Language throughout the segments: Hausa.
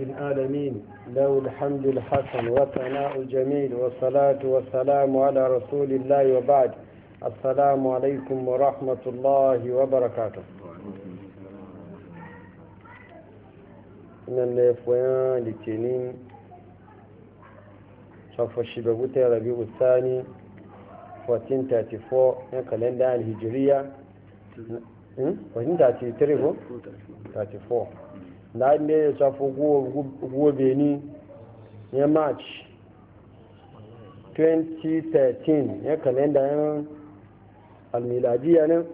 رب العالمين له الحمد الحسن وثناء الجميل والصلاة والسلام على رسول الله وبعد السلام عليكم ورحمة الله وبركاته nan ne foyan litinin safashi da wuta 1434 yan kalenda alhijiriya 1433 hmm? láàrin ya shafi gobe ni ya march 2013 ya kalenda yan almiladiya nan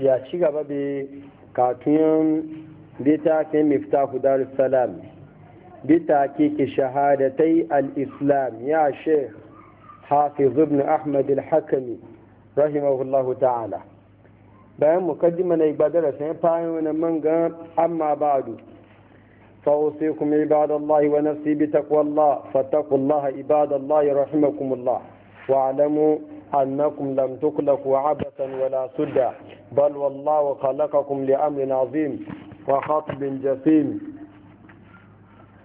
ya ci gaba da katuyan bita ke mifta hudar salam bita ke ke shahadatai al-islam ya sheikh hafiz ibn ahmad al-hakami rahimahullahu ta'ala bayan mukaddima na ibadar sai fayin wani manga amma ba adu fawusi kuma ibadallahi wa nafsi bi taqwallah fattakullaha ibadallahi rahimakumullah wa alamu annakum lam tuklaku abatan wala sudda bal wallahu khalaqakum li amrin azim wa khatbin jasim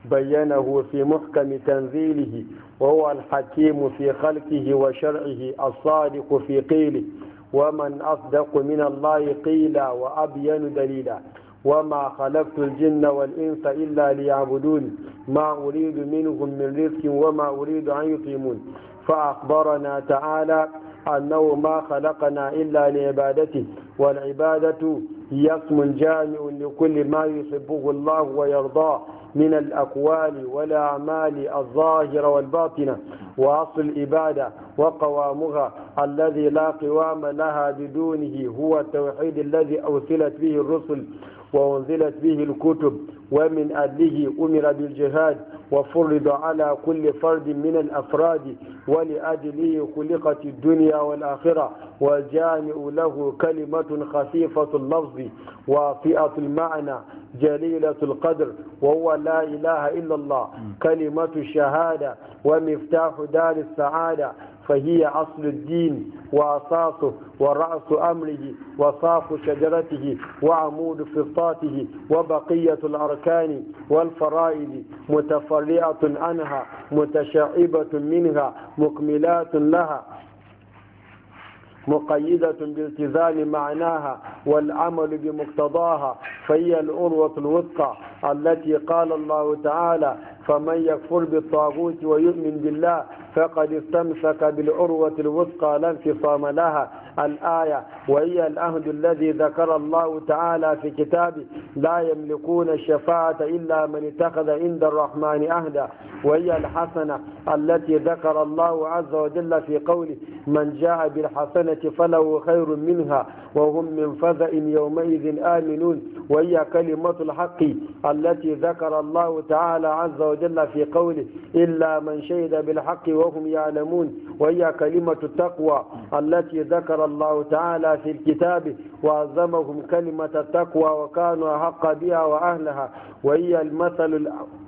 bayyanahu fi muhkami tanzilihi وهو الحكيم في خلقه وشرعه الصادق في قيله ومن أصدق من الله قيلا وأبين دليلا وما خلقت الجن والإنس إلا ليعبدون ما أريد منهم من رزق وما أريد أن يطيمون فأخبرنا تعالى أنه ما خلقنا إلا لعبادته والعبادة يسم جامع لكل ما يحبه الله ويرضاه من الأقوال والأعمال الظاهرة والباطنة وأصل الإبادة وقوامها الذي لا قوام لها بدونه هو التوحيد الذي أوصلت به الرسل وأنزلت به الكتب ومن أدله أمر بالجهاد وفرض على كل فرد من الأفراد ولأجله خلقت الدنيا والآخرة والجامع له كلمة خفيفة اللفظ وافئة المعنى جليلة القدر وهو لا إله إلا الله كلمة الشهادة ومفتاح دار السعادة فهي أصل الدين وأساسه ورأس أمره وصاف شجرته وعمود فطاته وبقية الأركان والفرائض متفرعة عنها متشعبة منها مكملات لها مقيدة بالتزام معناها والعمل بمقتضاها فهي الأروة الوثقى التي قال الله تعالى فمن يكفر بالطاغوت ويؤمن بالله فقد استمسك بالعروة الوثقى لا انفصام لها الآية وهي الأهد الذي ذكر الله تعالى في كتابه لا يملكون الشفاعة إلا من اتخذ عند الرحمن أهدا وهي الحسنة التي ذكر الله عز وجل في قوله من جاء بالحسنة فله خير منها وهم من فزع يومئذ آمنون وهي كلمة الحق التي ذكر الله تعالى عز وجل في قوله إلا من شهد بالحق وهم يعلمون وهي كلمة التقوى التي ذكر الله تعالى في الكتاب وعظمهم كلمة التقوى وكانوا أحق بها وأهلها وهي المثل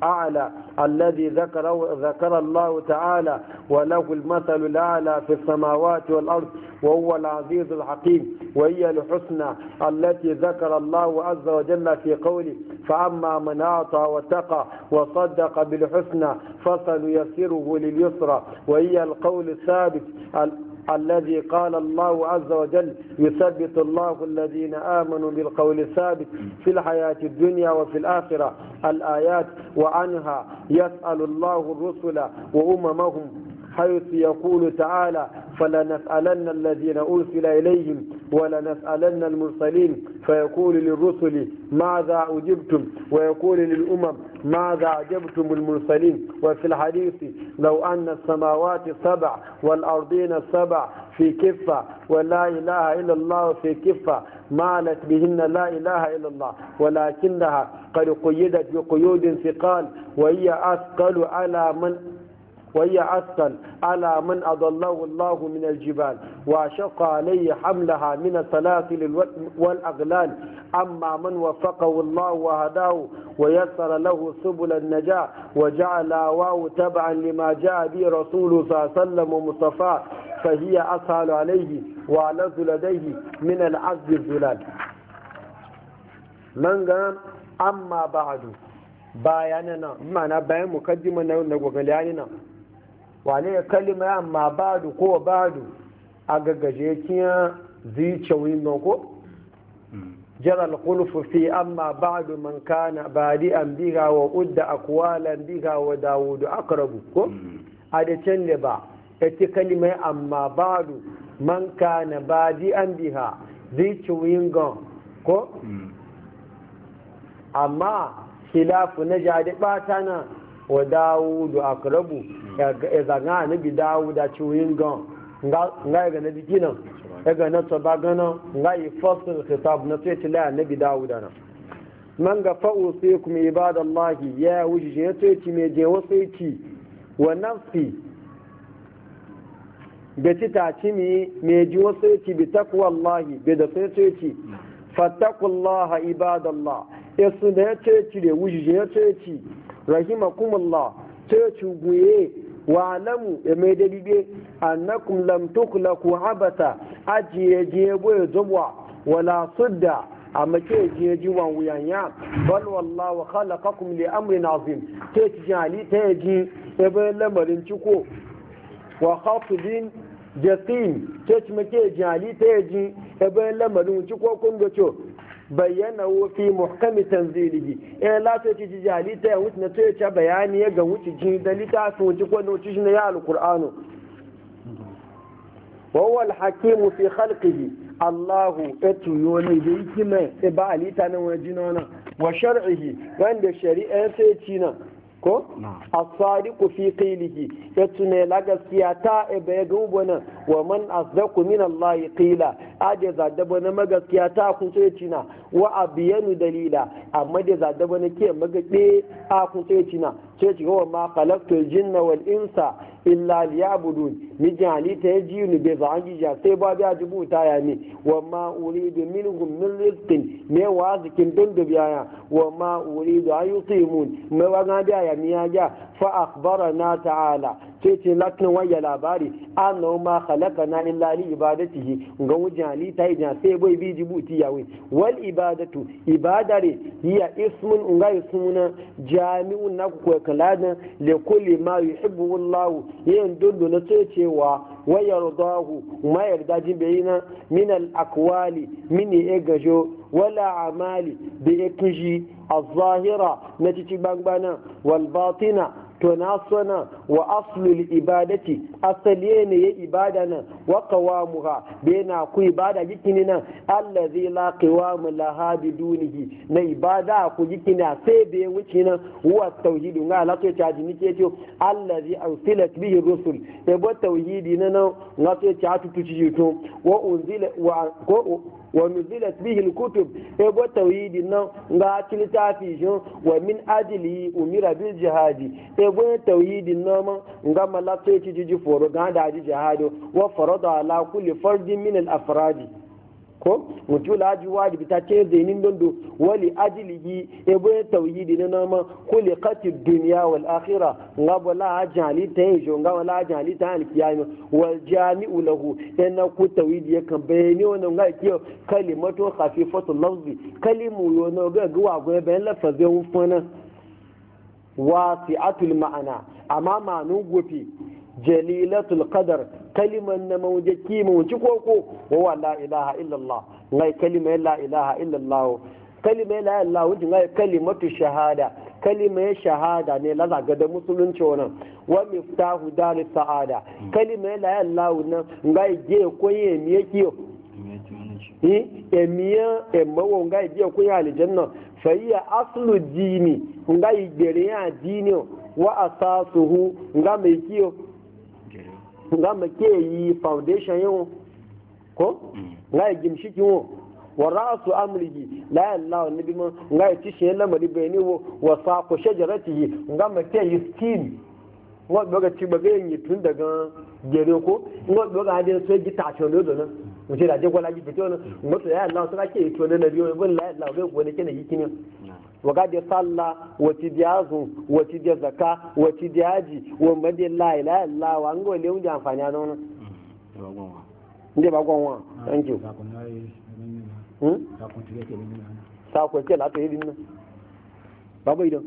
الأعلى الذي ذكره ذكر الله تعالى وله المثل الأعلى في السماوات والأرض وهو العزيز الحكيم وهي الحسنى التي ذكر الله عز وجل في قوله فأما من أعطى واتقى وصدق بالحسنى فسنيسره لليسرى وهي القول الثابت الذي قال الله عز وجل يثبت الله الذين آمنوا بالقول الثابت في الحياة الدنيا وفي الآخرة الآيات وعنها يسأل الله الرسل وأممهم حيث يقول تعالى فلنسألن الذين أرسل إليهم ولنسألن المرسلين فيقول للرسل ماذا أجبتم ويقول للأمم ماذا أجبتم المرسلين وفي الحديث لو أن السماوات السبع والأرضين السبع في كفة ولا إله إلا الله في كفة مالت بهن لا إله إلا الله ولكنها قد قيدت بقيود ثقال وهي أثقل على من وهي أثقل على من أضله الله من الجبال وشق عليه حملها من السلاسل والأغلال أما من وفقه الله وهداه ويسر له سبل النجاة وجعل واو تبعا لما جاء به رسوله صلى الله عليه وسلم ومصطفاه فهي أسهل عليه وألذ لديه من العز الزلال من قام أما بعد bayanana ma'ana bayan mukaddima na gogaliyani nan wane ya kalima ya amma badu ko badu a gaggaje kiya zice wino ko jara alqulfu fi amma ba'du man kana an biga wa udda aqwalan biga wa dawudu aqrabu ko mm. a da can da ba ita kalimai amma ba'du man kana zai biha zice wino ko mm. amma khilafu na jadi batana wa dawudu aqrabu ẹ̀zàgán àníbi dáwúdá tí ó yín gan nga ẹ̀gà e na biki nan ẹ̀gà e na ba gano, nga yi fọ́sùn ìkìtàbù na na bi dawo da nan man ga fa'o sai kuma ibadallahi, ya wuce shi ya ci mai je wasu ci wa nafsi da ci ta ci mi mai ji wasu ci bi takwa Allahi bai da sai to ci fattakullaha ibadallah ya e da ya ce ci da wuce shi ya to ci rahimakumullah to ci guye wa'alamu ya mai dalile annakum lam tuklaku habata ajiye je ya zubwa wala sudda a mace je ji wa wuyanya bal wallahu khalaqakum li amrin azim ke ci ali ta ji e bayan lamarin ciko wa khatibin jasim ke ci mace ta ji e bayan lamarin ciko kun ga bayyana wa fi muhkami tanzilihi eh la ta ci jali ta wuce na to ya bayani ya ga wuce ji dalita su wuce ko na wuce na ya alqur'anu wa huwa alhakimu fi khalqihi Allahu etu yoni da yake mai e ba alita nan wa nan wa shar'ihi wanda shari'a sai ci nan ko as-sadiqu fi qilihi etu ne la gaskiya ta e bai ga nan wa man asdaqu min Allah qila aje zadaba na magaskiya ta kunso ya cina wa abiyanu dalila amma da zadaba na ke magaɗe a kunso ya cina sai ci gawa ma khalaqtul jinna wal insa illa liyabudun mi jani ta yaji ni be za an jija sai ba da jibuta ya ni wa ma uridu minhum min rizqin me wa zikin don da biya wa ma uridu ayutimun me wa ga da ya miya ja fa akhbarana ta'ala sai ce latin waya labari annahu ma khalaqana illa li ibadatihi ga wujin halitta ya sai bai bi jibuti yawi wal ibadatu ibadare hiya ismun unga ismuna jami'un na ku kaladan li kulli ma yuhibbu Allah yin dullu na sai cewa waya radahu ma yarda jin bayina min al akwali min e gajo wala amali da ya kuji a zahira na cikin bangbana wal batina to na sona wa aslul ibadati asali ne ya ibada nan wa qawamuha be na ku ibada jikini nan zai la mu laha bidunihi na ibada ku jikini sai ya wuce nan wa tauhidi nga la to taji nike to allazi arsilat bihi rusul e bo tauhidi nan na to ta tutu to wa unzila wa wa nuzilat bihi alkutub e bo tawhidin nan ga tilitafi jin wa min ajli umira bil jihadi e Tauhidi tawhidin nan man ga malaka ci jiji foro da jihadi wa farada ala kulli fardin min afradi ko mutu la wajibi ta ce zainin dondo wali ajilihi ebo ya tauhidi na nama kuli qati dunya wal akhirah nga ajali ta yi jo nga ajali ta al kiyama wal jami'u lahu ina ku tauhidi ya kan bayani wannan ga kiyo kalimatu khafifatu lafzi kalimu yo no ga gwa go ben lafazi un fana wasi'atul ma'ana amma ma'anun gofi jalilatul qadar kaliman na mawuje ki wuci koko wa la ilaha illallah ngai kalima la ilaha illallah kalima la ilaha wuci ngai kalimatu shahada kalima shahada ne la zaga da musulunci wannan wa miftahu dalil sa'ada kalima la ilaha nan ngai je koye mi yake yi emiya emawo ngai je koye aljanna fa hiya aslu dini ngai gbere ya dini wa asasuhu ngai kiyo nga ma ke yi foundation yin ko mm. nga yi ki wo wa ra'su amrihi la yalla ni bi mun nga yi tishi ni mari bayani wo wa saqu shajaratihi nga ma ke yi skin ngo doga ci baga yin tun daga gere ko ngo doga hadin so gi ta cho do nan mu ce da je ko la gi fito nan ngo to ya Allah to ka ke to na nabi wo bin la yalla ga go ne ke ne yi kinin waga da salla wati da azu wati da zaka wati da haji wa madi la ilaha illa wa ngo le unja amfani an non nde ba gwanwa thank you hmm sa ko ke la to yidin na baba idan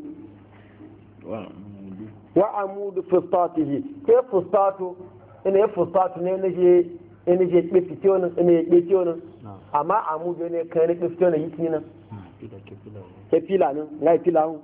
wa amudu fustatihi ke fustatu ina ya fustatu ne na je ina je ke fitiyo nan ina je ke fitiyo nan amma amudu ne kan ne fitiyo nan yi nan ya fila nan ga fila hun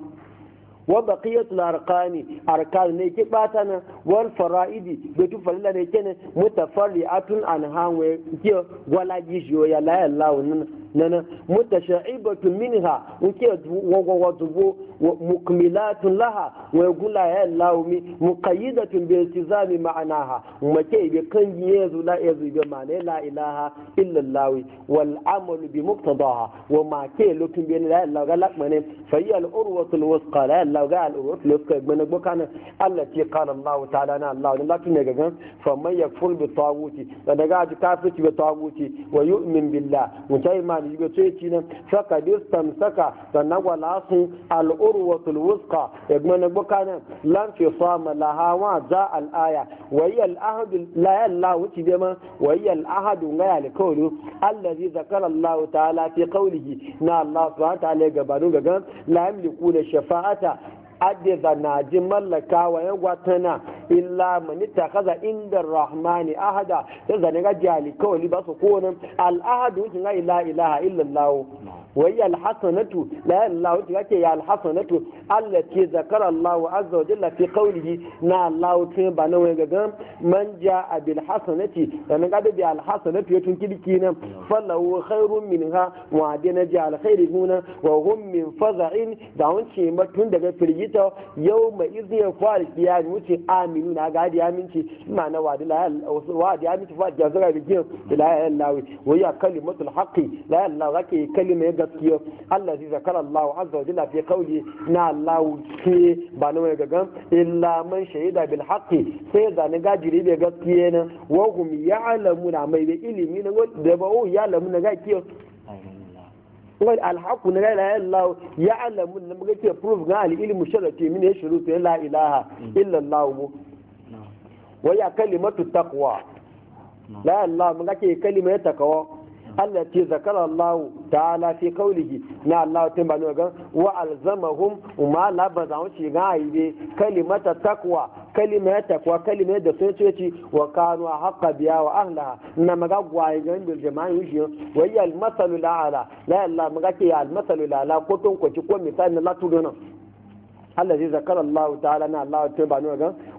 wa baqiyatul arkan ne ke bata nan wal fara'idi da tu falila ne ke ne mutafarri'atun an hanwe ke wala gishiyo ya la ya lawun nana mutasha'ibatun minha muke wagwagwa dubo mukmilatun laha wa gula ya laumi muqayyidatun bi iltizami ma'anaha make bi kan yezu la yezu bi ma'ana la ilaha illa allah wal amalu bi muqtadaha wa ma ke lutun bi la gala mane fa ya al urwatu al wusqa la ilaha ga al urwatu al wusqa gbana allah ti qala allah ta'ala na allah la ne gagan fa man yakful bi tawuti da daga ji kafiti bi tawuti wa yu'min billah mutai ma na da jibe saka saka distan saka sannan wa lasun al'urwatul wuska ya gama na buka nan lan fi sama lahawa za al'aya wayi al'ahadu la ya Allah wuci bai ma wayi al'ahadu ga ya alkawari allazi zakara Allah ta'ala fi qawlihi na Allah subhanahu wa ta'ala gabanu gagan la yamliku shafa'ata adda na ji mallaka wa ya gwatana illa mani ta kaza inda rahmani ahada ya zane ga jali kawai ba su kone al'ahadu wucin ga ila ilaha illallah wai alhasanatu la ilaha wucin ga ke ya alhassanatu Allah ke zakar allahu azza wa jalla na allahu tun ba na wani gagan man ja'a bil hasanati da nan ga bi alhassanatu ya tun kirki nan falahu khairun ha wa na ji alkhairi huna wa hum min faza'in da wanci matun daga firgi kita yau mai izi ya fara kiya ni wuce aminu na ga hadiya minci ma na wadi la wadi ya minci fadi ya zura da kiyo la ya lawi wa ya kalimatul haqqi la ya lawi kake kalima ya gaskiya Allah zai zakara Allah azza wa jalla fi qawli na Allah ke ba na wani gagan illa man shahida bil haqqi sai da ni gajiri bai gaskiya nan wa hum ya'lamuna mai da ilimi na da ba ya lamuna ga kiyo wani alhaku na la ilaha ya alamu na muka ce proof ga al-ilmu ya min shuruti la ilaha illa Allah mu wa ya kalimatu taqwa la ilaha muka ce kalimatu taqwa allati zakara Allah ta'ala fi qawlihi na Allah ta bani ga wa alzamahum umma la ba za ga aibe kalimata takwa kalimata takwa kalimata da sun ce wa kanu haqqa biya wa ahliha na maga gwaye ga bil jama'i wuce wa ya almasalu la'ala la Allah maga ke almasalu la'ala ko ton ko ci ko misali la Allah ta ba الله تعالى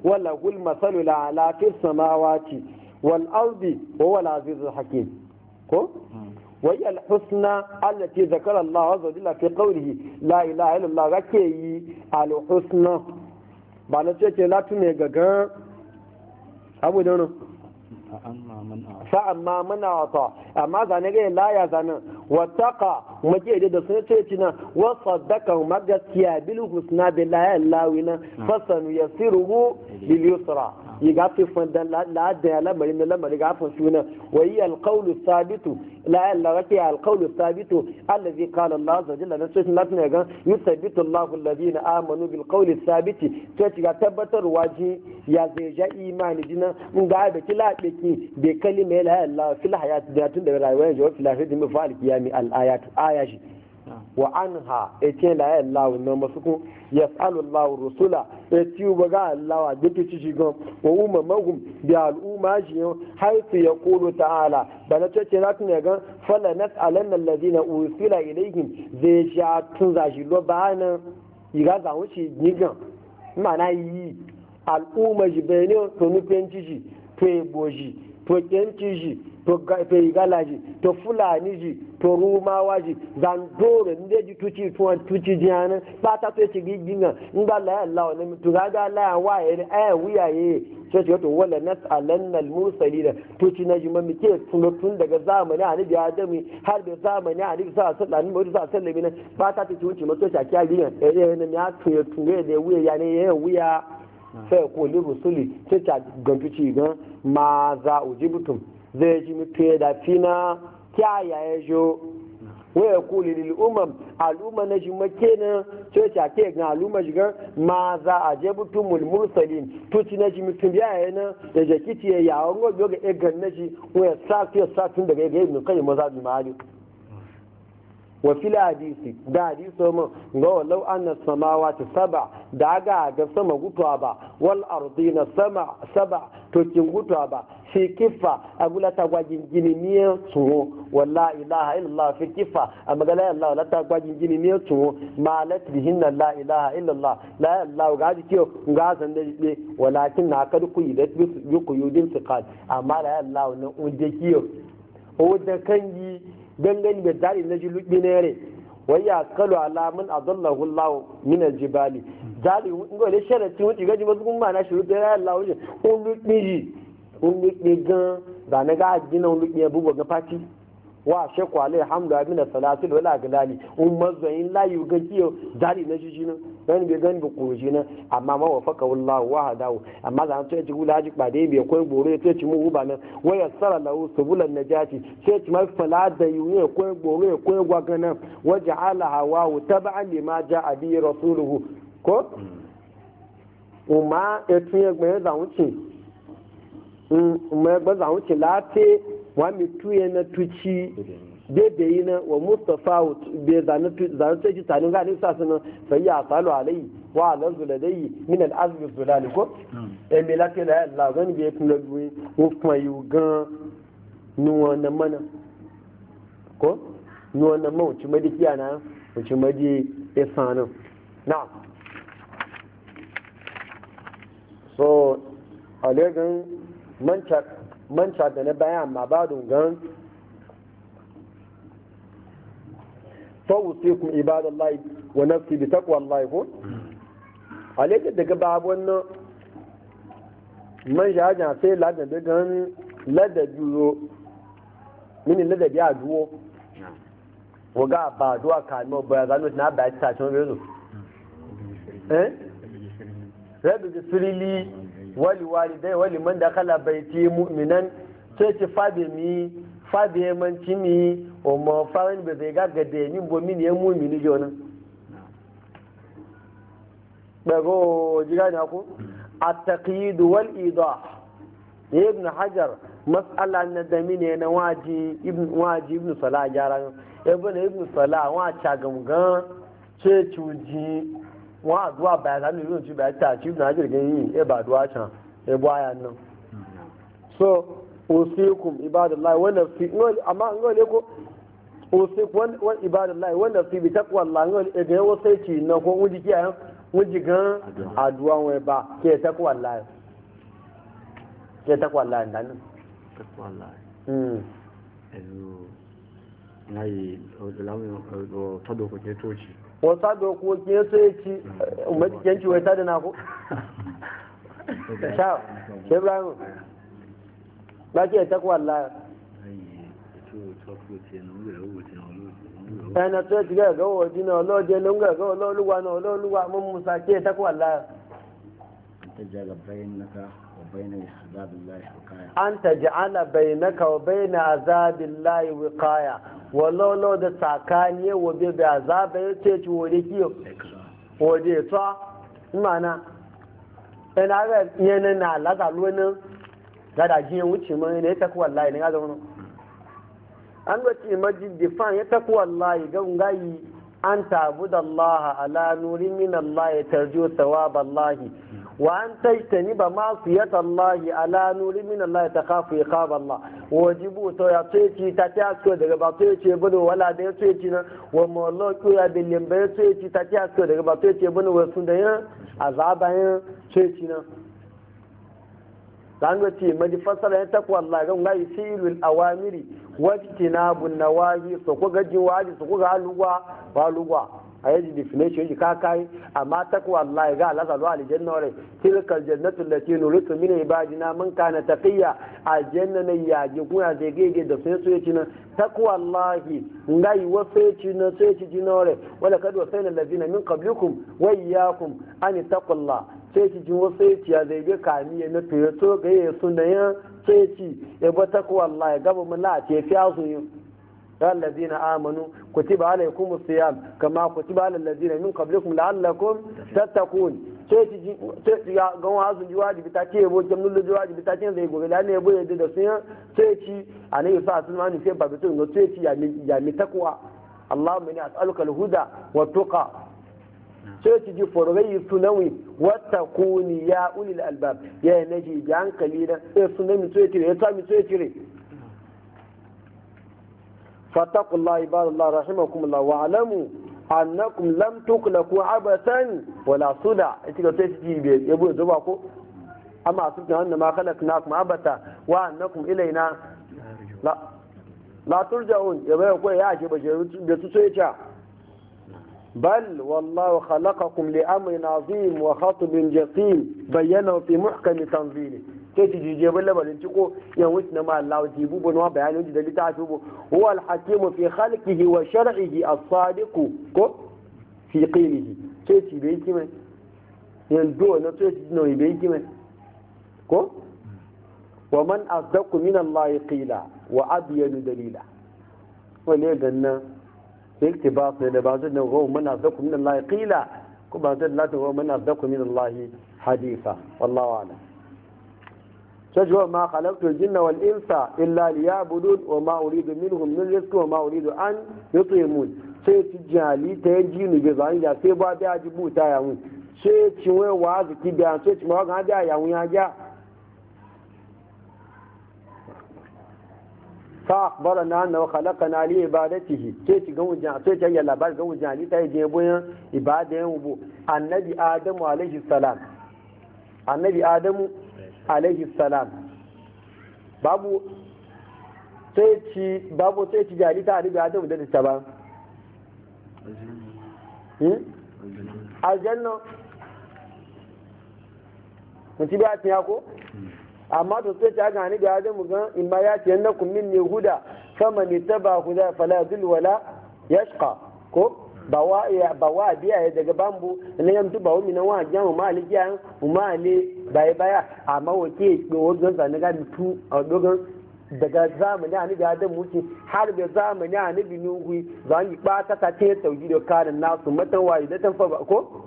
wala الله masalu la'ala fi samawati wal ardi wa wala azizul hakim ko wai alhusna allati zakara Allah azza wa jalla fi qawlihi la ilaha illallah gake yi alhusna ba na ce ce latu ne gaga abu da wannan sa'an ma mana wata amma zane ga la ya zanen wataka maje da da sun ce cina wa saddaka ma gaskiya husna da allahi na fasanu ya bil yusra yiga fi fanda la da la mari lamari na ga fa suna wa yi al qawlu thabitu la alkaulu Sabitu al qawlu thabitu allazi qala allah azza jalla na sun la tuna ga yuthabbitu allah amanu bil qawli thabiti to ci ga tabbatar waji ya zai imani dina mun ga da kila beki be kalima ya ilaha illa fil hayati da tun da rayuwar jawa fil hayati mu fa kalami al'ayatu ayashi wa anha ete la ya lawo na masuku yas'alu rasula rusula eti u baga Allah wa bitu ci shi gan wa umar magum bi al'umma ji haythu yaqulu ta'ala bana to ce na tuna gan fala nas'alanna alladhina yi ilayhim zai a tun za shi lo yi ga za wuce ni gan mana yi al'umma ji bene to nu penci shi to to to galaji to fulani ji to rumawa ji zandoro nde ji tuci tuwan tuci ji hana to ci giginga in ba la Allah ne to ga ga la wa ne ayan wuyaye sai ce to wala nas'alanna al-mursalin to na jima tun daga zamani annabi Adamu har da zamani annabi sa sallallahu alaihi wasallam sa sallami nan ba ta ta ci wuce mato ta kiya gigan eh ne e, e, ya tuye tuye da wuya ya ne e, ya wuya ah. sai ko li rusuli sai ma za zai ji mutu da fina kyaya ya jo waya kuli lil umam al'umma na shi makena ce ta ke ga al'umma shiga ma za a je butu mul mursalin tuci na shi mutum ya yana da jakiti ya yawon ruwa ga egan na shi waya sa ya sa tun daga ya ga mun kai maza bi wa fil hadisi da hadiso mun ga walau anna samawati saba da ga ga sama gutuwa ba wal ardina sama saba to kin gutuwa ba fi kifa agula ta gwajin gini ne tsoro walla ilaha illallah fi kifa a magala Allah la ta gwajin gini ne tsoro ma lat bihinna la ilaha illallah la Allah ga ji kiyo ga san da be walakin na kad ku yi da bi ku yudin siqat amma la Allah ne unde kiyo o da kan yi gangan da dari na julubi na yare wai ya kalu alamun adallahu Allah min aljibali zari ngo le sharati wuti gaji ba kun mana shuru da Allah wuce un lutni un lutni gan da na ga ajina un lutni abubuwa ga fati wa she kwale hamdu amina salatul wala galali un mazayin la yu zari na jari na shi nan dan be gan bu kuji na amma ma wafaka wallahu wahdahu amma zan ce ji gula ji bade be koy boro ce ci mu uba nan wa yassara lahu subulan najati ce ci mai fala da yu ne koy boro ya koy gwa ganan waja'ala hawa tab'an lima ja'a bi rasuluhu ko umma etun egbe zawuci mm, umma egbe zawuci wa tuye na tuci bebe yi na wa mustafa be zane tuci tani ga ne sa suna sai ya salu alai wa alan zuladai min al azbi zulali ko hmm. e me la ke la la zan be tun da duwe ko kuma yu gan nuwa na mana ko nuwa na ma uci madi kiyana uci madi esanin na so alegan manchak man da na baya amma ba gan fawusikum ibadallahi wa nafsi bi taqwallahi ko alaje daga babu wannan man jaja sai ladan da gan ladabi yo mini ladabi a duwo waga ba duwa ka no ba ga no na ba ta tun rezo eh rabbi sirili. wali walidai wali man da kala baiti mu'minan sai ci fabe mi fabe man ci mi o ma farin be zai gaga ni bo min ya mu'mini jona dago jiga na ku at-taqyid wal idah ibn hajar mas'ala na da mine na waji ibn waji ibn salah jaran ibn ibn salah wa cha gamgan ce cuji wọn àdúrà báyà sáré lóyún tí báyà tà chief nàájì rẹ̀ yìí ẹ̀ àdúrà can ẹ̀ àyà so òsèkùn ìbádàláì wọ́n lè fi àmà ń gbọ́ lẹ́kọ́ òsèkùn wọ́n ìbádàláì lè fi ibi tẹ́kọ̀ àlà ẹ̀gẹ́ wọ́n sẹ́ tì iná kó wọ́n jí àyàn wọ́n jí gan àdúrà wọn ẹ̀ kí ẹ̀ tẹ́kọ̀ àlà ẹ̀ kí tẹ́kọ̀ àlà ẹ̀ tẹ́kọ̀ àlà ẹ̀ wasa da kuma ke so ya ci umarci wai ta da na ku sha ke ibrahim ba ke ta kuwa ya na tsaye ti gaga gẹ́wọ́ ọdún na ọlọ́ọ̀dẹ́ ló gaga gẹ́gẹ́ gẹ́wọ́ ọlọ́ọ̀lúwa náà ọlọ́ọ̀lúwa mú musa kí ẹ tẹ́kọ̀ọ́ lára. an taj'ala bainaka wa baina layi wikaya wallo da tsakaniye wabe da ba ya ce ci wode kiyo wode tsa mana ina ga yana na laga ga da jiyan wuce mai ne ta kuwa layi ne ga zama an ga ce majid defan ya ta kuwa layi ga ngayi an tabuda Allah ala nuri min Allah ya tarjo tawab Allah wa an tajtani ba ma fiyat Allah ala nuri min Allah ya ya iqab Allah wajibu to ya tsoyaci ta ta asko daga ba tsoyaci bane wala da ya tsoyaci na wa mawallo ko ya bilin ba ya tsoyaci ta ta asko daga ba tsoyaci bane wa sun da ya azaba yan tsoyaci na zanga ce maji fasara ya takwa Allah ga ngai silul awamiri wajtinabun nawahi so ko gaji waji so ko ga lugwa ba lugwa a yanzu definition shi kakai amma takwa Allah ga Allah zalu aljanna wore tilka aljannatu allati nuritu min ibadina man kana taqiya aljanna ne ya ji kuna da gege da sai so yaci na takwa Allah ngai wa sai na sai ci jinore wala kad wa sayna allazina min qablikum wa iyyakum an taqulla sai ci jin wasu ya ci ya zai ga kami ya na to ga ya sunayen sai ci ya ba takwa Allah ya gaba mu la ce fi azu ya allazina amanu kutiba alaykumus siyam kama kutiba alal ladzina min qablikum la'allakum tattaqun sai ya gan wazu ji wajibi ta ce bo jamnul ji wajibi ta ce zai gobe la ne bo yadda da sun sai ci anai sa sun mani sai ba bitun ga sai ci ya mi takwa allahumma inni as'aluka al-huda wa tuqa sai ci ji forogai sunawi wata kuni ya ulil albab ya naji ji hankali na eh, sunami sai ci ya sami sai ci فاتقوا الله عباد الله رحمكم الله واعلموا annakum lam tuklaku abatan wala suda ita ga sai ji ya buɗe zuba ko amma su ta hannu ma khalaqnakum abata wa annakum ilaina la turja'un ya bai ko ya ce ba da su sai ta bal wallahu khalaqakum li amrin azim wa khatbin jasim bayyana fi muhkami tanzili ke ci jije bin lamarin ciko yan wuce na ma'allawa ti bubu na bayanin ji da fi bu huwa alhakimu fi khalqihi wa shar'ihi as-sadiqu ko fi qilihi ke ci bai mai yan do na to ci no bai mai ko wa man asdaqu min allahi qila wa abyanu dalila wani ganna ba su da ba zai na gawo man asdaqu min allahi kila ko ba zai lati gawo man asdaqu min allahi hadifa wallawa a'lam تجوى ما خلقت الجن والإنس إلا ليعبدون وما أريد منهم من رزق وما أريد أن يطعمون sai ci jali ta yi jini bai zani da sai ba da ji buta ya hun sai ci wai wa ziki biya sai ci ga da ya hun ya ja fa akbara na na khalaqana li ibadatihi sai ci gamu jan sai ci ya labar gamu jan ali ta yi je boyan ibadan wubu annabi adamu alaihi salam annabi adamu alaihi salam babu sai ci babu sai ci jari ta da adamu da ta ba hmm? aljanna mutu ba ta yako amma to sai ta gani ga adamu ga in ba ya ce yannakum minni huda kama ni taba huda fala dhil wala yashqa ko ba wa biya ya daga bambu ne yamtu ba wani na wa jan ma ali jan ma ali bai baya amma wace go zan zan ga tu a dogon daga zamani a nabi adam wuce har da zamani a nabi nuhu za yi bata ta ta tauji da karin nasu matan wayi da tan fa ko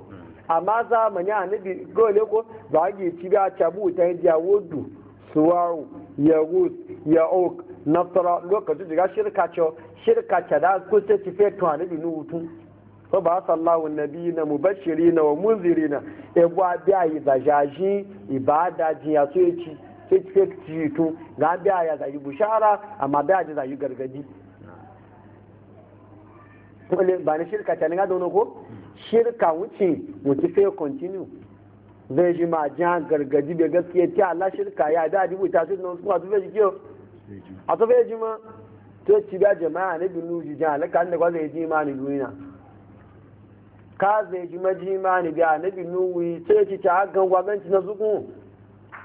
amma zamani a nabi gole ko za yi ci ba tabu ta ya wodu suwaru ya rus ya ok tsara lokacin da shirka ce shirka ce da kusa ci fetuwa to a nabi nuhu tun fa ba sallahu nabiyina mubashirina wa munzirina e a biya yi zajaji ibada ji ya so yaci sai ci to ga biya ya zaji bushara amma biya ji zaji gargadi kole ba ni shirka ta ga dono ko shirka wuce wuce sai continue zai ji ma jan gargadi da gaskiya ta Allah shirka ya da dubu ta su nan su zai ji kiyo a to bai ji ma to ci da jama'a ne binu ji jan alaka ne kwa zai ji ma ni duniya ka zai ji majima ni bi na bi nuwi sai ci ta hakan gwaganci na zuku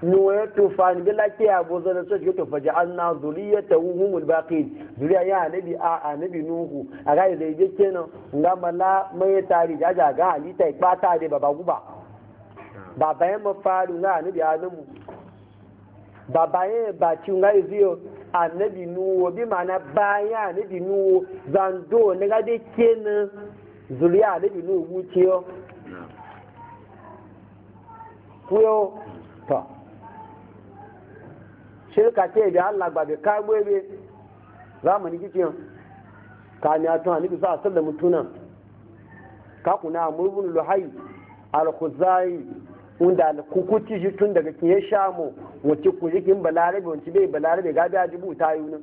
nuwa ya tufa ni bi ya bozo na sai ya tufa ji an na zuriya ta wuhumul baqi zuriya ya na bi a a na nuhu a ga zai je kenan nga mala mai tari da ja ga halitta ba ta da baba guba baba ya mafaru nga na bi adamu baba ya ba ci nga iziyo annabi nuwo bi ma'ana baya annabi nuwo zando na ga de kenan zuriya da bi nubu ciyo kuyo to shirka ce da Allah ba bai kago be zamani kike ka ni ato ani sa sallam tunan ka kuna murbun luhai al-khuzai unda kukuti shi tun daga kiyen shamu wace kujikin balarabe wace bai balarabe gabi ajibu ta yi nan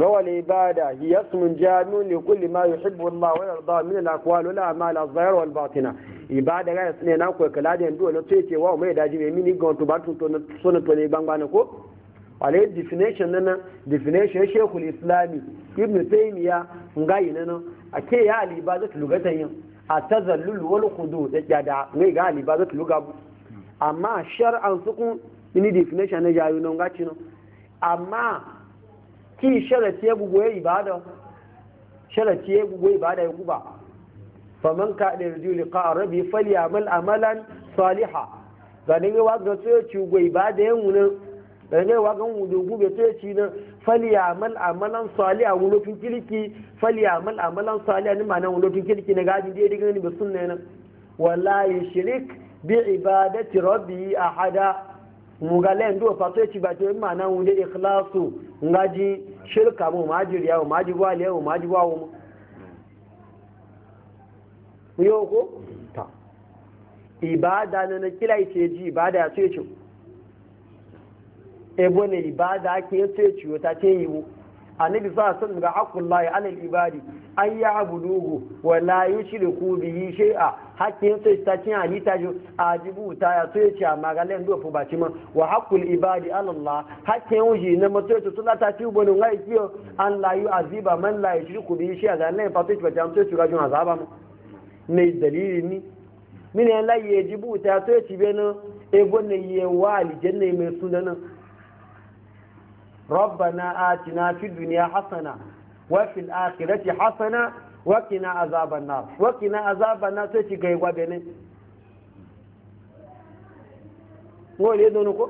روى العبادة هي اسم جامع لكل ما يحب الله ويرضى من الأقوال والأعمال الظاهرة والباطنة ibada ga ne na ko kala da ndo na tete wa mai daji mai mini gon to batu to sona to ne bangana ko wale definition nana definition shekul islami ibn taymiya ngai nana ake ya al ibadatu lugatan yin atazallul wal khudu da da mai ga al ibadatu lugabu amma shar'an sukun ini definition na jayu non gaci no amma ki sharati ya gugu ya ibada sharati ya gugu ibada ya guba faman ka da yarju liqa rabbi falyamal amalan saliha ganin wa ga to ya ci gugu ibada ya wunan ganin wa ga wudu gube to ya ci nan falyamal amalan saliha wulofin kirki falyamal amalan saliha ni ma'anan wulofin kirki na gadi dai diga ni ba sunna nan wala yushrik bi ibadati rabbi ahada mugalen do fato ci ba to ma nan wunde ikhlasu ngaji shirka mu maji mu maji wale mu maji wawo mu yo ko ta ibada na na kila ce ji ibada ya ce ebo ne ibada ke ce ciwo ta ce yiwo annabi sa sun ga hakullahi alal ibadi an wa la yushriku bihi shay'a hakkin sai ta cin halitta ju a jibu ta ya so ya ce a ga lan dofu ba cima wa hakkul ibadi ala Allah hakkin wuji na mato to tula ta ci bono ngai kiyo an layu yu aziba man shi ku biyu shi a lan fatu ci ba jam so ci ga jun azaba mu ne dalili ni min ya jibu ta ya so ya ci beno e gonne ye wali janne mai suna sunana ربنا آتنا في الدنيا حسنة وفي الآخرة حسنة wakina azaban nar wakina azaban nar sai ci gai gwabe ne ngo le dono ko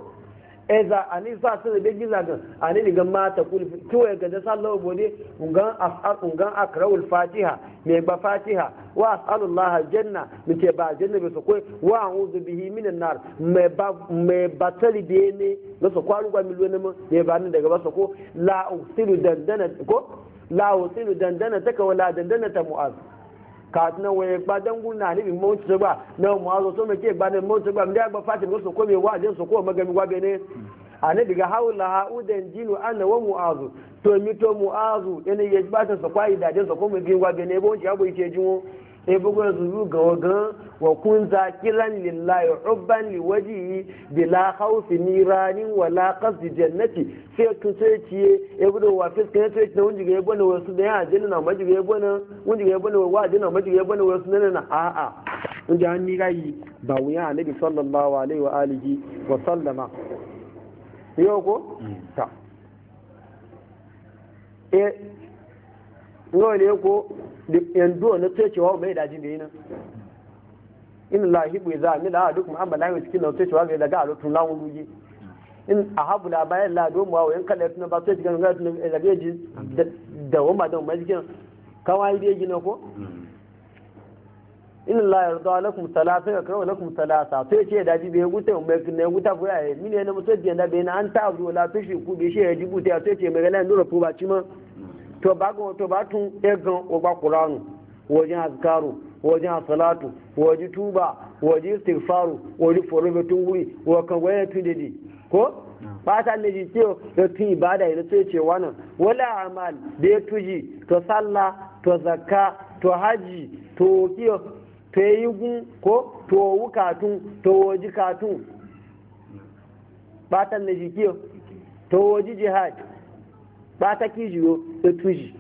eza ani sa su da giza ga ani ni gamma ta kul kiwaye ga da sallahu bode ungan as'al ungan akrawul fatiha me ba fatiha wa as'alullah janna muke ba janna bai su koi wa a'udhu bihi minan nar me ba me ba tali de ne da su kwaru ga milwon ne me ba ni daga ba su ko la usilu dandana ko la wasilu dandana taka wala dandana ta mu'az ka na waye ba dangun na ni mo tse ba so me ke ba ne mo tse ba mda ba fatim ko so ko me wa je so ane haula ha udan ana wa mu'azu to to mu'azu ene ye ba ta so sai bugu da zuzu ga wagan wa kun zakiran lillahi hubban li wajihi bila ni rani wala qasdi jannati sai tun sai ciye e budo wa fiskan sai ciye wunji ga yabona wasu da ya jinna na maji ga yabona wunji ga yabona wa jinna maji ga yabona wasu nan na a a wunji an ni gayi ba wuya annabi sallallahu alaihi wa alihi wa sallama yau ko ta eh, e ngole ko yanzu wani ce cewa mai daji da yi nan in lahibu za mi la duk muhammadu lai cikin na cewa ga daga alutun lawun ruji in a la bayan la do muwa yan kala tun ba sai cikin ga da ga ji da da majikin kawai dai gina ko in la yarda lakum salasa ya karawa lakum salasa sai ce da ji bai guta ne da bai na ku shi ya jibuta ce mai galan dora ko ba ci to ba ga to ba tun egan ogba qur'anu wajen azkaru wajen salatu waje tuba waje istighfaru waje forobe tun wuri wa kan waye tun dade ko ba ta ne ji ce da tun ibada ina sai ce wannan wala amal da ya tuji to ta to zakka to haji to kiyo to gun ko to wukatun to waje katun ba ta ne ji to waje jihad ba ta ki jiyo da tuji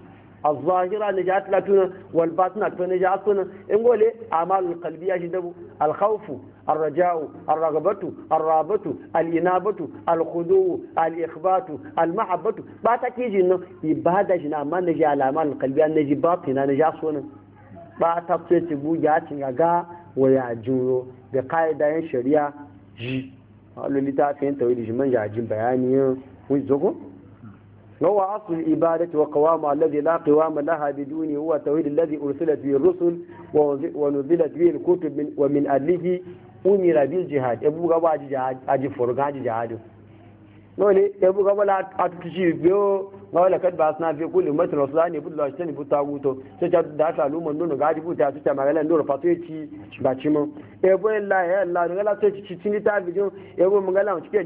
a zahira na jihar latuna wal batuna ta na jihar suna in gole amal kalbi ya shi dabu alhaufu arrajawu arragabatu arrabatu alinabatu alhudu alikhbatu almahabatu ba ta ki jiyo ibada shi na amal na ji alamal kalbi na ji batuna na jihar suna ba ta ce ci ya ga juro da ka'idayen shari'a ji a lullita fiye da wani jimin jajin bayani wani وهو أصل الإبادة وقوام الذي لا قوام لها بدونه هو التوحيد الذي أرسلت به الرسل ونزلت به الكتب ومن أدله أمر بالجهاد أبو غبا جهاد أجي فرقان جهاد نولي أبو غبا لا أتتشي بيو wala kad ba sna fi kulli ummati rasulani ne budu ashtani buta guto to ta da ta lumun nuno gaji buta ta magala ndoro fato ci ba ci mo e bo la ya la no la ta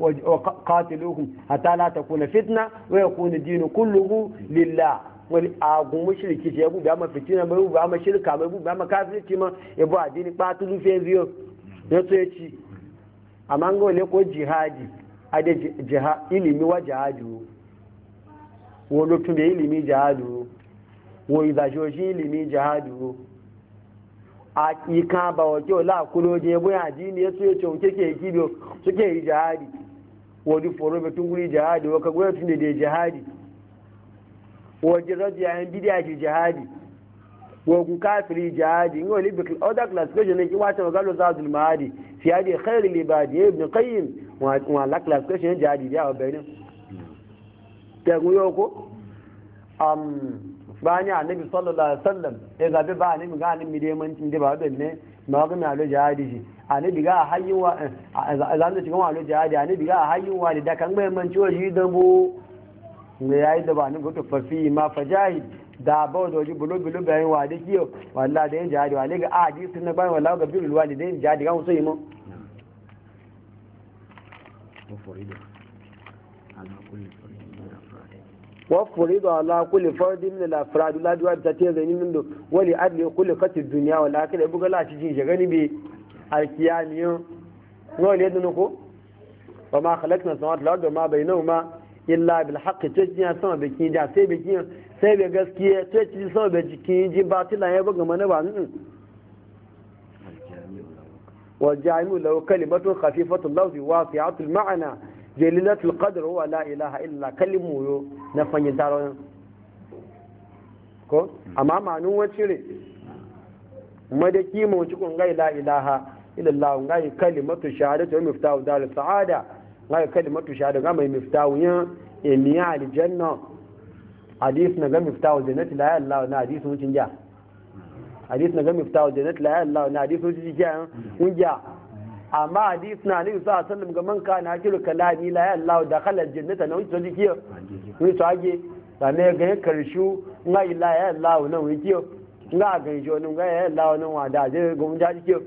وقاتلوهم حتى لا تكون فتنة ويكون الدين كله لله wani agun mashirki ce ya buga ma fitina mai buga ma shirka mai buga ma kafirci ma ya bu addini ɓata rufe biyo ya so ya ci amma ga wale ko jihadi a da ilimi wa jihadi wo lokacin da ilimi jihadi wo izashoshi ilimi jihadi wo a ƙiƙa ba wa kyau la kulo Yabu bu addini ya so ya ce wuke ke kibiyo suke yi jihadi wadi foro be tunguri jihadi waka tun tunde dai jihadi wadi radi yayin bidiya ke jihadi wogu kafiri jihadi ngo li bikl oda classification ne ki wata magalo zadul maadi fi hadi khair li ya ibn qayyim wa la classification jihadi dia obenin yi yau ko am bani annabi sallallahu alaihi wasallam e gabe ba ni ga ni mi de mun tinde ba ne ma ga mi alo jihadi anabi ga hayyuwa eh, zan da cikin wani jihadi anabi ga hayyuwa ne da kan mai manci wa ne yayi da ba ni ko tafafi ma fajahid da ba da waje bulo da kiyo da yin jihadi ga hadisi na bayan wallahi ga bilul walidain jihadi ga musu yi mu وفرض على كل فرد من الافراد لا جواب تاتي زينين ولعدل كل قتل الدنيا ولكن ابو غلا تجي جغني alkiyamiyin wani yadda nuku ba ma halakna sama da lardar ma bai nau ma illa bil haƙƙi ce jiya sama bai kin ja sai bai kin sai bai gaskiya ce ci sama bai kin ji ba tilan ya buga mana ba nun wa jami'u lahu kalimatun khafifatul lafzi wasi'atul ma'ana jalilatul qadr wa la ilaha illa kalimu yo na fanyin taron ko amma ma'anun wacire madaki mu ci kun ga la ilaha ilallah nga yi kalimatu shahadatu wa miftahu dar sa'ada nga yi kalimatu shahadatu nga mai miftahu ya emiya aljanna hadith na ga miftahu jannati la allah na hadith mun ja hadith na ga miftahu jannati la allah na hadith mun ja mun ja amma hadith na ne sa sallam ga man kana akilu kalami la allah dakhala aljannata na wuce jikiyo to age da ne ga karshu nga ila ya allah na wuce nga ga jonu nga ya allah na wada je gumja jaji kiyo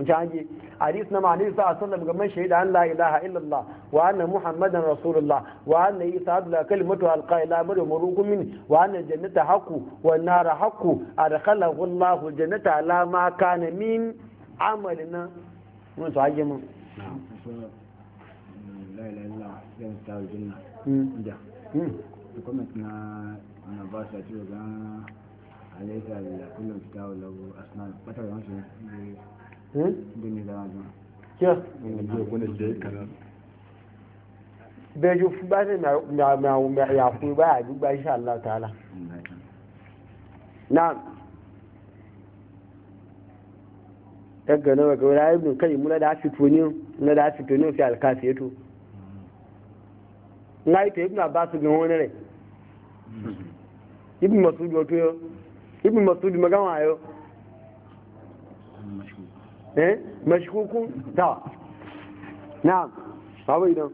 جاجي حديث نما عليه الصلاه والسلام كما شهد ان لا اله الا الله وان محمدا رسول الله وان عيسى ادلى كلمته القى الى امر مروق مني وان الجنه حق والنار حق ادخله الله الجنه على ما كان من عملنا نعم. انا انا bẹ́ẹ̀jú fún bá ní àyàfún ìgbà àdúgbà iṣẹ́ aláàtàlá náà ẹgbẹ̀ náà ẹgbẹ̀ wọ́n láyé yìí múlẹ́dá fìtò ní múlẹ́dá fìtò ní òfin àlùkàsí ètò ńlá ìtò ìbùnà bá sùn wọn rẹ̀ ìbùnà sùn jọ tó yọ ìbùnà sùn eh mashkukun ta na'am babu idan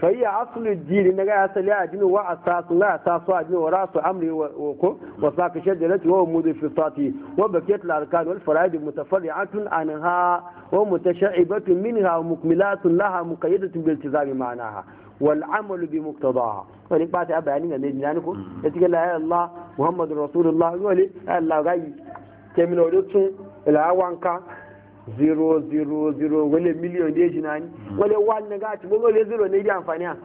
fayya asulu jiri na ga asali a jini wa asasu la asasu a jini wa rasu amri wa ko wa saka shajarati wa mudu fi sati wa bakiyat al-arkan wal faraid mutafarri'atun anha wa mutasha'ibatun minha wa mukmilatun laha muqayyadatun bil tizami ma'naha wal amalu bi muqtadaha wa ni bata bayani ga ne dinani ko yace la ilaha illallah muhammadur rasulullah wa la ilaha illallah gai kemino dutun lawanka 000 wale miliyon da ya jina ni wale wani ga ci gbogbo le zero ne di amfani a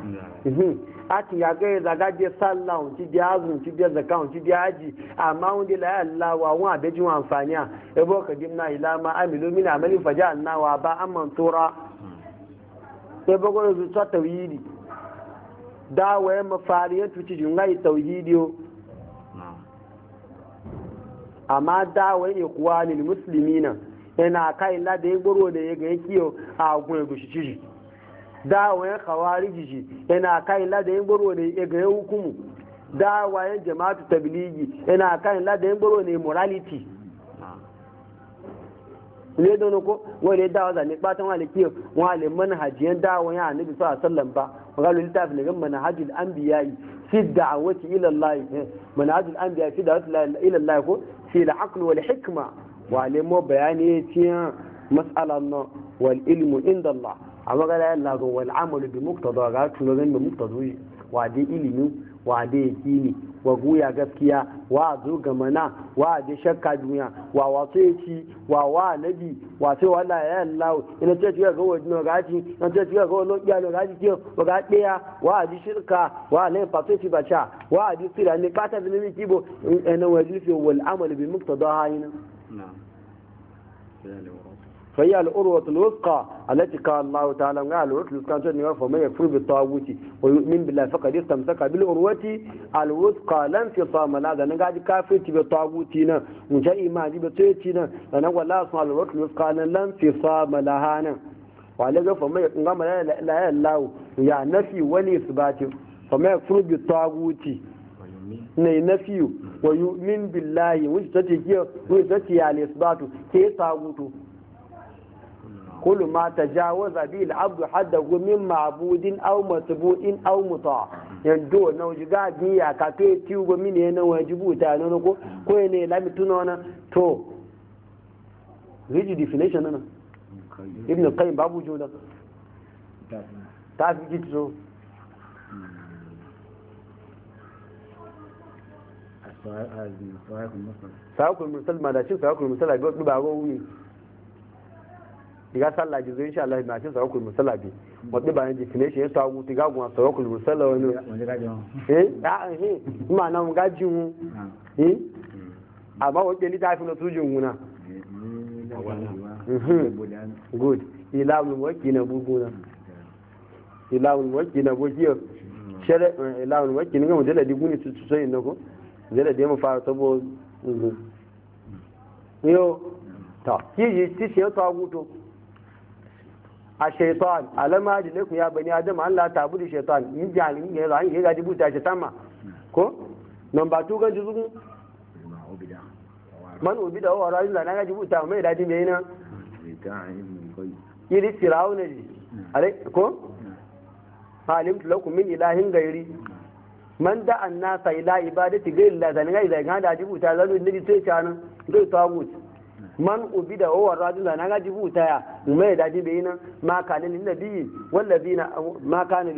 mhm. ati ya ga ya zaga je salla on ti di azun ti di zaka on ti di ji amma on la Allah wa wa be ji amfani a e bo ka dimna ila ma amilu min amali faja anna wa ba amman tura hmm. e bo go zu ta tawhidi da wa mafariyatu ci jungai tawhidi amma dawai ne kuwa lil musulmi nan yana kai la da ya gboro da ya ga yake a gun gushi ciji dawai khawariji shi yana kai la da ya gboro da ya ga hukumu dawai jama'atu tabligi yana kai la da ya gboro ne morality le don ko le wani dawa zane wa le kiyo le wani manhajiyan dawa yan annabi sallallahu alaihi wasallam ba magalu littafi ne gan al anbiya fi da'wati ila Allah eh, al anbiya fi da'wati ila Allah ko fi al-aql wal hikma wa lemo bayani tiya mas'alan na wal ilmu inda Allah amma ga la wal amal bi muqtada ga tulo ga bi muqtada wa ilimi wa da ne wa guya gaskiya wa zo ga mana wa da shakka duniya wa wato ya ci wa wa nabi wa sai Allah ya Allah ina ce ci ga wani gaji ina ce ci ga wani ya no gaji ke wa ga daya wa ji shirka wa ne fato ci bacha wa ji sira ne kata da ne kibo ina wajibi wal amal bi muktada ina na'am فهي الأروة الوثقى التي قال الله تعالى عنها الأروة الوثقى فمن يكفر بالطاغوت ويؤمن بالله فقد استمسك بالأروة الوثقى لا انفصام لها أنا قاعد كافر بالطاغوتنا من شيء ما جيب تيتنا أنا لا أصنع الأروة الوثقى لا انفصام لها أنا وعلى ذلك فمن يقوم لا إله الله يعني نفي ولي إثبات فمن يكفر بالطاغوت ne nafiyu wa yu'min billahi wujtati kiyo wujtati al-isbatu ke tagutu كل ما تجاوز به العبد gumin من معبود أو متبوء أو مطاع yando na wujiga biya ka to tiwo go mini yana wajibu ta ko ko ne la na to rigid definition ibn qayyim babu ta sa'akul da tiga sallah ji zai insha Allah na cin sarakul musalla bi wadda bayan definition ya samu tiga gwa sarakul musalla wani eh a eh ma na mun gaji mu ah. eh amma wajen litafi na sujin wuna mhm. good ilahul wakil na buguna ilahul wakil na bugiyo shere eh, ilahul wakil ga mujalla di guni su sai na ko jalla da mu fara tabo mhm. yo ta kiji tishi ya tawo to a shaitan alama da laiku ya bani adam Allah ta budu shaitan ni jani ne ran yi gaji buta shaitan ma ko nan ba 2 ganji zugun man obi da wa rajin na gaji buta mai daji mai na iri firawuna ji are ko halim lakum min ilahin gairi man da annasa ila ibadati gairi la zan ga idan ga daji buta zan ni sai ta nan zai ta gutu man ubi da owa rajula na gaji buta ya mai dadi bai nan ma kana lil nabi wallazina ma kana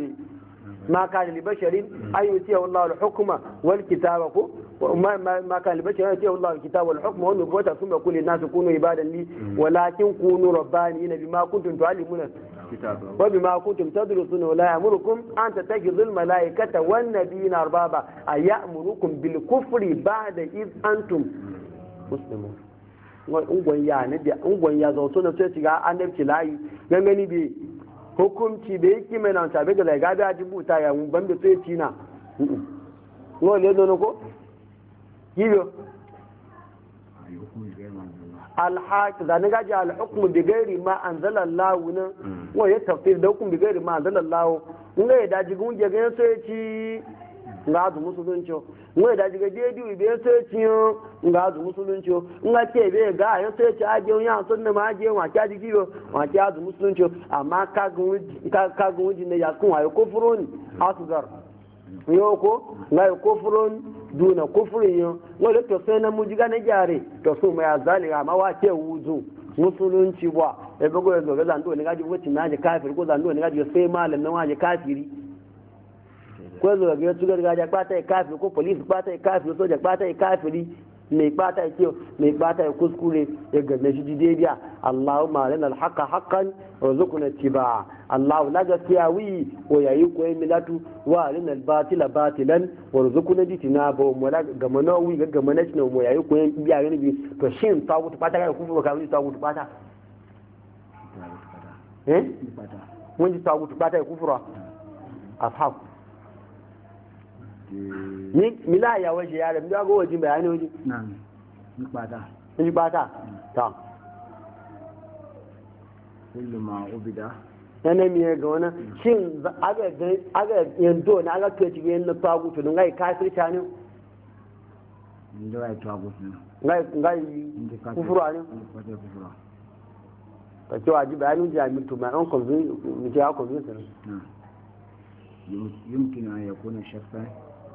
ma kana basharin al hukma wal kitaba ko ma ma basharin yuti Allahu al kitaba wal hukma wa nubuwata thumma qul lin kunu ibadan li walakin kunu rabbaniyina bima kuntum wa la yamurukum an ولا يأمركم malaikata wan nabiyina arbaba أربابا bil kufri ba'da id antum muslimun ungon ya ne da ungon ya na sai ci ga annabci layi gangani bi hukunci da yake mai nan sabe da laiga da jibuta ya mun bambe sai ci na no le no ko yiyo alhaq da ni gaji alhukmu bi gairi ma anzala Allah nan mm. wa ya tafsir da hukum bi gairi ma anzala Allah in ya daji gunje ga sai ci ga azu musulunci wai da jiga dedi wi echi sai ciyo nga zu musulunci nga ke be ga ya sai ci aje ya sun nne ma je wa ka ji kibo wa ka zu musulunci amma ama gun ka duna na mu jiga na jare to su ma ya zalika amma wa ke wuzu musulunci ba e bugo yanzu e ga zando ne ga ji wuce na ji kafiri ko zando ne ga na ko zo ga su gargajiya kwata ya kafiri ko polisi kwata ya kafiri soja kwata ya ri mai kwata ya kiyo mai kwata ya kuskure ya e ganna shi jidediya Allahumma lana alhaqa haqqan warzuqna tiba Allahu la gaskiya wi o yayi koyi milatu wa lana albatila batilan tina ba wa la gamana wi ga gamana shi mu yayi koyi biya ne bi to shin ta wuta kwata ga kuma ka wuta wuta kwata eh mun ji ta wuta kwata ya kufura mm. ashab mila ya waje yaran biya ga waje waje ni bata hmm. ta kullu ma ubida mi ga wani hmm. shin aga yanzu na aga ke cikin na tagu to ngai kafirta ne ngai tagu ngai ngai kufura ne waji jami'in mai an ya kwanzu ne yumkin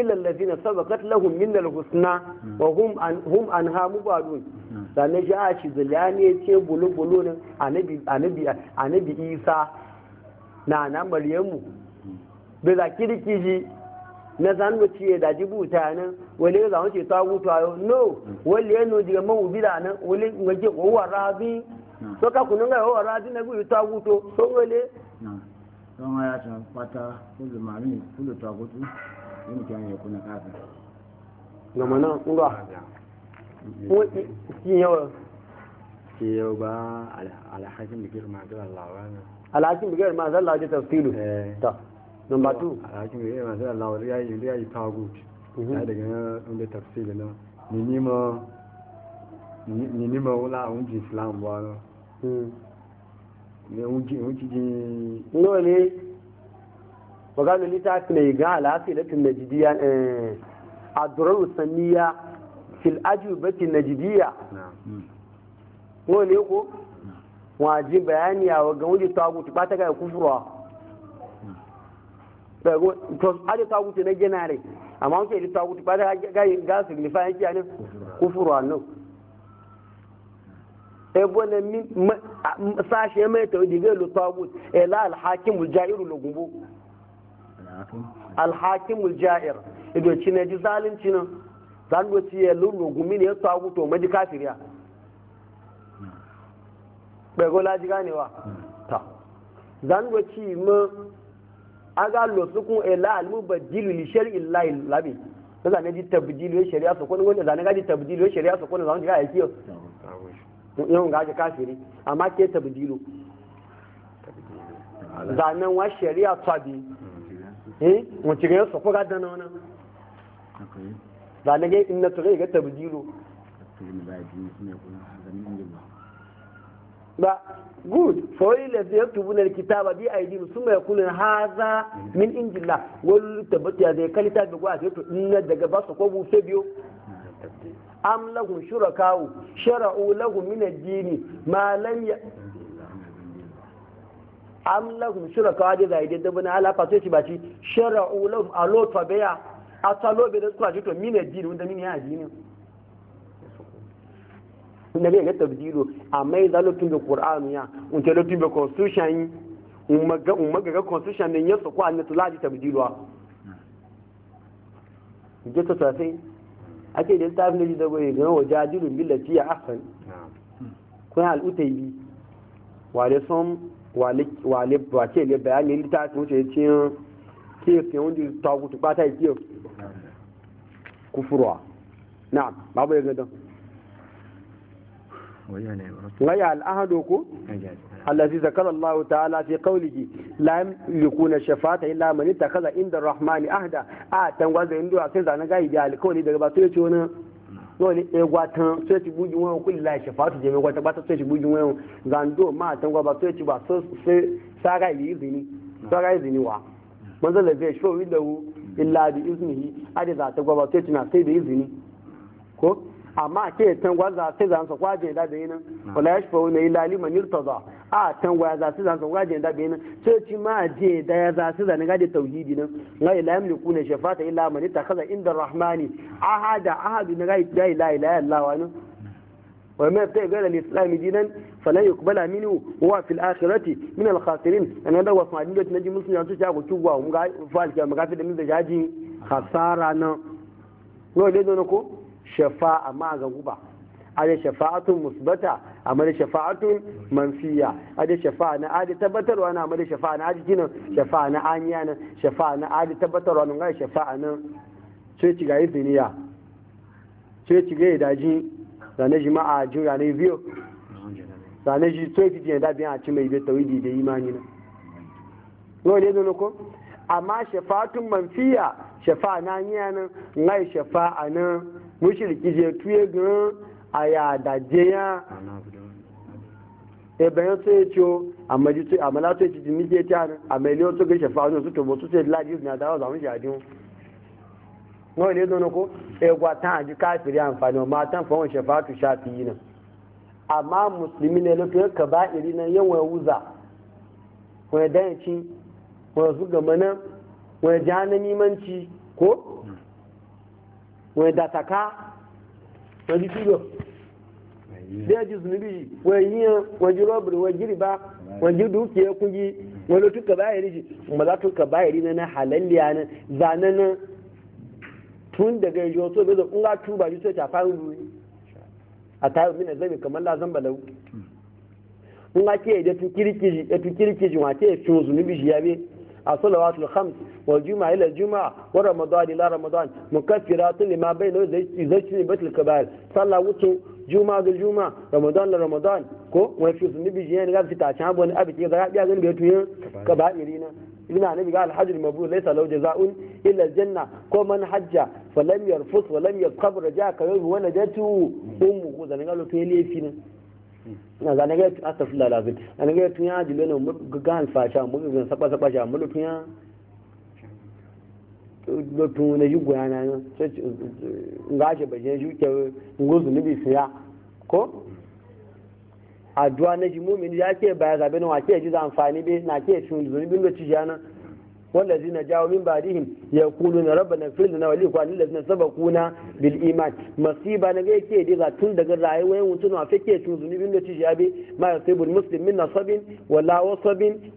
illa allazina sabaqat lahum minna alhusna wa hum an hum anha mubadun sannan shi a shi zulani ce bulu bulu ne annabi annabi Isa na na Maryamu da zakirki ji na zanu ce da jibuta nan wale za mu ce ta gutuwa yau no wale yano diga man ubida nan wale waje ko so ka kunun ga wa rabi na biyu ta guto so wale don haya ta fata kullu mami kullu tagutu yin kyan ya kuna kafin gama nan ngwa ki yawa ki yau ba alhakin da girma da lawa ne alhakin da girma da lawa ta tafsiru ta number 2 alhakin da girma da lawa ya yi ya yi tagut ya daga inda tafsiru na ni mhm. ni ma ni ni ma wala un islam ba no ne wagano littafi mai ga alafi da tun najidiya eh, a durar saniya fil ajubatin najidiya no ne ko waje bayani a wagan wajen taguti ba ta gaya kufurwa aje taguti na gina rai amma wajen taguti ba ta gaya ga signify yanki a nan kufurwa nan ebona sashe mai taudi gai lutagut ila e alhakimul ja'iru lugumbu alhakimul ja'ir ido e ci na ji zalunci nan zalunci ci ya lugumi ne ya taguto maji kafiriya bai laji wa ta go ci ma aga lo sukun ila e almubaddilu li shar'i llahi labi kaza ne ji tabdilu shari'a sokon wanda zane ga ji tabdilu shari'a sokon zan ga yake yawan gaji kafiri amma ke dilo zanen wa shari'a tabi eh wace ga su kuga da nan zanen ga inna tare ga dilo. ba good yi lafi ya tubu na kitaba bi a yi sun mai kunin haza min injila wani tabbata ya zai kalita da gwa a sai to inna daga ba su ko bufe biyo am lahum shuraka'u shara'u lahum min ad din ma lam am lahum shuraka'u da zai da bana ala ba ci baci shara'u lahum alo tabiya atalo be da suka jito min ad-dini wanda min ya addini ne ne ga tabdilo amma idan lutun da qur'anu ya unta lutun da constitution yi maga un maga ga constitution ne ya su ko an tulaji a je ta sai ake da littafin da shi da goyi gan waje ajirun billati ya asan kuna al'utai bi wale son wale ba ke le bayani littafin wuce ce ke ke wanda ta gutu ba ta yi ke kufurwa na babu ya gadon waya al'ahado ko الذي ذكر الله تعالى في قوله لا yamlikuna الشفاعة إلا من اتخذ inda الرحمن أهدا ahda a tangwa da indu sai zana ga idi alkawli daga ba sai ce wani wani egwa tan sai ci wani kulli la shafa'atu jami'a gwata ba sai ci buji wani zando ma tangwa ba sai ci ba ويدهو إلا izini sara izini wa manzo da zai showi amma ke tan gwaza sai zan sa kwaje da da yinan wala yashfa wa illa liman yurtada a tan waya za su zan ga jin dabe nan sai ci ma je da ya za su zan ga da tauhidi nan la ilaha illa ne shafata illa man ittakhadha inda rahmani ahada ahadu na ga la ilaha illa wa nan wa ma ta ga al-islam dinan falan yuqbala minhu huwa fil akhirati min al-khasirin ana da wasu hadin da naji musulmi su ta go kiwa mun ga fal ga fi da min da jaji khasara nan no le don ko shafa amma ga guba ale shafa'atun musbata amal shafa'atun mansiya adi shafa'a na adi tabbatarwa na amal shafa'a na adi gina shafa'a na anya na shafa'a na adi tabbatarwa na ga shafa'a na sai ci ga yi sai ci ga daji zane ji ma'a jin ranar biyu zane ji sai ki jiya dabiyan a ci mai bai tawidi da imani na yau ne zan ko amma shafa'atun mansiya shafa'a na anya na ngai shafa'a na mushirki je tuye gan a ya da jeya e bayan sai ciyo a maji sai a mala sai cikin nike ta a mai liyo shafa wani su tobo su sai laji na zamu shi adin nawa ne zo ko e gwatan a ji kafiri amfani ma tan fawon shafa tu shafi yi nan amma musulmi ne lokacin ka ba iri e nan yawan e wuza wani e dayanci wani su gama nan wani jihar na nimanci ko hmm. wani dataka wọ́n di kílò bẹ́ẹ̀ ju zunubi wọ́n yíyan wọ́n ju rọ́bìrì wọ́n jiri ba wọ́n ju dúkìá yi wọ́n lọ tuka bayari ji tuka bayari na halalliya na zane tun daga yi wasu bai zan nga tuba yi so ta fara ruwi a tayo mina zami kamar la zan balau nga ce ya tu kirkiji ya tu kirikiji wa ce ya fi zunubi shi الصلوات الخمس والجمعة إلى الجمعة ورمضان إلى رمضان مكفرات لما بين إذا اجتنبت الكبائر صلى وتو juma'a ga juma'a ramadan la ramadan ko wani fi sun nibi jiyan ga fita can abuwan abi ke zaga biya gani bai tuyin ka ba irina ina nabi ga alhajjul mabrur laysa lahu jazaa'un illa aljanna ko man hajja falam yarfus walam yaqbur jaa ka yawmi wa najatu na za ga nage astaghfirullah lazim na ga tun ya jibe no ga alfasha mu ga saba saba ja mu tun ya tun ne yugo yana no ga shi baje yuke ngozu ni bi siya ko a duwa na ji mu'min ya ke baya zabe na wa ke ji za amfani be na ke tun zuri bin da ci jana Kuwan da shi na jawo min ba a dihin ya ƙulu na raba na filin da na wani da zina saba kuna masiba na gaya kiye da yadda tun daga rayuwa ya wancan afe kiye tun zunubin da ta shi ya bi ma'aji ta tsibirin musulmin na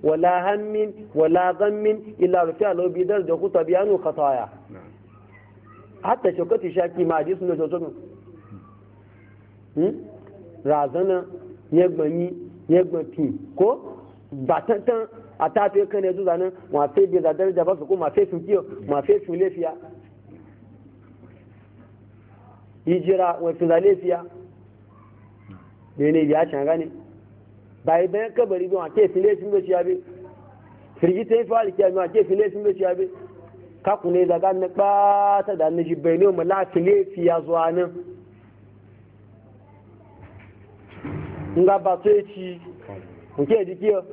wala harmin wala zanmin illar fiye da laifin dar da kuka biya an nu ka taya. Harta shaukar ta sha kiman Razana, nyagbani, nyagbafi ko batantan. a ta fi kan yanzu zanen mafe bai za daraja ba su ko mafe sun kiyo mafe sun lafiya hijira wasu za lafiya da ne biya can gane bai bayan kabari ba wake fi laifin da bi yabe ta yi fi haliki yabe wake fi laifin da shi bi kaku ne zaga na ɓata da na jibbai ne ma lafi lafiya zuwa nan nga ba so ya ci nke jikiyar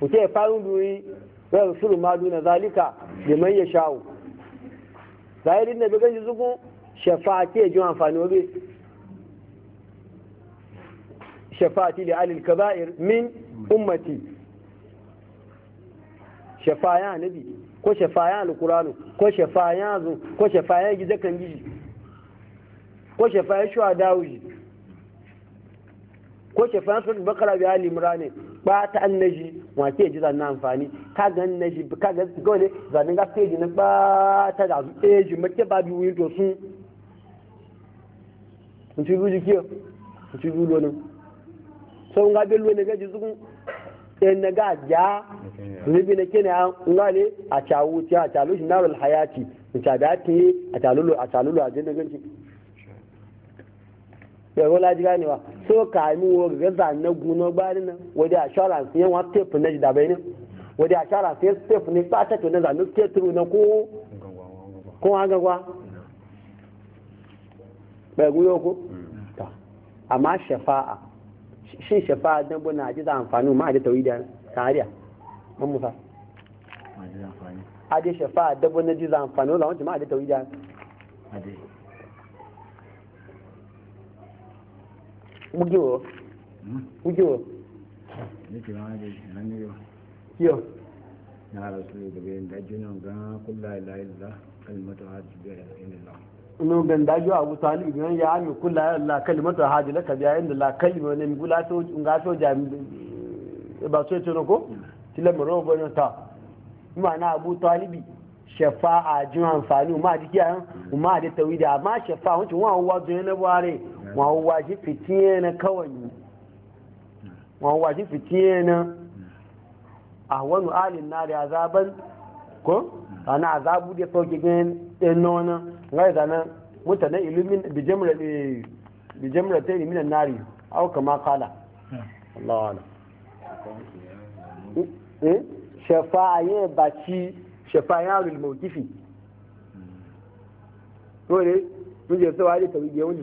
kuke faru farin duri wa rasulun madu na zalika liman ya shawo zahirin na bigan jizugu shafa ke ji amfani wabe shafa'ati da alil kaba'ir min ummati shafaya bi, ko shafaya kuranu ko shafaya zo ko shafaya kan gizi ko shafaya shuwa dawuji ko shafaya sun bakara bi alimura ne ta an wa ke ji zanna amfani ka ga annaji ka ga gole zanna ga page na ta da su page eh, make ba bi to sun mun ci ruji kiyo mun ci rulo nan so nga bi luwe ne ga ji zugun en eh, na ga ja ribi na kene nga ne a chawu ti a chalu na rul hayati ta da ti a chalulu a chalulu a jinna ganci yaro laji ganewa so ka wo ga zanne guno gbani na, wadi assurance yan wan tape na da bai ne assurance yan tape ne ba ta to na zanne tape na ko ko an gagwa bai guyo ko ta amma a, shin shafa'a dan bu na ji da amfani ma da tawida kariya mun musa ade shafa'a dan na ji da amfani wala ma da tawida ade mugiwo mugiwo kiyo na rasu da bayan dajinan ga kula ila illa kalmatu hajji ga ila no dajo abu talib ya kula ila kalmatu hajji laka la kalma ne mi kula to nga to jami e ba so e to ko mm. tilama robo no ta ma'ana abu talibi shafa'a jin amfani ma jiki ma da tawida amma shafa'a wancin wa wa zo ne mawawaji fitiye na kawai wọn wá sí fìtíyẹ na alin na da azaban ko ana azabu da sauki gan nona ga yi zanen mutane ilimin bijamra eh, ta ilimin nari au kama kala Allah wala hmm? eh? shafa'ayen baci shafa'ayen arul mawkifi ko hmm. ne mun je sai wani tawi je wani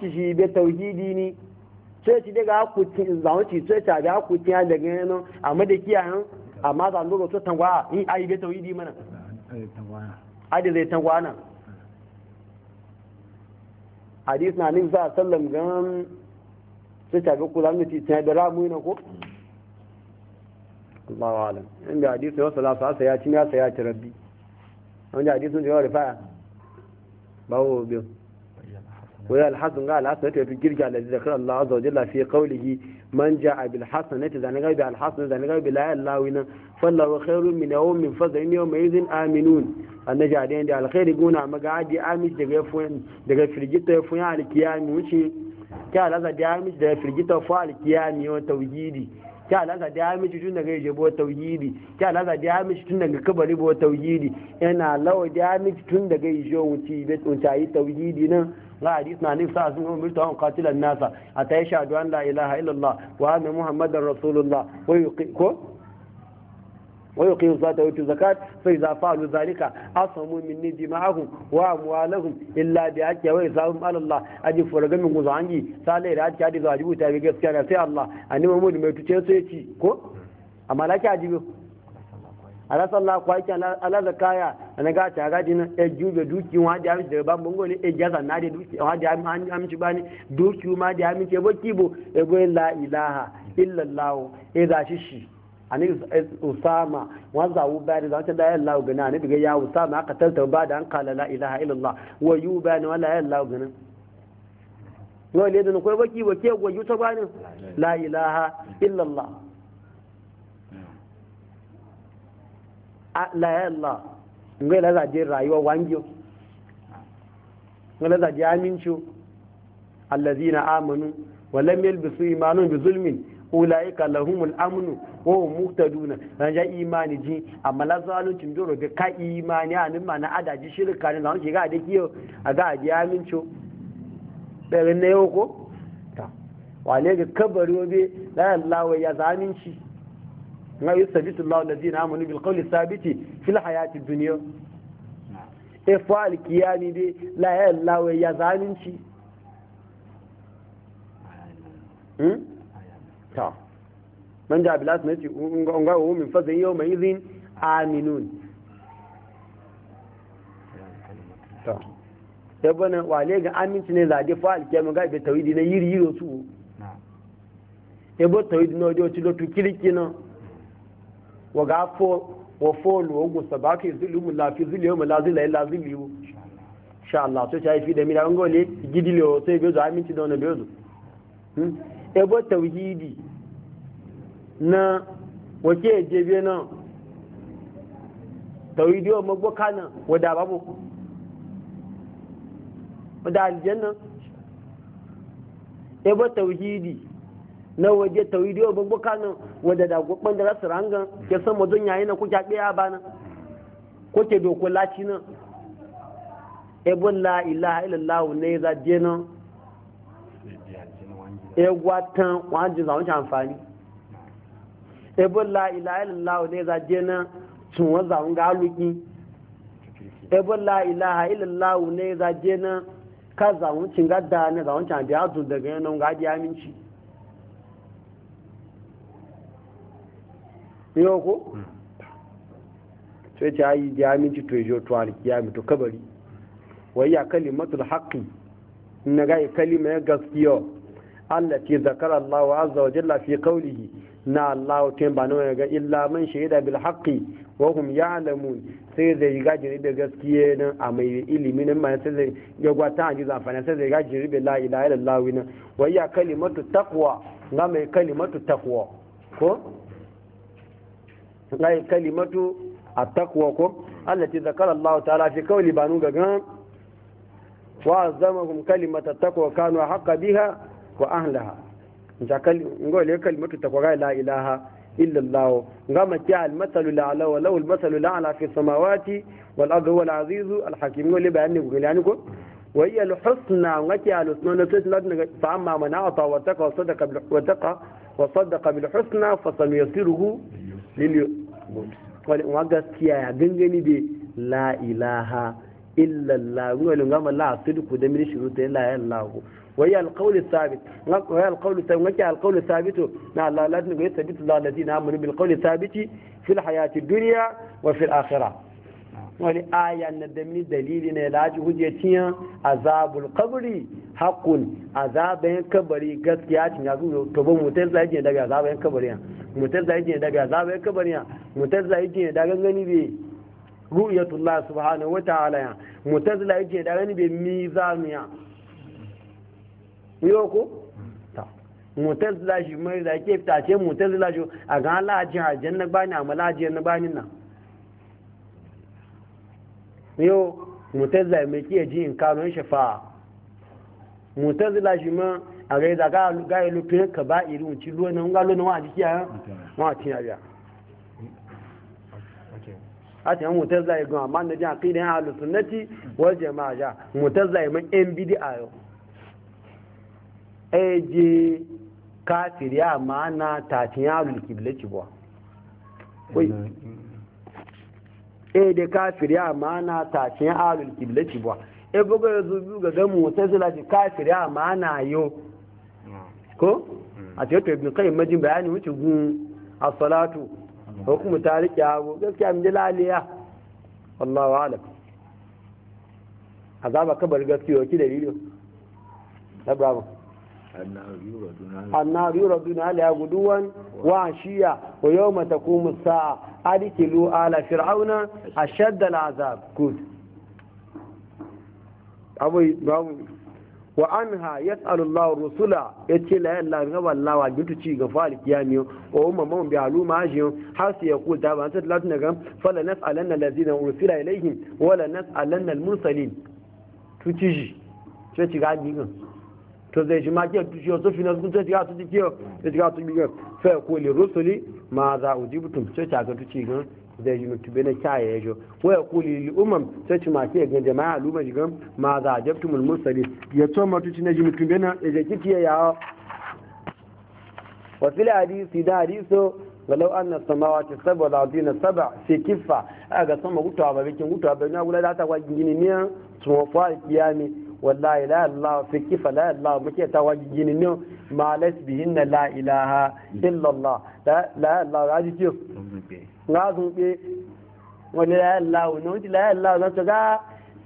ci shi be tauhidi ni sai ci daga kuti zawunci sai ta ga kuti ya daga yana amma da kiyayen amma za mu ga tangwa in ayi be tauhidi mana adi zai tangwa nan hadis na nisa sa sallam gan sai ta ga kula mutu ta da ramu ne ko Allahu alam inda hadisi wasu lafa ya ci ya saya ci rabbi wanda hadisin da yawa da bawo biyu وهي الحسن قال الحسن في الجرجع الذي ذكر الله عز وجل في قوله من جاء بالحسن إذا نقايب بالحسن إذا نقايب بلا الله ونا فالله خير من يوم من فضل يومئذ آمنون أن جاء دين على خير يقول عما قاعد آمس دقى فوين دقى فرجيته يفوين على كيامي وشي كان هذا دامج دقى فرجيته فوين على كيامي وتوجيدي kya alaza da ya mishi tun daga yaje bo tauhidi kya alaza da ya mishi tun daga kabari bo tauhidi yana lawa da ya mishi tun daga yaje wuci da ra hadis na nisa sun ga umirtu an qatila nasa a ta yi shahadu an la ilaha illallah wa anna muhammadan rasulullah wa ko wa yuqim zata wa zakat fa idha fa'alu zalika asamu min dima'ahum wa amwaluhum illa bi akya wa isahum ala allah aji furaga min guzangi sale ra ta di zaji buta bi gaskiya na. sai allah annabi muhammad mai tuce sai ci ko amma laki ajibu ala sallahu alaihi wa sallam ala zakaya ana ga ta ga dina e jube duki wa da da ban bongo ne e jaza na da duki wa da an amci bani duki ma da mi ke boki bo e go la ilaha illa allah e da shi shi ani e, usama wa za u ba da ta da allah gana ne daga ya usama aka tanta ba da an kala la ilaha illa allah wa yuba ne wala ya allah gana wa le da ko e boki bo ke go yuta bani la ilaha illa allah hmm. la ilaha ngai la zaje rayuwa wangiyo ngai la zaje amincu allazina amanu wa lam yalbisu imanuhum bi zulmin ulaika lahumul amnu wa hum muhtadun ran ja imani ji amma la tin doro be ka imani anin mana adaji shirka ne zan ga da kiyo a ga aje amincu da ne yoko ta wale ga kabari obe la Allah ya zaminci ما يثبت الله الذين امنوا بالقول الثابت في الحياه الدنيا ifal kiyani bi la ya lawe ya zalunci man da bilas ne ci unga wa min fazin yau mai izin aminun ya bana wale ga aminci ne zade fa alkiyama ga be tawidi na yiri su na na wa ga fo wa fo lo go sabaki zulumu la fi zulumu la zila illa zilimu insha Allah to ta fi da mira ngole gidile o sai bezo aminci da wannan bezo hmm ebo tauhidi na wace jebe nan tauhidi o magbo kana wada babu wada aljanna ebo tauhidi na waje tauhidi o magbo kana wanda da gubban da rasu rangan ke san mazun yayi na kuka ɗaya ba nan ko ke doko laci nan ebun la ilaha illallah ne za je nan egwatan wajen zaunci amfani ebun la ilaha illallah ne za je nan sun wanzan wunga aluki ebun la ilaha illallah ne za je nan ka zaunci ga da ne zaunci amfani daga yanon ga aminci yau ko sai ta yi jaminci to jo to alkiyami to kabari wai ya kalimatul haqqi na ga kalima ya gaskiya Allah ke zakara Allah azza wa jalla fi qawlihi na Allah tin ba nawa ga illa man shahida bil haqqi wa hum ya'lamun sai da yi gajin da gaskiya nan a mai ilimi nan ma sai da ya gwata a ji zafana sai da zai gajin da la ilaha illallah wa wai ya kalimatu taqwa ga mai kalimatu taqwa ko ngai kalimatu at-taqwa ko allati zakara Allah ta'ala fi qawli banu gagan wa azamahum kalimata at-taqwa kanu haqqa biha wa ahlaha jakal ngole kalimatu taqwa ga la ilaha illa Allah ngama ki al-mathalu la'ala wa law al-mathalu la'ala fi samawati wal ardi wal aziz al-hakim ngole bayani ko gani ko وهي الحسنى وتي على الحسنى نتسلت فأما من أعطى وتقى وصدق وتقى وصدق بالحسنى فسنيسره lili kwale wa gaskiya ya gangani be la ilaha illallah ruwa lunga ma la sidku da min shuruta la ilaha وهي القول الثابت la القول الثابت وهي القول la لا لا لا يثبت الله الذين امنوا بالقول الثابت dunya wa fi al akhirah wani aya na da mi dalili ne laji hujjetiyan azabul kabri hakun azabin kabari gaskiya cin ya zuwa to ba mutar zai jin daga azabin kabari yan mutar zai jin daga azabin kabari yan mutar zai jin daga gani be ru'yatullah subhanahu wa ta'ala yan mutar zai jin daga gani be mizanu yan yo ko ta mutar zai shi mai zai ke fita ce mutar zai shi a ga Allah ji aljanna bani amala ji na bani nan yo mutar zai mai ke ji in kano shafa'a mutazila shi ma a gai ga yi lufin ka ba iri wuci ruwa na wani na wani jiki a wani tin ya biya a tin mutazila ya gama amma na jin aqidan ahlus sunnati wal jamaa ja mutazila ma en bid'a yo e je kafir ya ma e na ta tin ahlul kiblati bo koi e de kafir ya ma na ta tin ahlul kiblati bo e buga ya zubi ga damu ga mu'tazila ji kafiri amana yo ko mm. a ce yato ibn kai majin bayani wuce gun as-salatu mm. ta riƙe abu gaskiya mu mun lalaya wallahu a'lam azaba kabar gaskiya ki da dalilo na bravo annar duna ala guduwan wa shiya wa yawma taqumu as-sa'a adikilu ala fir'auna ashadda al-azab good abai babu wa ya yas'alu Allahu rusula yace la ilaha illa Allah wa gitu ci ga fal kiyami wa umma man bi aluma ji har sai yaqul da ban sai latun ga fala nas'alanna allazina ursila ilaihim wa la nas'alanna al-mursalin tu ci ji ce ci ga gigan to zai ji ma ke tu ci so fina su ce ga tu ci ke ce ga tu gigan fa kuli rusuli ma za ujibtum ce ta ga tu ci gan zai yi mutube na kya ya jo waya kuli li umam sai ci mace ga jama'a aluma jigam ma za a jabtu mulmursali ya to matuci na ji mutube na ya jaki ya yawo wa fil hadisi da hadiso walau an na samawa saba da na saba sai kifa a ga sama gutawa ba bikin gutawa ba na da ta kwa gini ne tsuwa fa kiyami wallahi la Allah fi kifa la muke ta waji gini ne ma lasbihinna la ilaha la Allah nga sun ɓe wani layan lawo na wani layan lawo na taga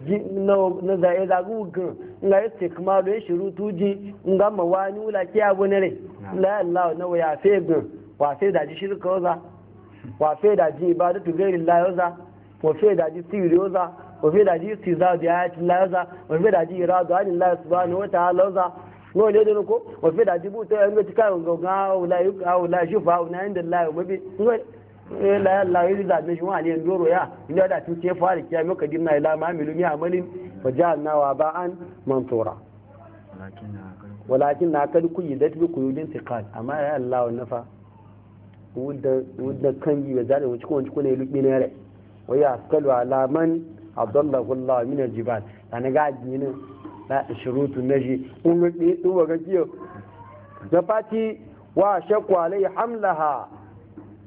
na zaɓe zaɓi gan nga yi e tekma da ya e shiru tuji nga ma wani wula ke abu ne rai layan lawo na waya fe gan wa fe da ji shirka oza wa fe da ji ibadatu gairi layo oza wa fe da ji siri oza wa fe da ji istiza da ayatin layo za wa fe da ji iradu hajin layo subhanahu wa ta'ala oza no ne da ko wa fe da ji buta yan ga cika ga ga wula shi fa wuna inda layo mabi la la yi da ne shuma ne ndoro ya inda da tun ce fara kiya muka dinna ila ma milu mi amalin fa ja'alna wa ba'an mansura walakin na kan ku yidat bi kuyudin tiqal amma ya Allah wa nafa wudda wudda kan yi wa zare wuce ko wuce ko ne lubi ne re wa ya askalu ala man adallahu Allah min aljibal ana ga jini la shurutu naji un lubi duwa ga kiyo da fati wa shakwa alai hamlaha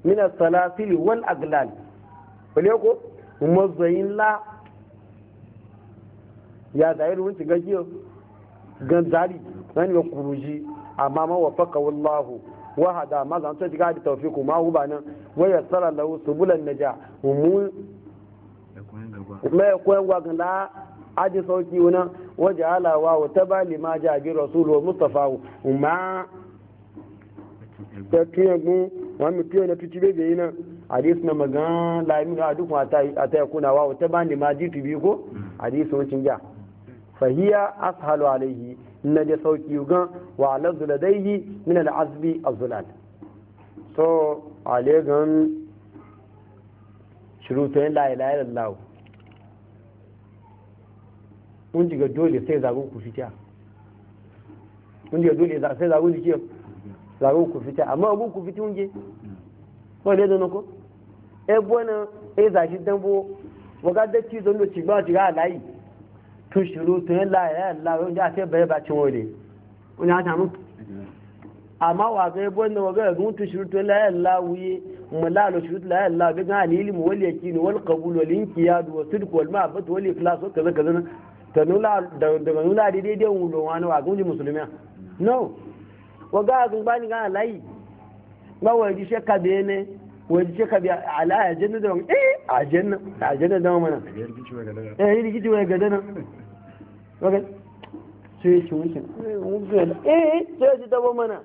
min salasili wal aglal wale ko mazayin la ya zahir wun ci gajiyo gan zari nan ya kuruji amma ma wafaka wallahu wa hada ma zan ta jiga da tawfiku ma hu banan wa yassara lahu subulan naja mu mai koyan gwa gan la aji sauki wuna waje alawa wa taba lima jabi rasul wa mustafa ma ta kiyagun wani fiye na tuci bai yi nan hadis na magan lamin ga duk a ta yakuna wa ta ba ne ma jitu biyu ko hadis wancin ja fahiya ashalu alaihi na da sauki gan wa ala zuladaihi min al azbi azulal so ale gan shirutayin layi ilaha illallah kun ji ga dole sai zagun ku fita kun ji ga dole sai zagun ku zaru ku fita amma abun ku fita hunje ko le eh, don ko e bona e eh, za shi wa waga da ci don do ci ba ci ga lai tu shiru to la ya la ya ja te bai ba ci wole kun ya samu amma wa ga e bona waga gun tu shiru to la ya la wuye mulalo shiru to la ya la ga ga ni ilmu wal yakin wal qabul wal inqiyad wa sidq wal ma'bad wal ikhlas kaza kaza ta nula da nula daidai dai wulon wani wa gunji musulmiya no waga azun bani ga alayi ba waje she ka bene waje she ka bi ala da eh da mana eh, shi wuce eh mana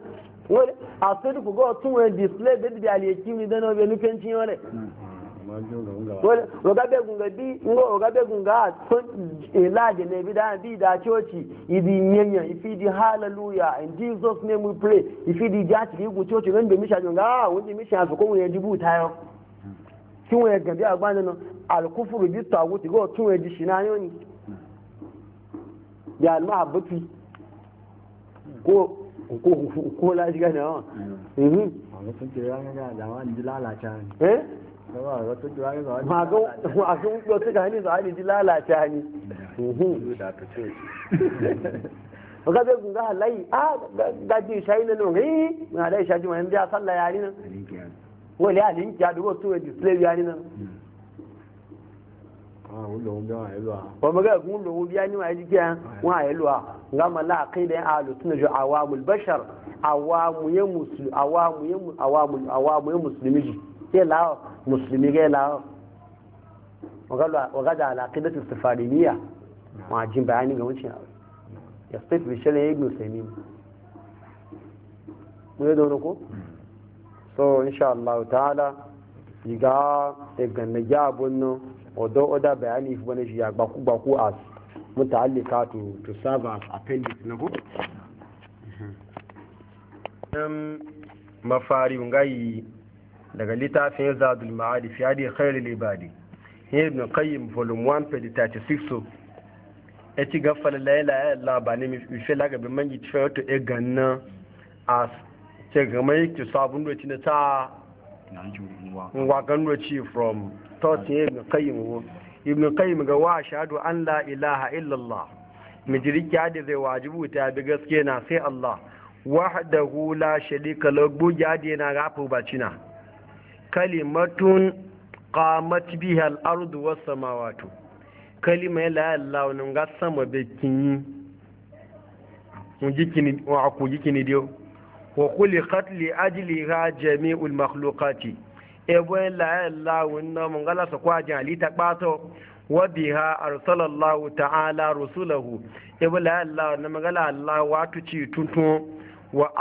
a ku ga tun wani display da bi aliyaki ni da na bi ogabegunga bi ngo ogabegunga son elaje ne bi da bi da chochi idi nyenya ifi di hallelujah in jesus name we pray ifi di jati ki gu chochi ngende misha jonga wonde misha azu ko wonye dibu tayo ti wonye gabi agbana no alkufuru bi tawu ti go tun eji shina yoni ya ma abati ko ko ko la diga na mhm eh masu wuɗo suka hannu a hannu ji lalace hannu ga zai gunga halayi a gaji shayi na nan rai na da shaji mai biya sallah yari nan wani a linki ya dubo tuwa display yari nan wa maga gun lowo biya ni wa jikiya wa yelwa ngama la aqida ahlu sunna ju awamul bashar awamu ya muslim awamu ya awamu awamu ya lawa musulmi ga yalawa waga da alaƙidar istifariniya majin bayani ga wucin abu ya state michelle ya igno sami mu yi dauna ko so insha Allah ta'ala yiga ganna ya abun nan odo oda bayani fi wani shi ya gbaku gbaku as muta'allika to to serve as appendix na ko hmm. um, mafari ngai daga littafin zadul ma'adi fi hadi khairul ibadi ibn qayyim volume 1 page 36 e ti gafal la ilaha la ba mi fi la ga bi mangi ti fa to e ganna as ce ga mai ki sabun do na ta wa gan do ci from thought ibn qayyim wo ibn qayyim ga wa shahadu an la ilaha illa allah mi jiriki hadi zai wajibu ta bi gaske na sai allah wahdahu la sharika lahu bujadi na gafu bacina kalimatun qamat biha al-ardu was samawati kalima la Allah nun ga sama be kinyi mun jikini wa ku jikini dio wa khuliqat li ha jami'ul makhluqati ebo la Allah wunna mun ga sa kwa jali ta bato wa biha arsalallahu ta'ala rusulahu ebo la Allah na magala Allah watu ci tuntun wa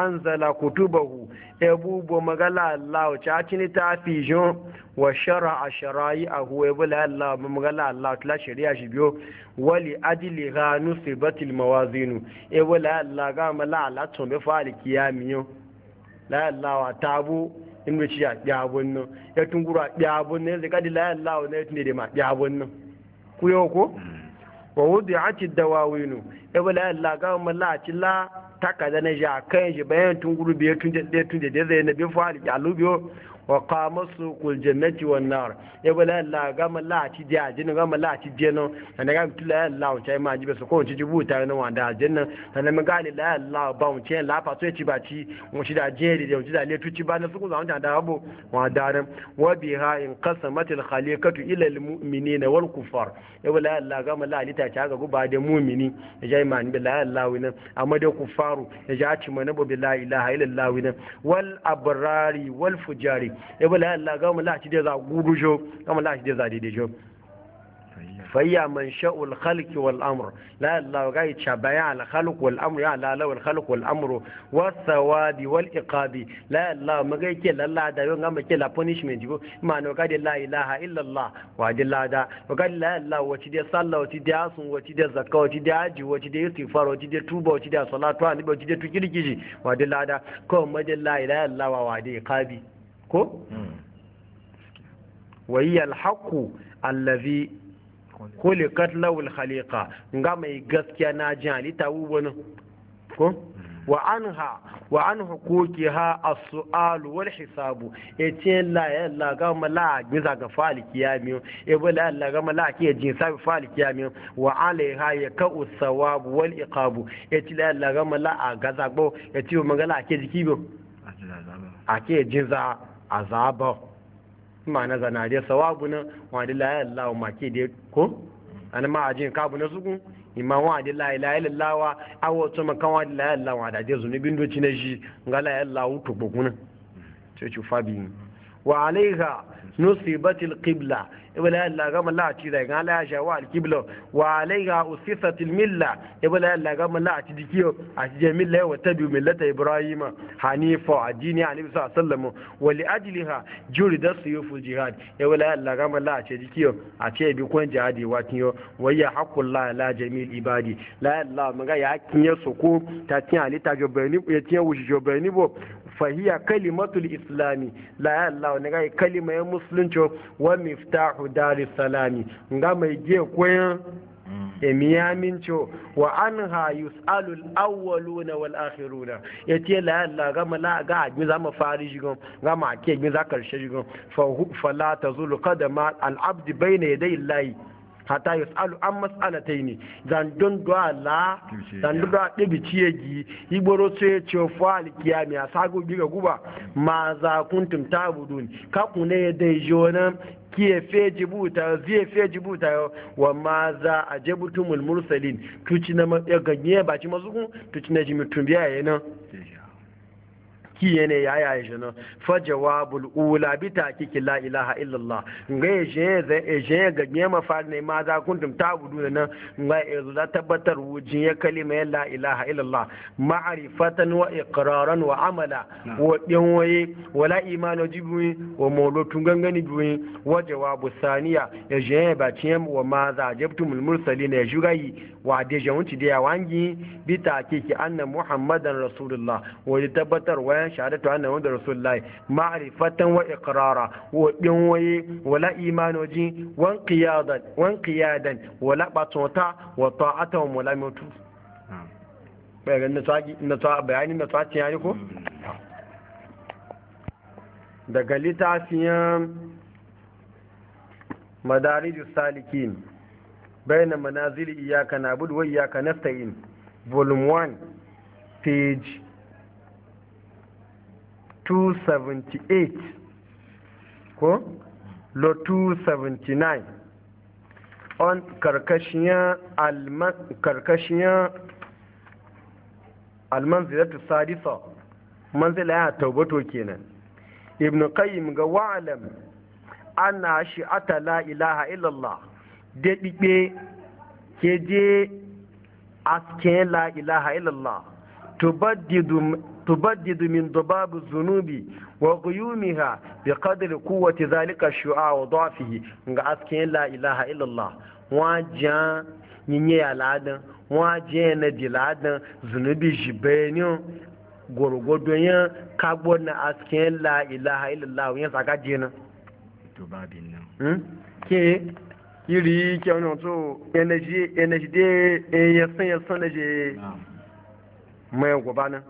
anzala kutubahu ebubo magala Allah ta ni ta fi jin wa shara a yi a huwa la Allah ba magala Allah tula shari'a shi biyo wali ajili ga nufi batil mawazinu e la Allah ga mala Allah tun bi fa alkiyami yo la Allah wa tabu in bi ci a abun nan ya tun gura abun nan zai di la Allah ne da ma ya nan ku yau ko hmm. wa ci dawawinu ebola la ga mu la ci la takada na ja kan ji bayan tun guru tun da tun da zai na bi fa al alubiyo wa qama su jannati wan nar e wala la gama la ti dia jinu gama la ti dia no ana gama ti la chai ma jibe so ko ti jibu ta no wanda jinna ma gali la la ba o chai la pa so ba ti o ti da je de o ti da le tu ba na su ko da da bo wa da ran wa biha in qasamat al khaliqatu ila al mu'minina wal kufar e wala la gama la ali ta ta ga guba da mu'mini e jai ma ni la la wina amma da kufaru e ja ci mana bo bi la ilaha illallah wina wal abrari wal fujari ya bala Allah ga mu lati da za gudu jo ga mu lati da za daidai jo fayya man sha'ul khalqi wal amr la Allah ga ya chabaya al khalq wal amr ya la al khalq wal amr was sawabi wal iqabi la Allah ma ga yake lalla da yon ga make la punishment go ma no ga la ilaha illa Allah wa dilla da wa ga la Allah wati da sallah wati da sun wati da zakka wati da haji wati da istighfar wati da tuba wati da salatu ani wati da tukirkiji wa dilla da ko ma da la ilaha illa Allah wa wa da iqabi ko hmm. wayyal haqqu allazi khuliqat lahu al-khaliqa nga mai gaskiya na ji halitta wani ko hmm. wa anha wa an hukukiha as-su'al wal hisabu yace e la ya la ga mala giza ga ya kiyami e bo la la ga mala ke bi faliki ya kiyami wa alaiha e ya ka us-sawab wal iqabu yace la la ga mala a e gbo yace mangala ke jiki bo ake ji. za azaba ma na zana dai sawabu na wa da la ilaha ma ke dai ko an ma ajin kabu na suku imma wa da la ilaha illallah awo to ma kan wa da la ilaha wa da dai bindo ci na shi ga la ilaha to buguna sai ci fabi wa alaiha nusibatil qibla ibla Allah ga mala ci da ga la ja wa alqibla wa alaiha usisat almilla ibla Allah ga mala ci dikiyo a ci milla wa tabi millata ibrahima hanifa addini annabi sallallahu alaihi wasallam wa li ajliha jurida suyuful jihad ibla Allah ga mala ci dikiyo a ce bi kun jihadi wa tiyo wa ya haqqullah la jamil ibadi la Allah maga ya kinye soko ta tiya ali ta jobeni ya tiya wushi jobeni bo fahiya kalimatul islami la ya Allah wani gai kalima ya musulunci wa miftahu daris salami nga mai je koyan minci wa an ha yus'alul awwaluna wal akhiruna yace la Allah ga mala ga ajmi za mu fari shigon ga ma ke ajmi za karshe shigon fa la tazulu qadama al abd bayna yaday Allah Hata hatta tsalu an matsala ta mas'alataini zan don du'a la zan ciye gi Yi iboro sai ce fa a sago biga guba ma za ne kaku ne ya dai jona kiye feji buta ziye feji buta yau wa ma za ajabtumul mursalin tuci na ya ganye ba ci mazukun tuci na jimi tumbiya yana kiye ya ya yaya shi fa jawabul ula bi kiki la ilaha illallah nga e je je e je ga ne ma fa ne ma za kuntum tabudu nan nga yanzu e da tabbatar wujin ya kalima la ilaha illallah ma'rifatan wa iqraran wa amala wa din waye wala imanu jibuwi wa mawlutun gangani biwi wa jawabu saniya ya je ba ciyam wa ma za jabtumul mursalin ya shugayi wa da jawunci da yawangi bi takiki anna muhammadan rasulullah wa tabbatar wayan bayan shahadatu anna wanda rasulullahi ma'rifatan wa iqrara wa din waye wala imanoji wan qiyadan wan qiyadan wala batota wa ta'atan wala mutu bayan na tsaki na tsa bayani na tsaci yani ko daga litafiyan madarijus salikin bayna manazili iyyaka na'budu wa iyyaka nasta'in volume 1 page 278 ko lo 279 on karkashiyar almanzilatu sadisa manzila ya taubato kenan ibn qayyim ga wa'alam ana ata la ilaha illallah da ɗiɓe ke je asken la ilaha illallah tubaddidu تبدد من ضباب الذنوب وغيومها بقدر قوة ذلك الشعاع وضعفه أسكين لا إله إلا الله واجا ينيه العدن waje ندي العدن zunubi jibenin gwargwado yin أسكين na إله إلا الله illallah yin saka jina ke iri ke wani to energy energy dai yasan yasan da je mai gwabanin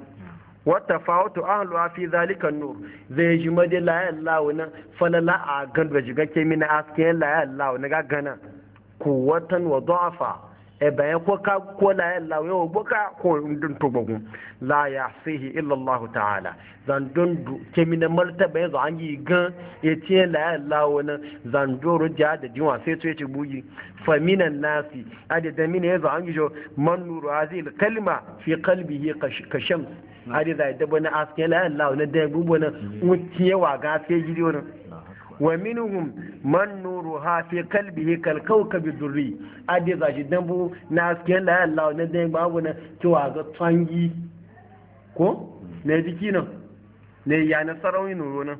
wata fawatu ahlu fi zalika nur zai ji made la ya Allah wana falala a gan da jiga ke mina aske la ya Allah wana ga gana watan wa du'afa e bayan ko ka ko la ya Allah yau ka ko dun to bagu la yahsihi illa Allah ta'ala zan dun ke mina martaba yanzu an yi gan ya tiye la ya Allah wana zan doro ja da jiwa sai to yace buji fa minan nasi adada ya yanzu an yi jo man nuru azil kalma fi qalbihi kashams hadi zai dabo na aske la Allah na da gubo na mm. mutiye wa ga sai gidi wannan wa minhum man nuru ha fi kalbihi kal kawkab durri adi za shi dambu na aske la Allah na da babu na to wa ga tsangi ko ne mm. diki nan ne ya na sarauni nuru nan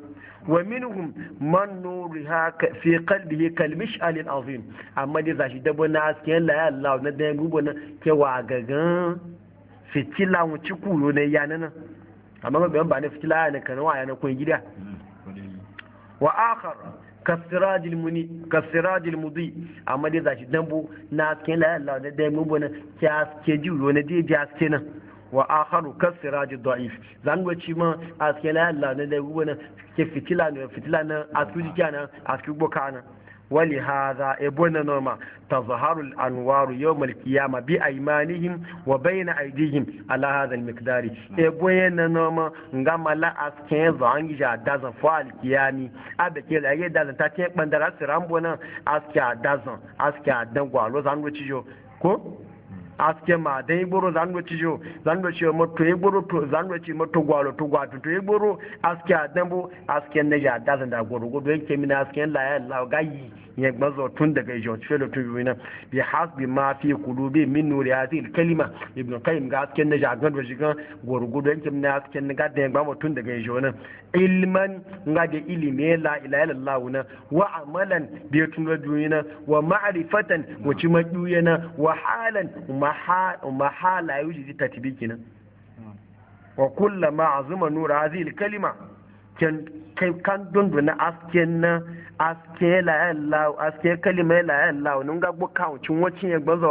wa minhum man nuru ha fi kalbihi kal mish'al azim amma da za zashi dabo na aske la Allah na da gubo na ke wa gagan fitila mu ci kuyo na yana nan amma ga ba na fitila yana kan wa yana kun gida wa akhar kasirajil muni kasirajil mudi amma dai zashi dambo na kin la Allah da dai mu bona kya ke juro na dai ja ke nan wa akharu kasiraj da'if zan go ci ma aske la Allah da dai mu bona ke fitila na fitila na asku jikana asku bokana wali haza ebo na noma ta zaharul anwaru yau malkiyama bi aimanihim wa bayna aidihim ala haza mikdari ebo na noma nga mala asken zangi ja dazan fo alkiyami abe ke la ye dazan ta te bandara sirambo na aske dazan aske dan gwalo zan wuci ko aske ma da zan zanwaci jo zanwaci ma to igboro to zanwaci ma to gwalo to gwatu to yi igboro aske adambo aske ne ja dazan da goro godo yake mina aske la ya la gayi ya gbazo tun daga George Fellow to bi bi hasbi ma fi qulubi min nuri hadhihi al-kalima ibn qayyim ga asken na jagan da shigan gurgudu yankin na asken na da ya gbazo tun daga George ilman nga da ilimi la ilaha illallah na wa amalan bi tun da duniya wa ma'rifatan wa ci maduya na wa halan ma hala yuji tatbiki na wa kullama azuma nura hadhihi al-kalima kan kan dunduna asken na aske la lau aske kalima la lau nun ga buka wucin wacin ya gbazo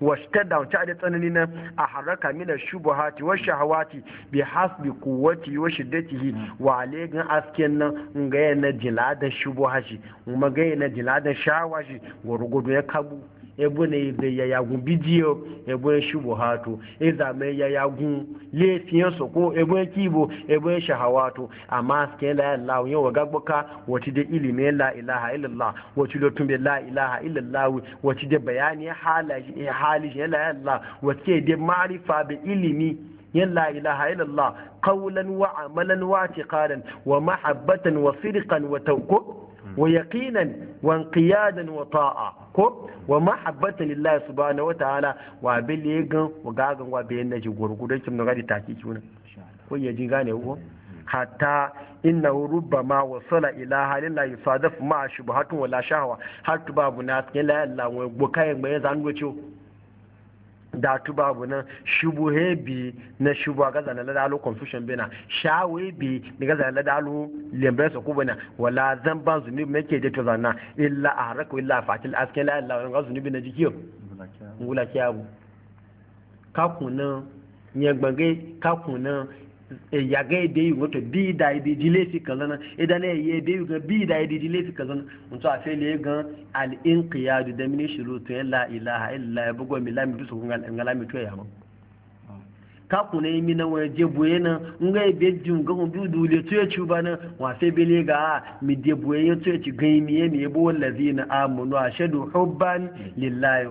wasu ta da wuce da tsanani na a haraka mina hati wa shahawati bi hasbi quwwati wa shiddatihi wa alaygan asken nan ga yana jiladan hashi kuma ga yana jiladan shawashi gurgudu ya kabu ebo ne ibe yayagun bidiyo ebo ne shubu hatu iza mai yayagun lefiyan su soko ebo ne kibo ebo ne shahawatu amma suke la Allah yau wa gagboka wati da ilimi la ilaha illallah wati da tumbe la ilaha illallah wati da bayani halaji halaji la Allah wati da ma'rifa bi ilimi yan la ilaha illallah qawlan wa amalan wa i'tiqadan wa mahabbatan wa sidqan wa tawakkulan wa yaqinan wa qiyadan wa ta'a ko wa mahabbata lillahi subhanahu ta'ala wa bil yegan wa gagan wa bayan naji gurgudan kim naga da taki kuna ko yaji gane ko hatta innahu rubbama wasala ila halin la yusadaf ma shubhatun wala shahwa har tubabu na la la wa bukayen bayan zango ciwo da tu babu nan shubu hebi na shubu a gaza na ladalo confusion bina shawe bi na gaza na ladalo lembe su kubana wala zan ban zuni mai ke jeto zanna illa a harako illa a fatil asken la illa wani zunubi na jikiyo ngula kiyabu kakunan nyagbange kakunan yaga ebe yi wato bi da ebe ji laifi kaza na idan ya yi ebe yi ga bi da ebe ji laifi kaza na mutu a fele ga al'in qiyadu da mini ya la ilaha illa ya bugo mi lami bisu kun ngalami to ya mun ka ku ne mi na wa je boye na nga ebe ji nga ko bi du le to e ci ba na wa fe bele ga ah, mi de boye to e ci ga mi mi ebo e wallazina amanu ashadu hubban lillahi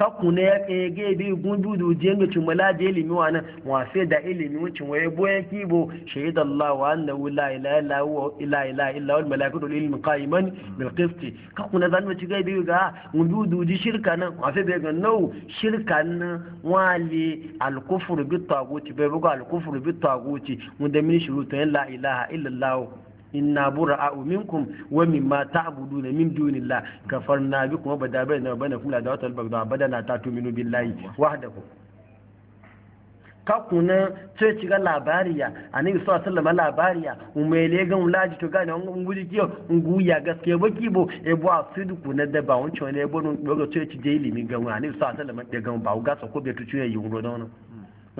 kakku ne ya kai ga bi gundu du je ga cin mala je ilimi wa nan wa sai da ilimi wucin waye boye kibo shahidallahu annahu la ilaha illa huwa ila ila illa wal malaikatu lil ilmi qa'iman bil qisti kakku ne zan wuci ga bi ga gundu du ji shirka nan wa sai ga nau shirka nan wali al kufru bi taguti bai buga al kufru bi taguti mun da min ta la ilaha illa allah inna bura'u minkum wa mimma ta'buduna min dunillah kafarna bikum wa badabaina da la dawata al-baghdha badana tatu'minu billahi wahdahu kuna ce ci ga labariya annabi sallallahu alaihi wasallam labariya umele ga ulaji to ga nan nguli kiyo nguya gaske baki bo e bo asidu kuna da ba wancan ne bo no ga ce ci je ilimi ga annabi sallallahu alaihi wasallam da ga ba ga so ko be tuciye yuro da wannan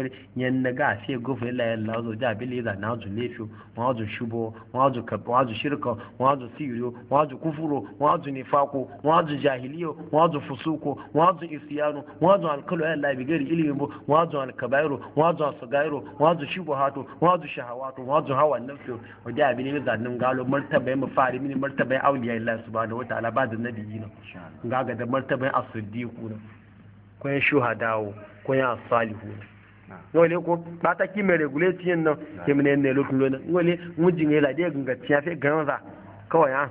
fari yan na ga sai gofa illa lazo da na zu lefi wa zu shubo wa zu kab wa zu shirka wa zu kufuru wa zu kufuro wa zu nifako wa zu jahiliyo wa zu fusuko wa zu isyanu wa zu alkalu ya labi gari ilimin bo wa zu alkabairu wa zu asgairu wa zu shubuhatu wa zu shahawatu wa zu hawa nafsu wa ja bile da nan galo martaba mu fari mini martaba auliya Allah subhanahu wa ta'ala ba da na ga ga da martaba as-siddiquna ko ya shuhadawo ya salihu wale ko ba ta ki kime regulate yin nan me ne ne lokun lona mu mujin la lade ganga tiya fe ganza kawai ha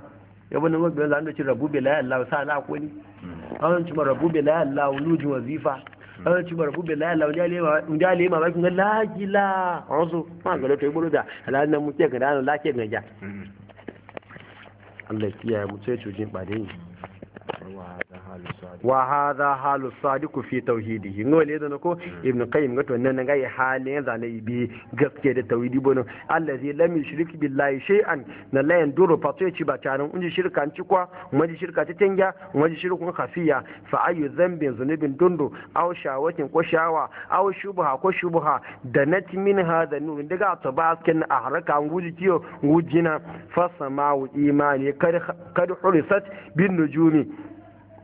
ya bani gobe zan da ci rabu bi la Allah sa la ko ni hmm. an ci ma rabu bi la Allah ju wazifa hmm. an ci ma rabu bi la Allah ndale ma ndale ma ba kun la gila ozo ma ga to ibulu e da halan nan mu ce ga dan la ke ganja hmm. Allah kiyaye mu sai cujin ba dai wa hadha halu sadiq fi tauhidihi ngole da nako hmm. ibn qayyim to nan ga ya halin bi gaske da tauhidi bono allazi lam yushrik billahi shay'an na la yanduru fataci ba tanan unji shirka an ci kwa maji shirka ta tanga maji shirkun khafiya fa ayu dhanbin zunubin dundu aw shawatin ko shawa aw shubha ko shubha da nat min hadha nur daga tabaskin ahraka nguji kiyo ngujina fa sama'u imani kad kad hurisat bin nujumi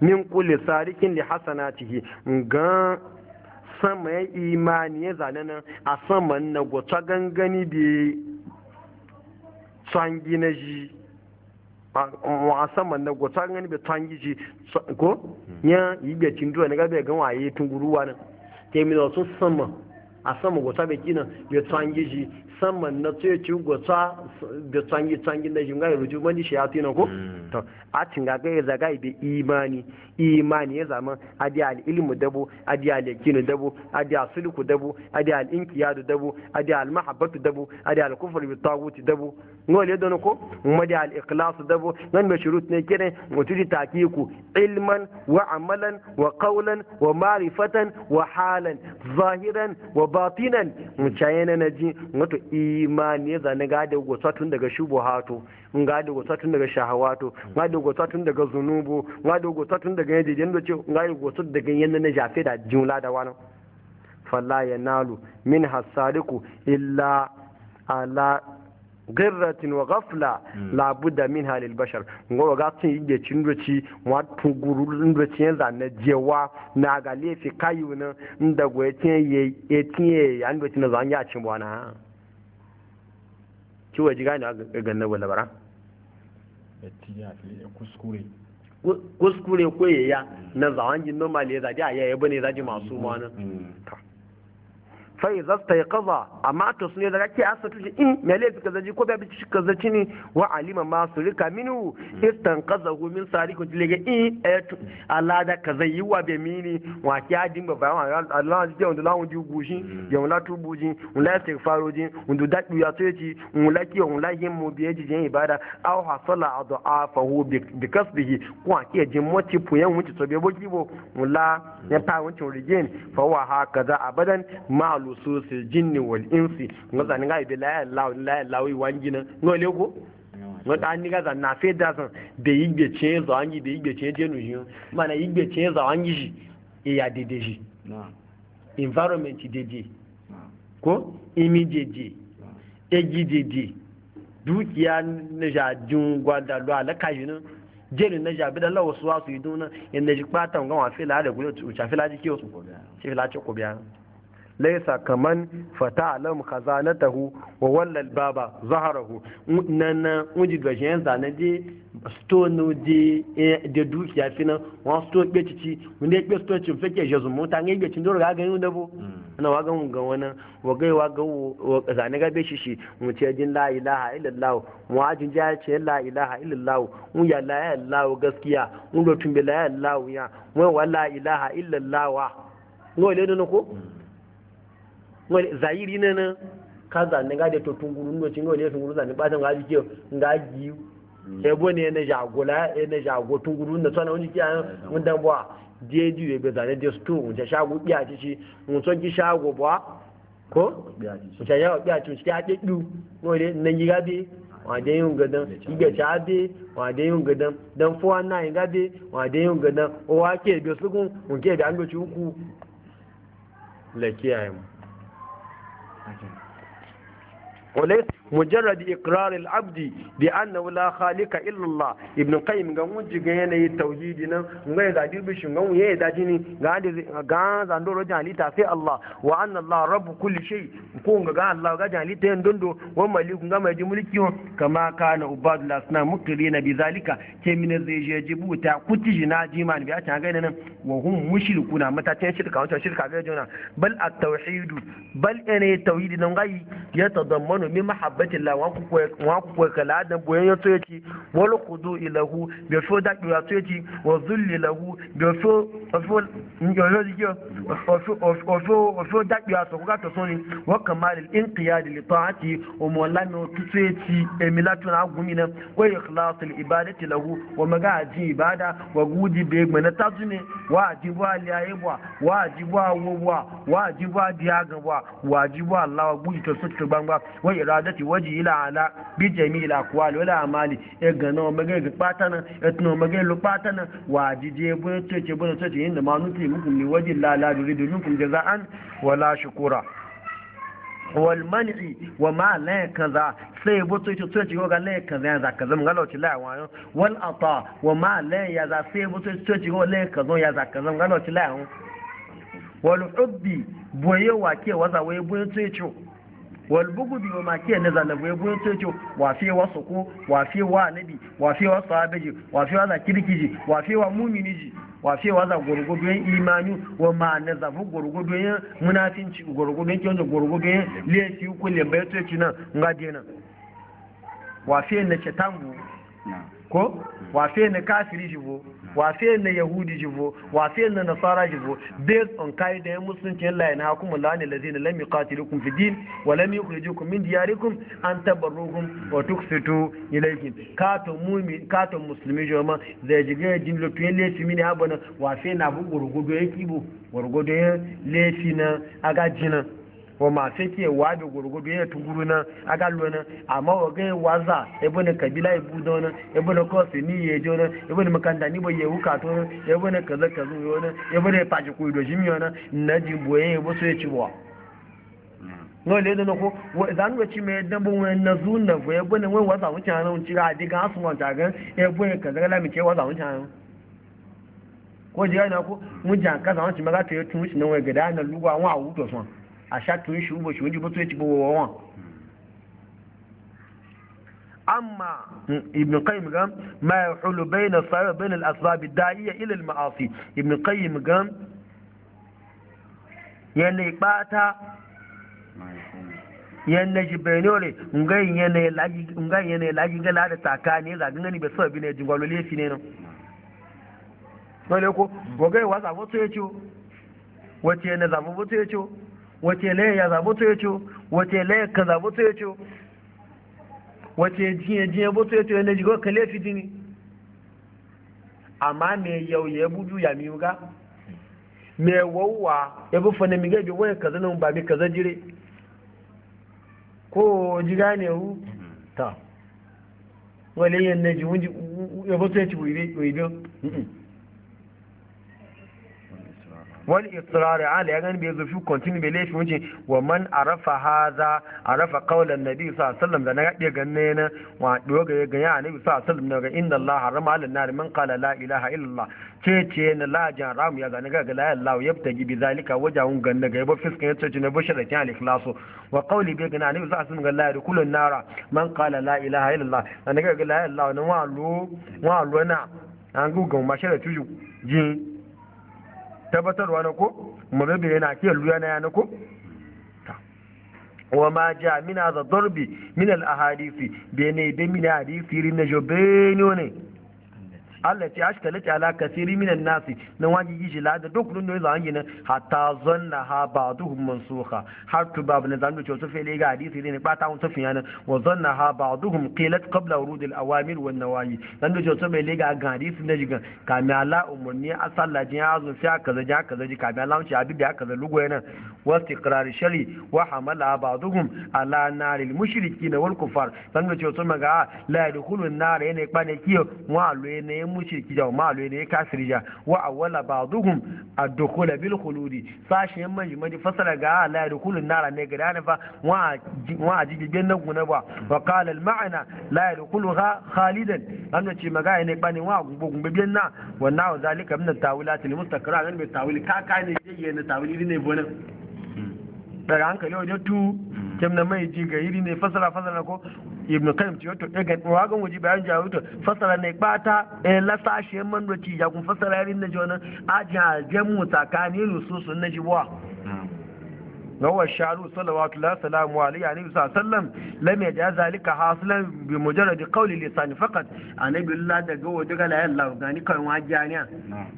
min kulli sarikin hasana ciki ga sama ya imani ya zane nan a saman na gwata gangani da tsangi na ji a saman na gwata gangani da tsangi ji ko hmm. ya yi ga duwa na gabe gan waye tun guruwa nan ke mi da sun sama a sama gwata bai kina ya tsangi ji saman na tsaye ci gwata da tsangi tsangi na jin gaya rujo wani shayatu na ko mm. to a cin gaga ya zaga ibe imani imani ya zama adi al ilmu dabo adi al yakinu dabo adi al sulku dabo adi al inqiyadu dabo adi al mahabbatu dabo adi al kufr bi taguti dabo ya don ko madi al ikhlas dabo nan me shurut ne kire mutudi takiku ilman wa amalan wa qawlan wa ma'rifatan wa halan zahiran wa batinan na naji wato imani ya zane gada gwasa tun daga hato gada gwasa tun daga shahawato gada gwasa tun daga zunubu gada gwasa tun daga yanzu yadda ce gada gwasa daga yadda na jafe da jumla da wani falla ya nalu min hasariku illa ala girratin wa gafla hmm. labuda min halil bashar ngowa ga tun yige cin doci wa tuguru doci yan zanne jewa na ga lefi kayu nan inda goye tin ye tin ye an doci na zan ya cin bwana kiwa ji gane a ganna wala bara kuskure kuskure kwaye ya na zawan jin normal ya zaji a yaya bane zaji masu mm-hmm. ma fai zasta ya kaza amma to su ne da ke asa tushe in me laifi kaza ji ko bai bi shi kaza ci ne wa alima ma su rika minu istan kaza hu min sari ko ji lege in eh, alada kaza yi wa bai mini wa ki a adin ba bayan Allah ji ke wanda lawun ji shi ya wula tubuji wula istighfaro ji wanda da ya so yaci wula ki wula yin mu biye ji jin ibada aw hasala adafahu bi kasbihi ko a ki ji moti puyan wuce so bai boki bo wula ya ta wuce rigin fa wa ha hakaza abadan ma'lu nususil jinni wal insi ngoza ni ngai be la la la la wi wangina ngole ko ngota an niga zan na fe da san be igbe che zo anyi be igbe che jenu yo mana igbe che zo anyi ji e ya dede ji environment ko imi dede eji dede dukiya na jajun gwada lo yi nan jerin na jabi da lawa suwa su yi duna inda ji kpata ga wa fila da gure uca fila ji ke ko biya fila ko laisa kaman fata alam khazanatahu wa wallal baba zaharahu nana unji ga shen zane je stone je eh, de dukiya fina wọn stone be cici mun de be stone cin fake jesu mota ta ngai gacin dole ga ga yun dabo mm. ana wa ga wannan wa gai wa ga wa ga zane ga be shi shi mun ce jin la ilaha illallah mu ajin ja ce la ilaha illallah mun ya la ilaha gaskiya mun do tumbe la ilaha ya mun wa la ilaha illallah wa ngo le don ko mm. wani zahiri na nan ka zane ga da totun guru ndo cin ne sun guru zane batan ga jike ga gi ebo ne na jagola na jago tun guru ndo tsana wani kiyan mun dan bwa jeji ye be zane de sto mun shago biya ci ci mun son ki shago bwa ko biya ci mun shago biya ci ki ake du wani na yi gabe wade yun gadan iga ta be wade yin gadan dan fuwa na yin gabe wade yin gadan o wa ke be sugun mun ke da an go ci uku la mu وليس مجرد إقرار العبد بأنه لا خالق إلا الله ابن قيم قام وجه يني توحيدنا غير دادير بشو غو يي داجيني غادي غان زاندو رجع لي تافي الله وأن الله رب كل شيء كون غا الله غا جان لي تين دوندو ومالك غا ما ملكي كما كان عباد الأصنام مقرين بذلك كي من الزيج يجبو تا كتي جنا جيمان بيا تان غينا وهم مشركون متى تين شركا وتا شركا غير جونا بل التوحيد بل ان التوحيد نغاي يتضمن من محبة mahabbatillah wa ku koyi kala adam boyen ya toye ci wani kudu ilahu bai so da ya toye ci wa zulli lahu bai so ofo da ya so kuka ta soni wa kamalil inqiyadi li ta'ati wa mawlami tutoye ci emilatu na gumina wa ikhlasul ibadati lahu wa magaji ibada wa gudi bai gbana tazune wa ajibu aliyayibwa wa ajibu awobwa wa ajibu adiyagabwa wa ajibu allawa gudi ta sutu gbangba wa iradati waji ila ala bi jami'il aqwali wal amali e gana ma ga ga patana e tuno ma ga lu patana wa jije bu to ce bu to ce inda ma nuti muku ni waji la la duridu minkum jazaan wala shukura wal man'i wa ma la kaza sai bu to ce to ce ga la kaza ya za kaza mun ga lauci la wa wal ata wa ma la ya za sai bu to ce ga la kaza ya za kaza mun ga lauci la wa wal hubbi boye wa ke waza waye bu to ce walbugu biyu ma ke na zalabu ya goyo tocho wafe wa soko wa nabi wafe wa sahabeji wafe wa za kirkiji wafe wa muminiji wafe wa za gwargwadon imani wa ma na zafi gwargwadon munafinci gwargwadon kyonjo gwargwadon lefi kulle bai tocho nan nga dena wafe na cetangu ko wafe na kafiri jibo wafe na yahudi jibo wafe na nasara jibo based on kai da musulunci Allah ya nahakum Allah ne lazina lam yuqatilukum fi din wa lam yukhrijukum min diyarikum an tabarruhum wa tuksitu ilaykum kato mu'min kato muslimi joma zai jiga jin lo tuyen lefi mini abana wafe na bu gurgudo yake bo gurgudo lefi na jina. wa masu ke wabe gurgudu ya tuguru na agalo na amma wa ga waza ibn kabila ibu na wani ibn kosi ni ya je wani makanda ni iye jọ kato wani ibn kaza kazu ya wani hmm. ibn faji koyi da shi wani na jiboye ya ya ga ci mai dan bun wani nazu na voye bune ya bune mi ce waza wuce hana ko jiya na ko mun jan kaza wuce maga a tó ń ṣubú ṣùgbọ́n jù bó tó ti gbowó wọn. amma hmm, ibn qayyim gan ma yahulu bayna sa'i wa bayna al-asbab da'iya ila al-ma'asi ibn qayyim gan yana bata yana jibenore ngai yana laji ngai yana laji gala da takani ga gani be sabi ne jingwalo le fine no wale ko gogai wasa wato yace wace ne zamu wato yace wace laye ya zabo to yace wace laye ka zabo to yace wace jiye jiye bo to yace ne jigo kale fitini amma me yau ya buju ya mi ga me wawa ya bu fane mi ga bi waya kaza nan ba mi kaza jire ko ji gane hu ta wale yan ne ji wunji ya bo to yace wuri wuri wal israr ala ya gani bai zufi continue bai laifi wuce wa man arafa haza arafa qaulan nabi sallallahu alaihi wasallam da na gade ganna na wa doga ya nabi sallallahu alaihi wasallam daga inna allah harama ala nar man qala la ilaha illallah ce ce na la ram ya gani ga la allah yabtaji bi zalika wajahun ganna ga yabo fiskan yace ce na bushara kan al ikhlasu wa qauli bi gani nabi sallallahu alaihi wasallam ga la yadkhulun nara man qala la ilaha illallah na ga la ilaha na wa lu wa lu na an gugun mashara tuju jin tabbatarwa na ko magabe yana ke luya na yana ko wa ma ja mina da darbi min ahadisi bene be mina hadisi rin na jobe ne Allah ta ashka lati ala kasiri minan nasi nan waji yi jila da duk nun noyi na. nan hatta zanna ha ba'duhum mansukha har tu babu na zanu cewa fele ga hadisi ne ba ta wunta fiya nan wa zanna ha ba'duhum qilat qabla urud al awamir wan nawayi zanu cewa fele ga ga hadisi ne jiga kami ala umurni asalla jin azu fiya kaza ja kaza ji kami ala unci abin da kaza lugo yana wa istiqrar shari wa hamala ba'duhum ala naril mushrikin wal kufar zanu cewa ga la yadkhulun nar yana kwane kiyo wa alu ne mushriki jaw ma lo ne kafiri ja wa awwala ba'dhum ad-dukhul bil khuludi sashin man jimadi fasara ga la yadkhulun nara ne ga dana fa wa wa jigi ben nan guna ba wa qala al ma'na la yadkhuluha khalidan amma ci maga ne bani wa gumbo gumbo ben na wa na zalika min at-tawilat al-mustakra nan bi tawil ka ka ne je ne tawil ne bonan daga hankali wajen tu hmm. kemna mai ji ga iri ne fasara fasara ko ibn kayyim ci wato daga wagan waji bayan jawuto fasara ne bata e lasashe man doci ya kun fasara yarin na jona a jajen mu tsakanin sun na jibuwa وهو الشعر صلوات الله سلام عليه عليه الصلاة والسلام لم يجعل ذلك حاصلا بمجرد قول اللسان فقط أنا بقول الله دقوا دقوا لا يلا وقاني كان واجانيا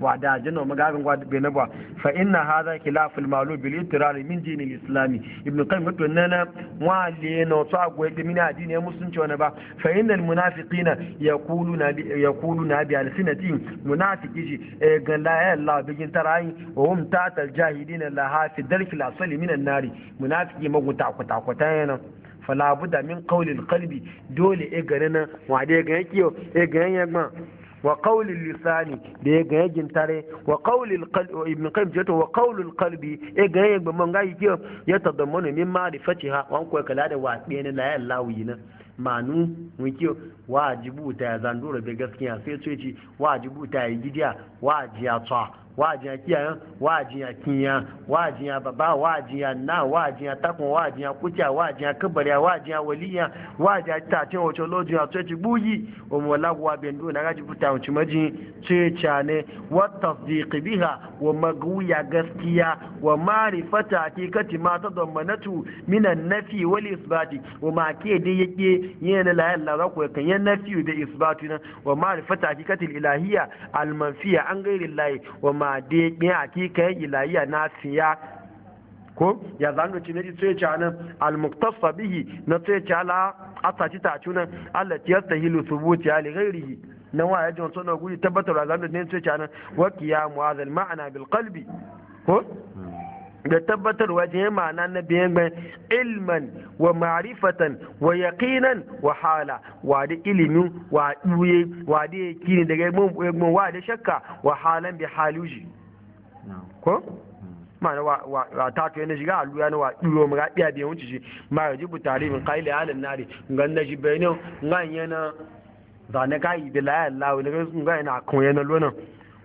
وعدا جنو مقابن وعد بينبوا فإن هذا خلاف المعلوم بالاضطرار من دين الإسلام ابن قيم قلنا أنا وعلينا وصعقوا من دين المسلم شوانا فإن المنافقين يقولون يقولون بألسنتهم منافقين قال لا يلا بجن ترعين وهم تحت الجاهدين لها في الدرك الأصلي من الناس nari munafiki magunta kwata kwata yana fala da min qawlil kalbi dole e gane na wa de gane yau, e gane yagma wa qawlil lisani da ya gane gintare wa qawlil qalbi ibn qayyim jato wa qawlil qalbi e gane yagma man ga kiyo ya tadammanu min ma'rifatiha wa an ko kala da wa de ne la ya lawina manu wike wajibu ta ya zandura bai gaskiya sai ce ci wajibu ya gidiya wajiya tsa wajin kiyayen wajin kiya wajin baba wajin na wajin takun wajin kuta wajin kabariya wajin waliya wajin tatin wato lojin a ci buyi o mo lagwa bendo na gaji futa wato maji ce ne wa tasdiq biha wa maguya gaskiya wa ma'rifata hakikati ma ta dammanatu minan nafi wal isbati wa ma ke dai yake yana la yalla ga ko kan yan nafi da isbatu wa ma'rifata hakikati al ilahiyya al manfiya an ghairi llahi wa ma ma de bin hakikan ilayya na siya ko ya zanu ci ne ji tsoye ca nan almuktasa bihi na tsoye ca la asaci ta cunan allah Ta ta hilu subuti ali ghairihi na wa ya ji wasu na guri tabbatar da zanu ne tsoye ca nan wa qiyamu hadha al ma'ana bil qalbi ko da tabbatarwa je ma'ana na biyan mai ilman wa ma'rifatan wa yaqinan wa hala wa da ilimin wa duye wa da yakini daga mun wa da shakka wa halan bi haluji ko hmm. ma'ana wa ta to yana shiga alluya yana wa duyo mu ga biyan wuce shi ma yajibu tarifin qaila alan nari ngan na jibaino ngan yana zane kai bi la ilaha illa ngan yana kun yana lonan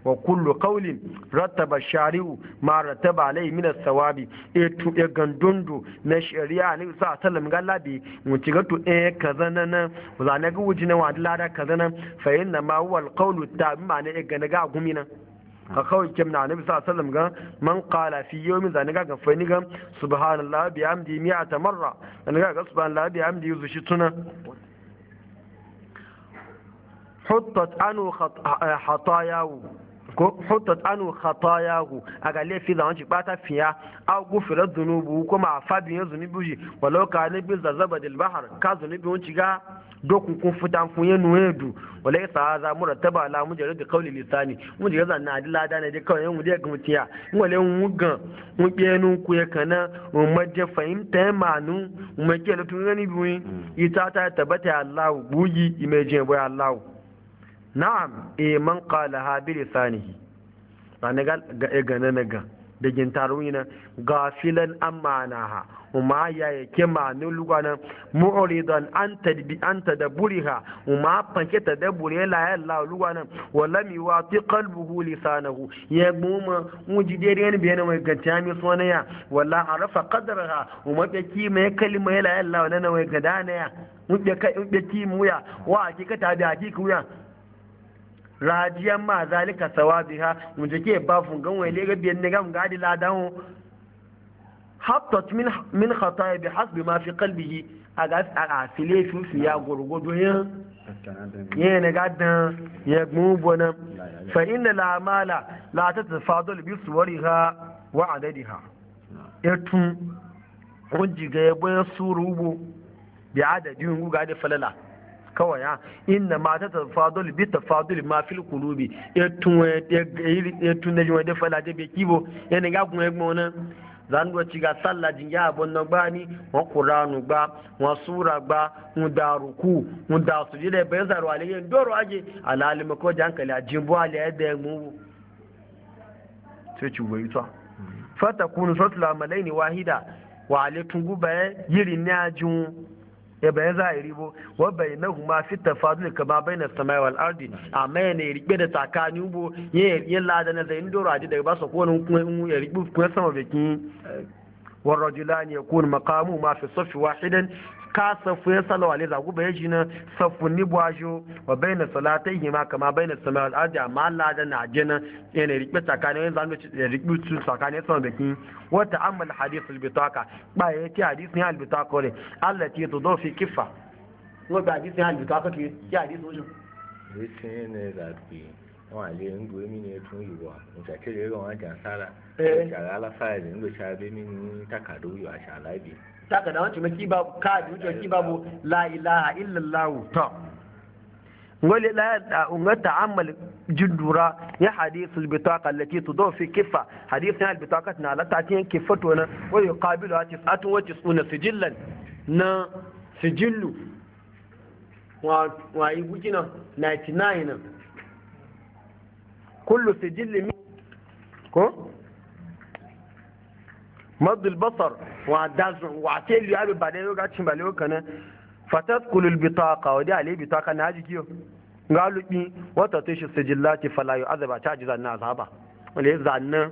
wa kullu qawlin rattaba shari'u ma rattaba alai min as-sawabi e tu e gandondo na shari'a ne e sa sallam galla bi mun ci gato e kaza nan za ga wujina wa lada kaza nan fa ma ma kawai na annabi sa ga man qala fi yawmin za ni ga fani ga subhanallahi bi hamdi mi'ata marra ni ga ga bi hamdi yuzu shi tuna حطت عنه خط... ko hutat anu khatayahu aga laifi da wanci bata fiya aw gufira dhunubu kuma afadin ya zunubi ji walau ka ne bil zabadil bahr ka zunubi wanci ga dokun kun futan kun ya nuwedu walai sa za murattaba ala mujarrad qawli lisani mun ji zan na adila da ne dai kawai mun dai kuma tiya mun wale mun gan mun kenu ku ya kana mu majja fahimta manu mun ke lutun gani biwi mm. ita ta tabata Allah buji imeje boy Allah na'am e man qala ha bi lisanihi ana ga ga eh, na ga da gintarwina gafilan amanaha uma ya yake ne lugana mu'ridan an tadbi an tadabburiha uma da buri la ya la lugana wala mi wati qalbuhu lisanahu ya guma mujidere ne bayan mai ganta mi sonaya wala arafa qadraha uma ke ki mai kalma la ya la ne mai gadana ya mu be kai mu ya wa hakika ta da hakika ya rajiyan ma zalika mu mun ke ba fun gan wai lega biyan ne gam gadi ladan hattat min min khataya bi hasbi ma fi qalbihi aga aga file fi fi ya gurgudu yin ye ne gadan ya gmu bona fa inna la amala la tatafadul bi suwariha wa adadiha etu kun jiga ya bayan suru bu bi adadin guga da falala kawai ya inna ma ta tafadul bi tafadul ma fil qulubi etun e, e, etun e, ne fala de be kibo yana ga gun egbon na, zan do ci ga salla jin ya abon na gba ni wa qur'anu gba wa sura gba mu da ruku mu da su, jide be zaru aliye doro aje alalim ko jankali ajimbo aliye de mu sai ci goyi ta mm. fata kunu satla malaini wahida wa alatun guba yiri ni ajun ya bai za a yi ribo wa bai na huma fadu ka kama bai na samai wal ardi amma ya ne rikpe da takani ubo ya lada na zai doro aji daga ba basa kowane kuma ya rikpe kuma sama bikin ya kuna makamu ما في الصف واحدا ka safu ya salawa ne zagu bai shi na safu ni bwajo wa bai na salatai hima kama bai na sama al'adu amma Allah da na jina na yana rikpe tsakanin yin zanu ya rikpe su tsakanin sama bikin wata amal hadis albitaka ba ya ce hadis ne albitaka ne Allah ce to don fi kifa wata hadis ne albitaka ke ya hadis wajen. Rikin ne zafi. wọn àlè ńgbò mí ni ẹtún ìwà òṣàkéyèrè wọn àjà sára ìṣàlá aláfáà rẹ ńgbò sára bẹmí ní takàdó yọ àṣà aláìbí. saka da wancan ki babu kadi wuce maki babu la ilaha illallah ta ngoli la unga amal jindura ya hadith bitaqa allati tudu fi kifa hadith al albitaqat na la ta'tiyan kifato na wa yuqabilu tis'atun wa tis'una sijillan na sijillu wa wa yi 99 nan kullu sijilli ko madul basar wa dazun wa ce liya bi ba da yau ba lewa kana fatat kulul bitaka wa da ale bitaka na haji galibi. galubi wata ta shi sijillati fala yu azaba ta ji zanna azaba wala ya zanna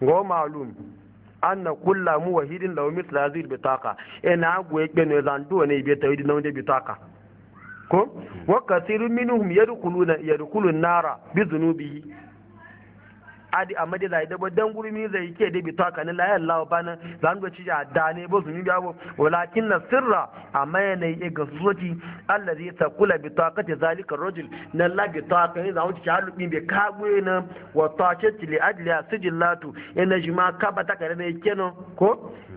go malum anna kulla mu wahidin law mithla hadhihi bitaka ina go yake ne zandu ne bi tawidi na wanda bitaka ko wa kathirun minhum yadkhuluna yadkhulun nara bi dhunubihi adi amma da zai dabo dan gurmi zai ke da bito kan la ya Allah bana zan go ci ya da ne bo ga bo walakin na sirra amma yana yi ga zuci allazi taqula bi taqati zalika rajul na la bi taqani zan ci halu bi be kagwe na wa taqati li ajli sijillatu ina jima ka bata kare ne kenan ko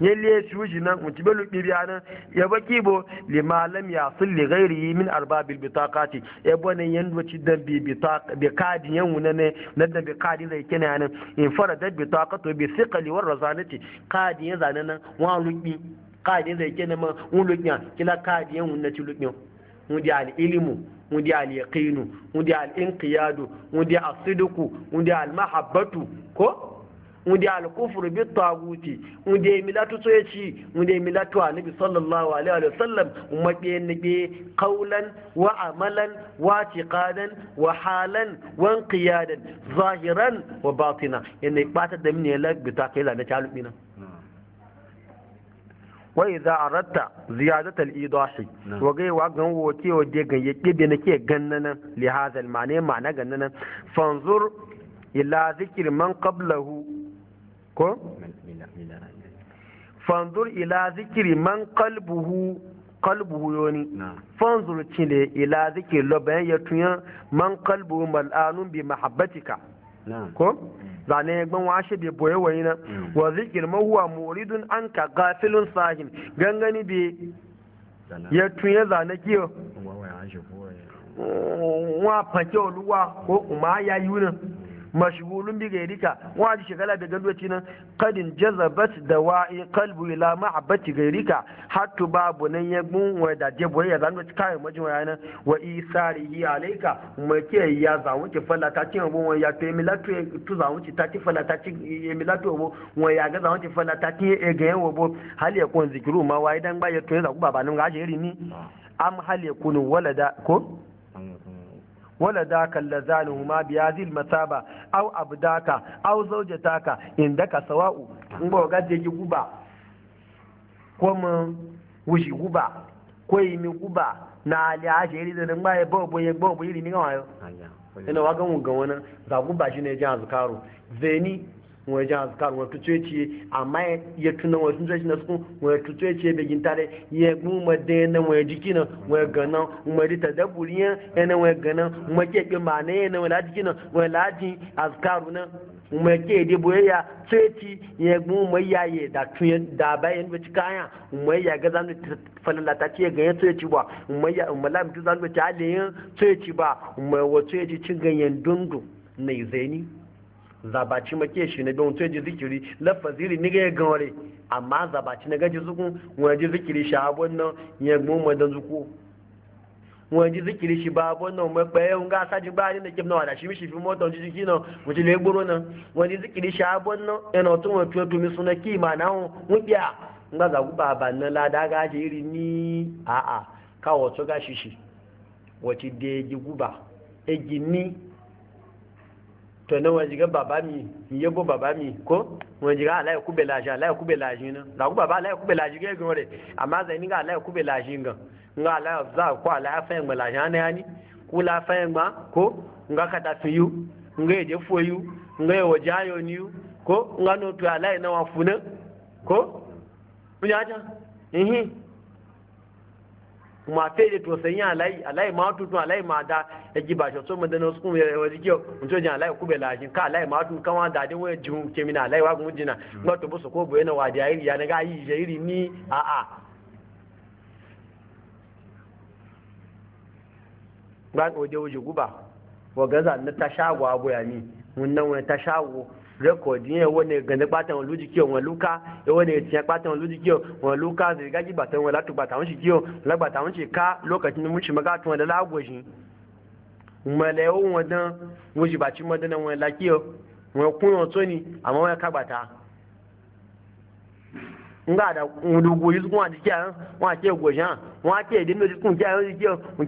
yalle shuji na mu tibelu bibi ana ya baki bo li malam ya sulli ghairi min arbabil bitaqati e bonen yan do ci dan bi bi taq bi kadi yan wuna ne na dan bi kadi zai kenan yanin in fara dabbi ta kato bi sikali war razanati kadi ya zane nan wa lukmi kadi zai kene ma un lukmiya kila kadi ya wunna ci lukmiya mun di al ilmu mun di al yaqinu mun di al inqiyadu mun di al sidqu mun di al mahabbatu ko wunde alkufur bi taguti wunde milatu tsoyaci wunde milatu annabi sallallahu alaihi wa sallam mabe nabe kaulan wa amalan wa tiqadan wa halan wa qiyadan zahiran wa batina yana bata da mini la bi ta kai la na chalubina wa idza aradta ziyadat al idahi wa gai wa gan wo ke wa de gan yake de nake gannanan li hadha al ma'na ma'na gannanan fanzur ila zikir man qablahu ko fanzur ila zikiri man kalbuhu kalbuhu yoni fanzur cile ila zikiri lo bayan ya tunya man kalbuhu mal'anun bi mahabbatika ko zane gban washe bi boye wayina mm. wa zikir ma huwa muridun anka gafilun sahin gangani bi ya tunya zane kiyo wa fanke oluwa ko kuma ya yunin mashgulun bi gairika wa ji shagala da galwaci nan kadin jazabat da wa'i qalbu ila mahabbati gairika hattu babu nan ya gun wa da je boye ya zanu kai majin wa yana wa isarihi alayka ma ke ya zawo ki falla ta cin abun ya to mi latu tu zawo ci ta ci falla ta ci mi latu bo wa ya ga zawo ci falla ta ci e ga yan yawo bo hal ya kun zikru ma wa idan ba ya to ya zaku baba nan ga ajeri ni am hal ya kunu walada ko wala daka lazanu huma bi hadhihi masaba aw abdaka aw zawjataka indaka sawa'u in ba ga je guba ko mu wuji guba ko yi yimi guba na ali ajeri da nan ba bo bo ye bo bo ni ga wayo ina wa ga mu ga wannan za guba shine ya ji azkaru zeni wani jan azkar wani tutu ce amma ya tuna wani tutu na sukun wani tutu ce begin tare ya guma da wani jiki na wani ganan wani ta daburi yana wani ganan wani ke ma na yana wani lajiki na wani lajin azkaru na wani ke da ya tutu ya guma ya yi da tuyen da bayan da cika ya wani ya ga zanu falalata ce ga yan tutu ba wani ya wani lamtu zanu ta ba wani cin ganyen dundu na zabaci make shi na biyan tun ji zikiri lafaziri ni ga ya gaware amma zabaci na gaji zukun wani ji zikiri shi abon nan ya gboma da zuku wani ji zikiri shi ba abon nan mai kwaye hun ga sajin ba ni da kim nawa da shi mishi fi motar ji jiki na wuce da gboro nan wani zikiri shi abon nan yana tun wani tuwa tumi suna kima na hun wuɗiya n ga zagu ba ba na lada gaji iri ni a'a kawo to gashi shi wace da ya gi guba ya e gi ni to na waje baba mi ye bo baba mi ko waje ga ala ku belaji ala ku belaji na la ku baba ala ku belaji ga gore amma zai ni ga ala ku belaji ga nga ala za ku ala fa yin belaji na yani ku la fa yin ma ko nga ka ta fiyu nga je foyu nga waje ayo niu ko nga no to ala na wa funa ko mu ya ja ehin kuma feje to sanya alai alai ma tutu alai ma da ya ji ba so mun da sukun ya waji kiyo mun to jan alai ku la jin ka alai ma tutu kan da din waya jun ke mina alai wa gun jina ma mm. to bu so ko bu yana wa da ya na ga yi je iri ni a a ban oje oje guba wa gaza na ta shago aboya ni mun nan wani ta shago rẹ́kọ̀dì yẹn wọ́n ní gẹ̀ndẹ́ pátá wọn lójú kí wọn lúkà wọ́n ní tiẹ̀ pátá wọn lójú kí wọn lúkà zèrìgájì bàtà wọn látò bàtà wọn sì kí wọn lágbàtà wọn sì ká lókàtí ni wọn sì máa tún wọn lọ́la àgọ̀jì mọ̀lẹ́ ó wọn dán wọn sì bàtí wọn wọn la kí wọn kún wọn tó ni àmọ́ wọn ká gbàtà nga da yi sukun a ti kí a wọn a ti kí a gọ̀jì hàn wọn a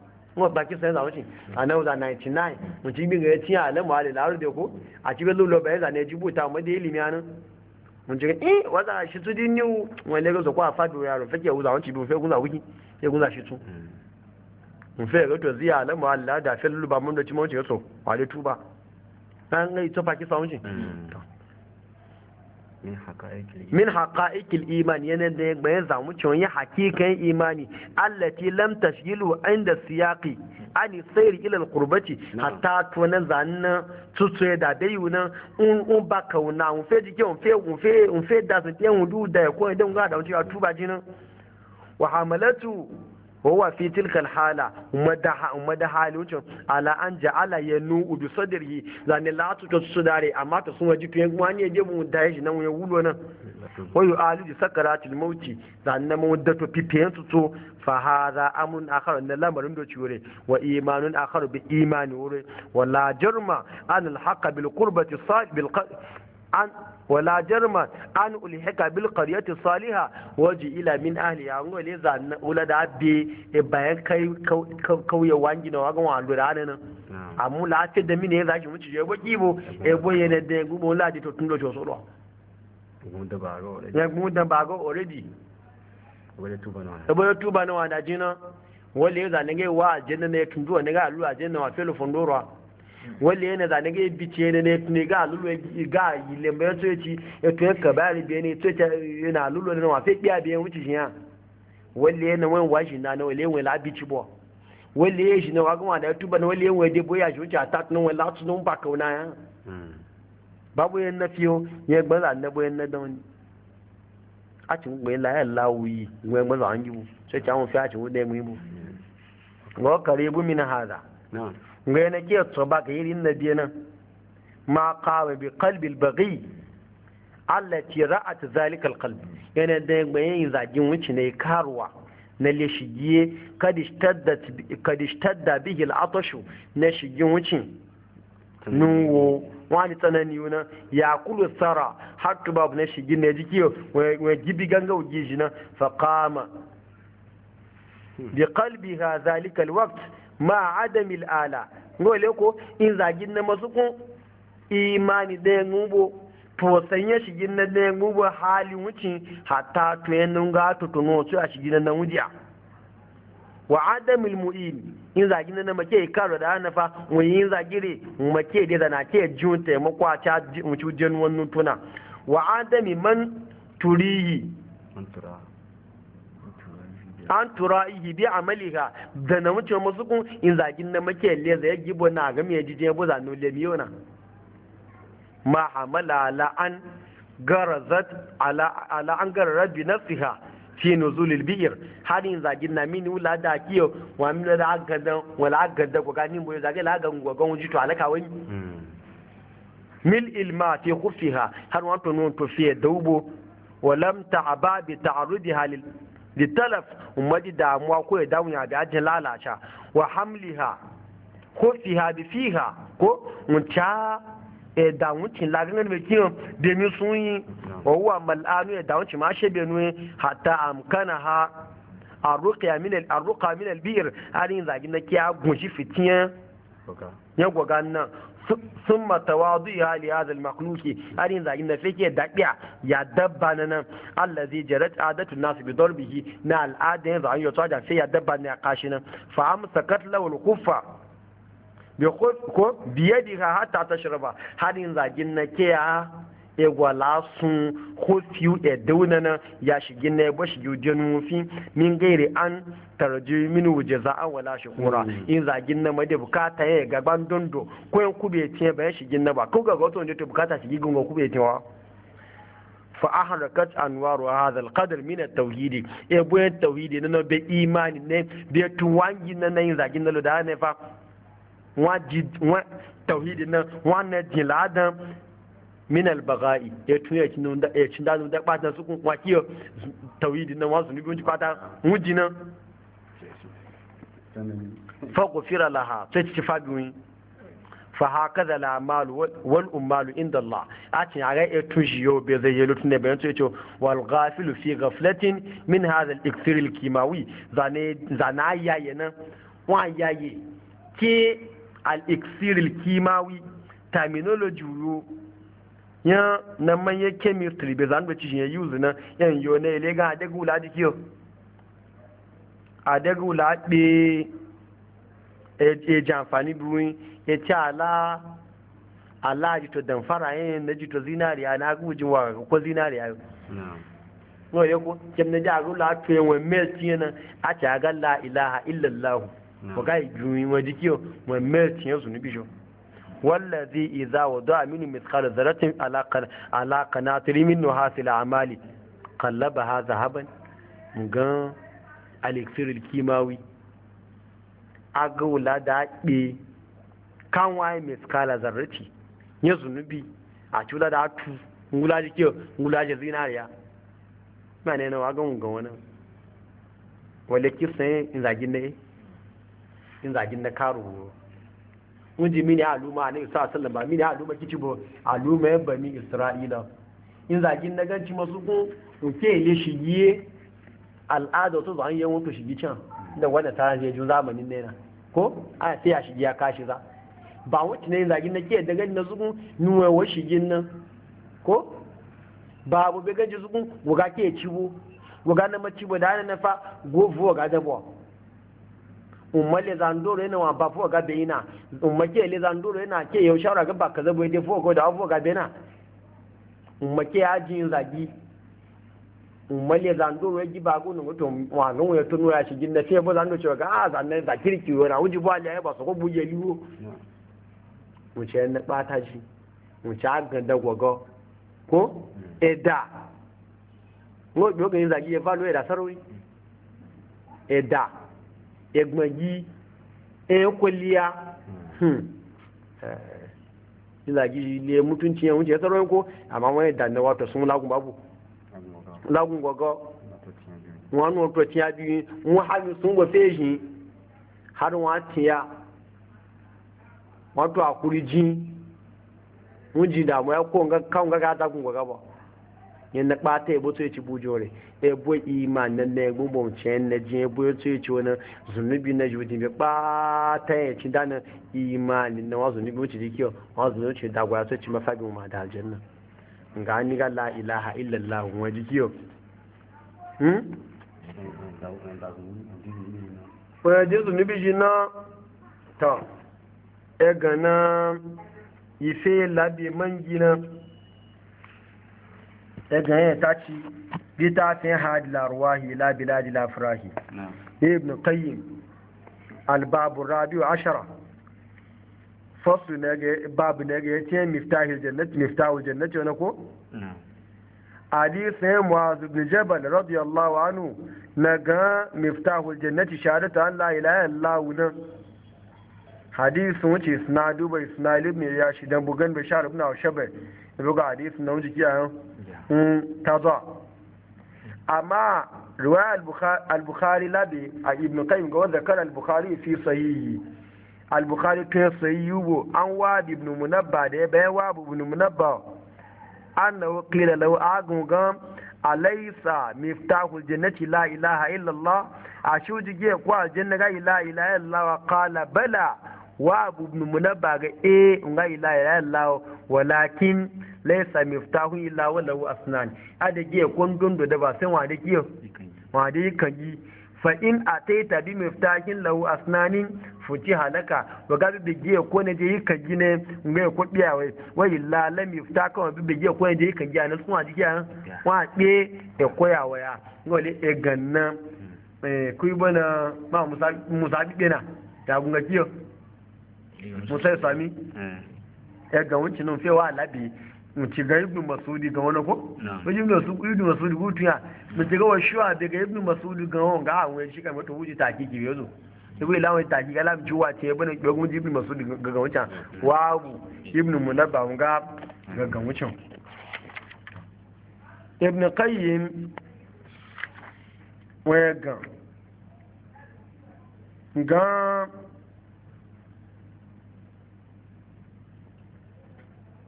wọ́n bá kí sẹ́yìn àwọn ṣì àná ọ̀dà 99 wọ́n ti tí àlẹ́mọ̀ alẹ́ láàrú dé kó àti bẹ́ẹ̀ ló lọ bẹ̀rẹ̀ ẹjú bùtà ọmọdé ìlú àná wọ́n ti ẹ́ wọ́n sà ṣètú dín ní wọn ẹlẹ́gbẹ́ sọ̀kọ́ àfàdùn rẹ̀ fẹ́ kí ẹ̀wù làwọn ti dùn fẹ́ gúnlà wíkí fẹ́ gúnlà ṣètú. min haƙa'iƙil imani yana da ya bayan zamu cewa ya hakikan imani allati lam tashgilu inda siyaqi ani sayri ila alqurbati hatta to nan zanna tutsu da dai nan un un ba kauna un fe jike un fe un fe un fe da su tiyan da ko idan ga da wuce tuba jinan wa hamalatu wa fi tilkal hala madaha madaha lucin ala an ja'ala ya bi sadrihi zani la tu sudare amma ta sun waji tuyen kuma ne je mu da shi nan ya wulo nan wa yu'alu bi sakaratil mauti zani na mu su to fa hadha amun akhar na lamarin do ciwore wa imanun akhar bi imani wore wa la jarma an al haqa bil qurbati bil an wala jarma an ulhika bil qaryati salihah waji ila min ahli ya ngo le zan ula da be e bayan kai kauye wangi na wagan wa da nan amu la ce da mine zaki mu ci je bo kibo e bo yene de gumo la di to tundo so lo ya gumo da ba bago already wala tuba na wala tuba na wa da jina wala ya zan nge wa jinna ne tundo ne ga lu a jinna wa felo fondoro wale yana zane ga bice ne ne ne ga lulu ga yile mai to yaci ya to ya kabari biye ne to ya na lulu ne wa fe biya biye wuce shi ya wale yana wani washi na na wale wani labi ci bo wale ya shi na wa gama da ya tuba na wale yana wani debo ya shi wuce a tatu na wani latu na ba kauna ya babu yan na fiyo ya gbaza na bo yan na dawani a ci gbe la ya lawuyi gbe gbaza an yi bu sai ci an fi a ci wuɗe mu yi bu ga kare bu na hada ga yana ke tsoba ga yirin na biya nan ma kawo bi kalbil bagi Allah ce ra'at zalika alqalb yana da bayan zagin wuce ne karuwa na le shigiye da bihi al'atashu na shigin wuce nuwo wani tsanani na ya kulu tsara har tubabu na shigin na jiki wa gibi ganga ugi shi na faƙama hmm. bi kalbi ha zalika alwakt ma adamil ala ngo ko in zagin na masu imani da ngubo to sanya shigin na da ngubo Hali, wuci hatta to yan nunga to tuno su a shigin na wujiya wa adamil mu'in in zagin na make karo da anafa mun yin zagire make da na ke jun taimako a ta mu ci wannan tuna wa adami man turiyi an tura ihi bi amaliha da na mace musu kun in zagin na make leza ya gibo na ga me jije bo za no le miyona ma hamala la an garazat ala ala an gararat bi nafsiha fi nuzul al bi'r hadi in zagin na mini wula da kiyo wa min da agadan wala da ko ganin boye zage la gan gwa gan to alaka wani hmm. mil ilma fi khufiha har wanto non to fi dawbo ولم تعبا بتعرضها ta'arrudiha da talaf umadi damuwa ko ya damu ya da jin lalaca wa hamliha ko fiha bi fiha ko mucha e eh, da wucin lagangar mai kiyo da mi sun yi wa mal'anu ya da wucin ma shebe nuwe hatta amkana ha a min al arruqa min al bir arin na kiya gunshi fitiyan ya gwagan nan sun matawadu ya hali hadal makluki har yin zagin da fake daɗiya ya dabba na nan Allah zai jere adatu nasu bi biki na al'ada yin zagin yau tsaja sai ya dabba na ya kashi nan fa amsa katlawul kufa biyadiha hatta tashraba har harin zagin na ke ya egwala sun hofiyu da e daunana ya shigi na ya bashi yujen nufi min gairi an tarji min wuje za a wala shi kura hmm. in zagin na da bukata ya gaban dondo ko yan kube ce bayan shigi na ba ko ga wata wanda ta bukata shigi gunga kube ce wa fa a ahrakat anwaru hadha alqadr min a tauhid e boye tauhidi na be imani ne be tuwangi na na yin zagin na lo da ne fa wa wa tauhidi na wa na jiladan min albaga'i ya tuya kin da ya cin da da kwata su kun kwakiyo tawidi nan wasu ni bunji kwata muji nan fa gufira laha sai ci fabiwi fa hakaza la mal wal ummal inda Allah a cin aga ya tuji yo be zai yi ne bayan to yace wal ghafil fi ghaflatin min hadha al ikthir al kimawi zane zana ya yana wa yaye ke al ikthir al kimawi terminology yo ya na manye chemistry be zan bace ya use na yan yo ne le ga adegu ula dikiyo adegu ula be e e janfani buwin e ti ala ala jito dan fara yin na to zinariya na gujin wa ko zinariya no ya ko kem na ja ula to yan wen mel ti na a ta ga la ilaha illallah ko ga juwin wa dikiyo wen mel ti yan su ni bijo wallazi idza wada min mithqala dharratin ala ala qanatiri min nuhasil amali qallabaha zahaban ga al-iksiril kimawi aga wula da be kan waye mithqala dharrati ya zunubi a tula da tu ngula jike ngula zinariya mane na waga mun ga wannan wale kisan in zagin ne in na karu ji mini aluma ne sa sallan ba mini aluma kici bo aluma ya bani isra'ila in zagin na ganci masu kun nke ile shige al'ada to zan yi wato shige can da wanda ta je jun zamanin ne na ko a ce a shige ya kashi za ba wuce ne zagin na ke da gani na zukun nuwa wa shigin nan ko ba bu be ganci zukun wuga ke cibo ga na macibo da na fa gofu ga da bo umma le zandoro yana wa ba fuwa gabe yana umma ke le zandoro yana ke yau shawara ga ba ka zabo dai fuwa ko da afuwa gabe na umma ke ajin zagi umma le zandoro ya e giba ko no to wa ga ya tunu ya shi ginda sai bo zando cewa ga a ah, zanne za kirki wona uji ba le ba su ko buje liwo mu ce na bata shi mu ci aga da gogo ko hmm. eda ngo bi o ga yin zagi ya falo eda sarori eda egmaji ɗaya kwalliya hmm. eh, gi ne mutunci ya wuce ko amma wani da wato sun lagun babu lagun gogo wani wato tiya biyu mu hannu sun go feji har wa tiya wato akuri ji mun ji damu ya ko kan ga ta kun gogo ba yin na ɓata yabo to ya ci bujore yabo iman nan na yabo bamcen na jin yabo ya ya ci wani na judi bai ɓata ya ci dana imanin na wa zunubi wuce dikiyo wa zunubi wuce dagwa ya ci mafagin ma da aljanna ga an ga la ilaha illallah wa dikiyo ɓoye hmm? je zunubi shi na ta e gana ife labi man gina ya taci littafin hadila ruwahi la biladi la firahi ibn qayyim albabu rabiu ashara fasu na ga babu na ga ce miftahil jannati miftahul jannati wani ko sai muazu bin jabal radiyallahu anhu na ga miftahul jannati shahadatu an la ilaha illallah nan hadisi wuce dubai suna isnailu ya shi dan bugan bashar ibn aushabai ruga hadisi na wuce kiyayen kaza amma ruwa al-bukhari labi a ibn qayyim ga wanda kan al-bukhari fi sahihi al-bukhari ta sahihi bo an wa ibn munabba da ya bayan wa ibn munabba annahu qila law agun gam alaysa miftahul jannati la ilaha illa allah ashuji ge ko aljanna ga la ilaha illa wa qala bala wa ibn munabba ga e eh, ga la ilaha illa walakin laisa miftahu illa wa lahu asnan ada giya kun da ba sai wa da giya wa da kan yi fa in ataita bi miftahin lahu asnanin fuji halaka wa gabi da giya ko ne da kan yi ne ngai ko biya wai wa illa la miftaka wa bi giya ko ne da kan yi ne su wa da giya wa ke e koya waya ngole e ganna eh kuyi bana ma musa musa bi na ta gunga giya eh, musa sami e ga wuncin nun fewa labi ci ga ibn masudi ga wani ko mace ibn ibn masudi gutu ya mace ga wasu a daga ibn masudi ga wani ga awon shi kan mata wuce taki ki yozo da bai lawai taki ga lam juwa ce bane ga gunji ibn masudi ga ga wancan wagu ibn munabba mun ga ga ga wancan ibn qayyim waya ga ga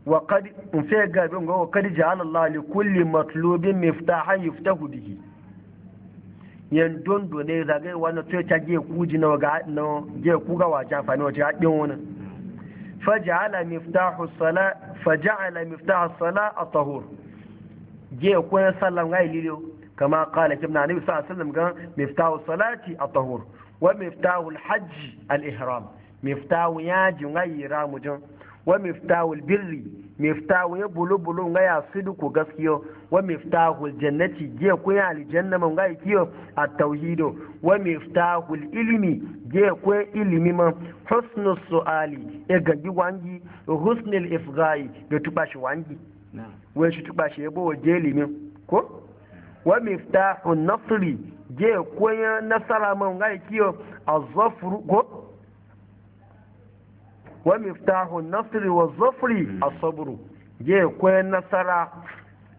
وقد فيغا بينغو وقد جعل الله لكل مطلوب مفتاحا يفتح به yandon do ne zage wanda to ta kuji na ga no je kuga wa ta no ta din wona faj'ala miftahu sala faj'ala miftahu sala at-tahur je ko sallan ga ililo kama qala ibn ali sallallahu alaihi wasallam ga miftahu salati at-tahur wa miftahu al-hajj al-ihram miftahu wa miftahul birri miftahu ya bulu bulu nga ya ku gaskiyo wa miftahul jannati je ku ya aljanna mun ga kiyo at tauhido wa miftahul ilmi je ku ilmi ma husnu suali e gangi wangi husnul ifghai da tubashi wangi wai shi tubashi yabo wa ilmi ko wa miftahun nasri je ku ya nasara mun ga kiyo azafru ko wa miftahu nasri wa zafri asabru je kwai nasara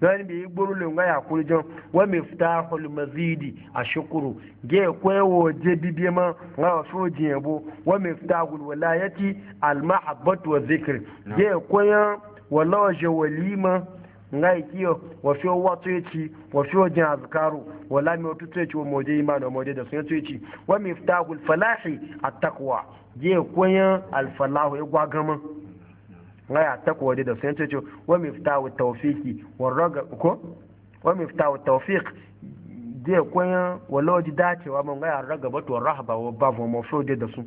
don bi gburu le ngaya kurjan wa miftahu almazidi ashkuru je kwai wo je bibiya ma ngawa so je yabo wa miftahu alwilayati almahabbatu wa zikr je kwai wallawa je walima ngai kiyo wafio watu fi wafio jan azkaru wala mi watu yechi wa moje imani wa moje da sun yechi wa miftahul falahi at je koyan alfalahu ya gwagama ngaya ta kowade da sun ce wa miftahu tawfiki wa raga ko wa miftahu tawfiq je koyan wallahi dacewa mun ya ragabatu wa rahaba wa babu mafrode da su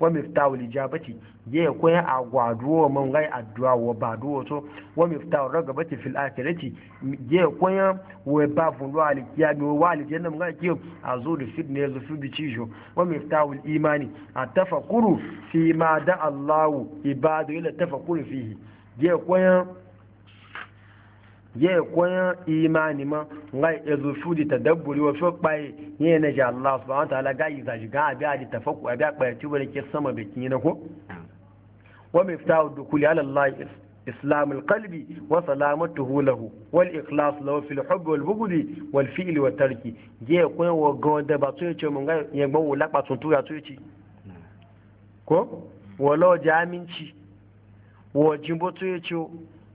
wa miftahu lijabati ye ko ya agwaduwa man gai addu'a wa baduwa to wa miftahu ragabati fil akhirati ye ko ya wa ba fundu alikiya mi wa aljanna man gai kiyo azuru fitne zu fi cijo wa miftahu imani atafakuru fi ma da Allah ibadu ila tafakuru fihi ye ko ya ye koyan imani ma nga ezu fudi tadabburi wa fo pai ye na ja Allah subhanahu wa ta'ala ga yi zaji ga abi ali tafakku abi akbar tuba ne ke sama be kin ko wa miftahu dukuli ala Allah islam alqalbi wa salamatuhu lahu wal ikhlas lahu fil hubb wal bughd wal fi'l wa tarki ye koyan wa gonda ba to ce mo ga ye gbawo lapa tun tuya to ce ko wala jaminci wa jimbo to che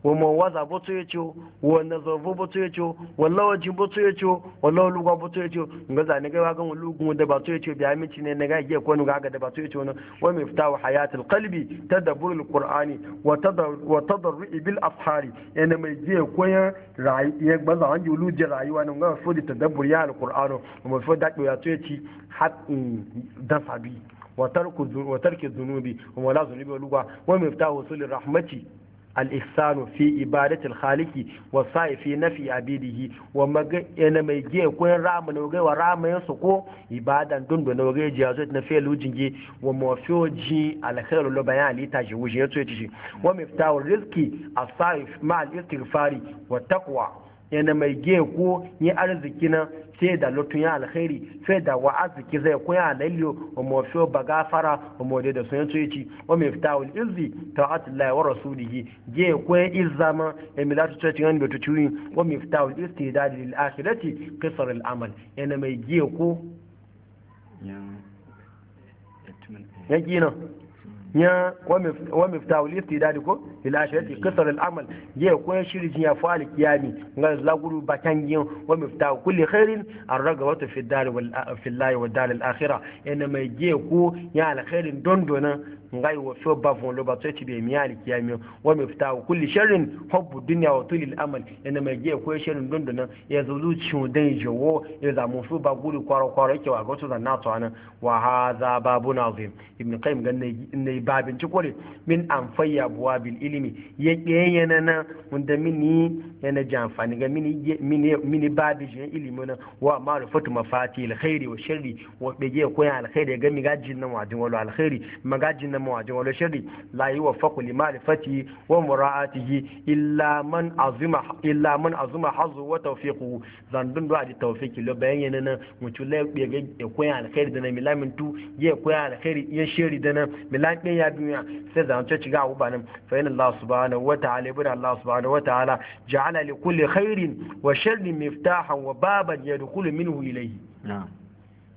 wọ́n wáza bó tó yẹ tí o wọ́n nàzọ̀vó bó tó yẹ tí o wọ́n lọ́wọ́jì bó tó yẹ tí o wọ́n lọ́wọ́lúwa bó tó yẹ tí o nga zane ga da ba to yace bi aminci ne na ga iya ko ga da ba to fita wannan wa miftahu hayatul qalbi tadabbur qur'ani wa wa tadarru bil afhari yana mai je koyan rayuwa ba za an yi uluje rayuwa nan ga so da tadabbur ya alqur'ano mu fa da ya to yace haqqin mm, dan sabi wa tarku wa tarki dhunubi wa la dhunubi wa miftahu rahmati al-ihsanu fi ibadati al-khaliqi wa sa'i fi nafi abidihi wa magana mai giya ko rama ne ga ko ibadan dun da na ga jiya zai na fe lujinge wa mafioji al-khairu lo bayan ali ta shi wuje to yace wa miftahu rizqi a sai ma al-istighfari wa taqwa yana mai giya ko ni arziki na sai da lutun ya alkhairi sai da wa arziki zai kuya lalliyo wa mafi ba gafara wa mode da sun yace ci wa mai fita wal izzi ta'atullahi wa rasulihi ge kuya izzama ya milatu ta cin da tuci wa mai fita wal istidad lil akhirati qisar al amal yana mai ge ko ya eh. kina ya wa miftahu listidadi ko ila kasar al'amal ya ko shirji ya fa alkiyami ngal laguru bakan yin wa miftahu kulli khairin arragabatu fi dar wal fi llahi wad dar al mai je ko ya alkhairin dondona ngai wa fi ba lo ba to be mi ali kiyami wa mi fita kulli sharrin hubbu dunya wa tulil amal ina mai je ko sharrin don don ya zulu cin dan jowo ya za mu fi ba guri kwaro kwaro yake wa goto da nato anan wa hadha babun azim ibn qayyim ganne ne babin ci kore min anfayya buwabil ilmi yake yana na wanda mini yana ji amfani ga mini mini mini babi jin ilimi na wa ma'rifatu mafati alkhairi wa sharri wa bege koyan alkhairi ga mi gajin nan wa din wal alkhairi magajin nan mu ajin wala shari la yi wa faku limalifati wa mura'atihi illa man azuma illa man azuma hazu wa tawfiqu zandun do adi tawfiqi lo bayan yana nan mutu la be ga e koyan da dana milamin tu ye koyan alkhairi ye shari dana milamin ya duniya sai zan ce ciga uba nan fa inna allah subhanahu wa ta'ala ibn allah subhanahu wa ta'ala ja'ala li kulli khairin wa sharrin miftahan wa baban yadkhulu minhu ilayhi na'am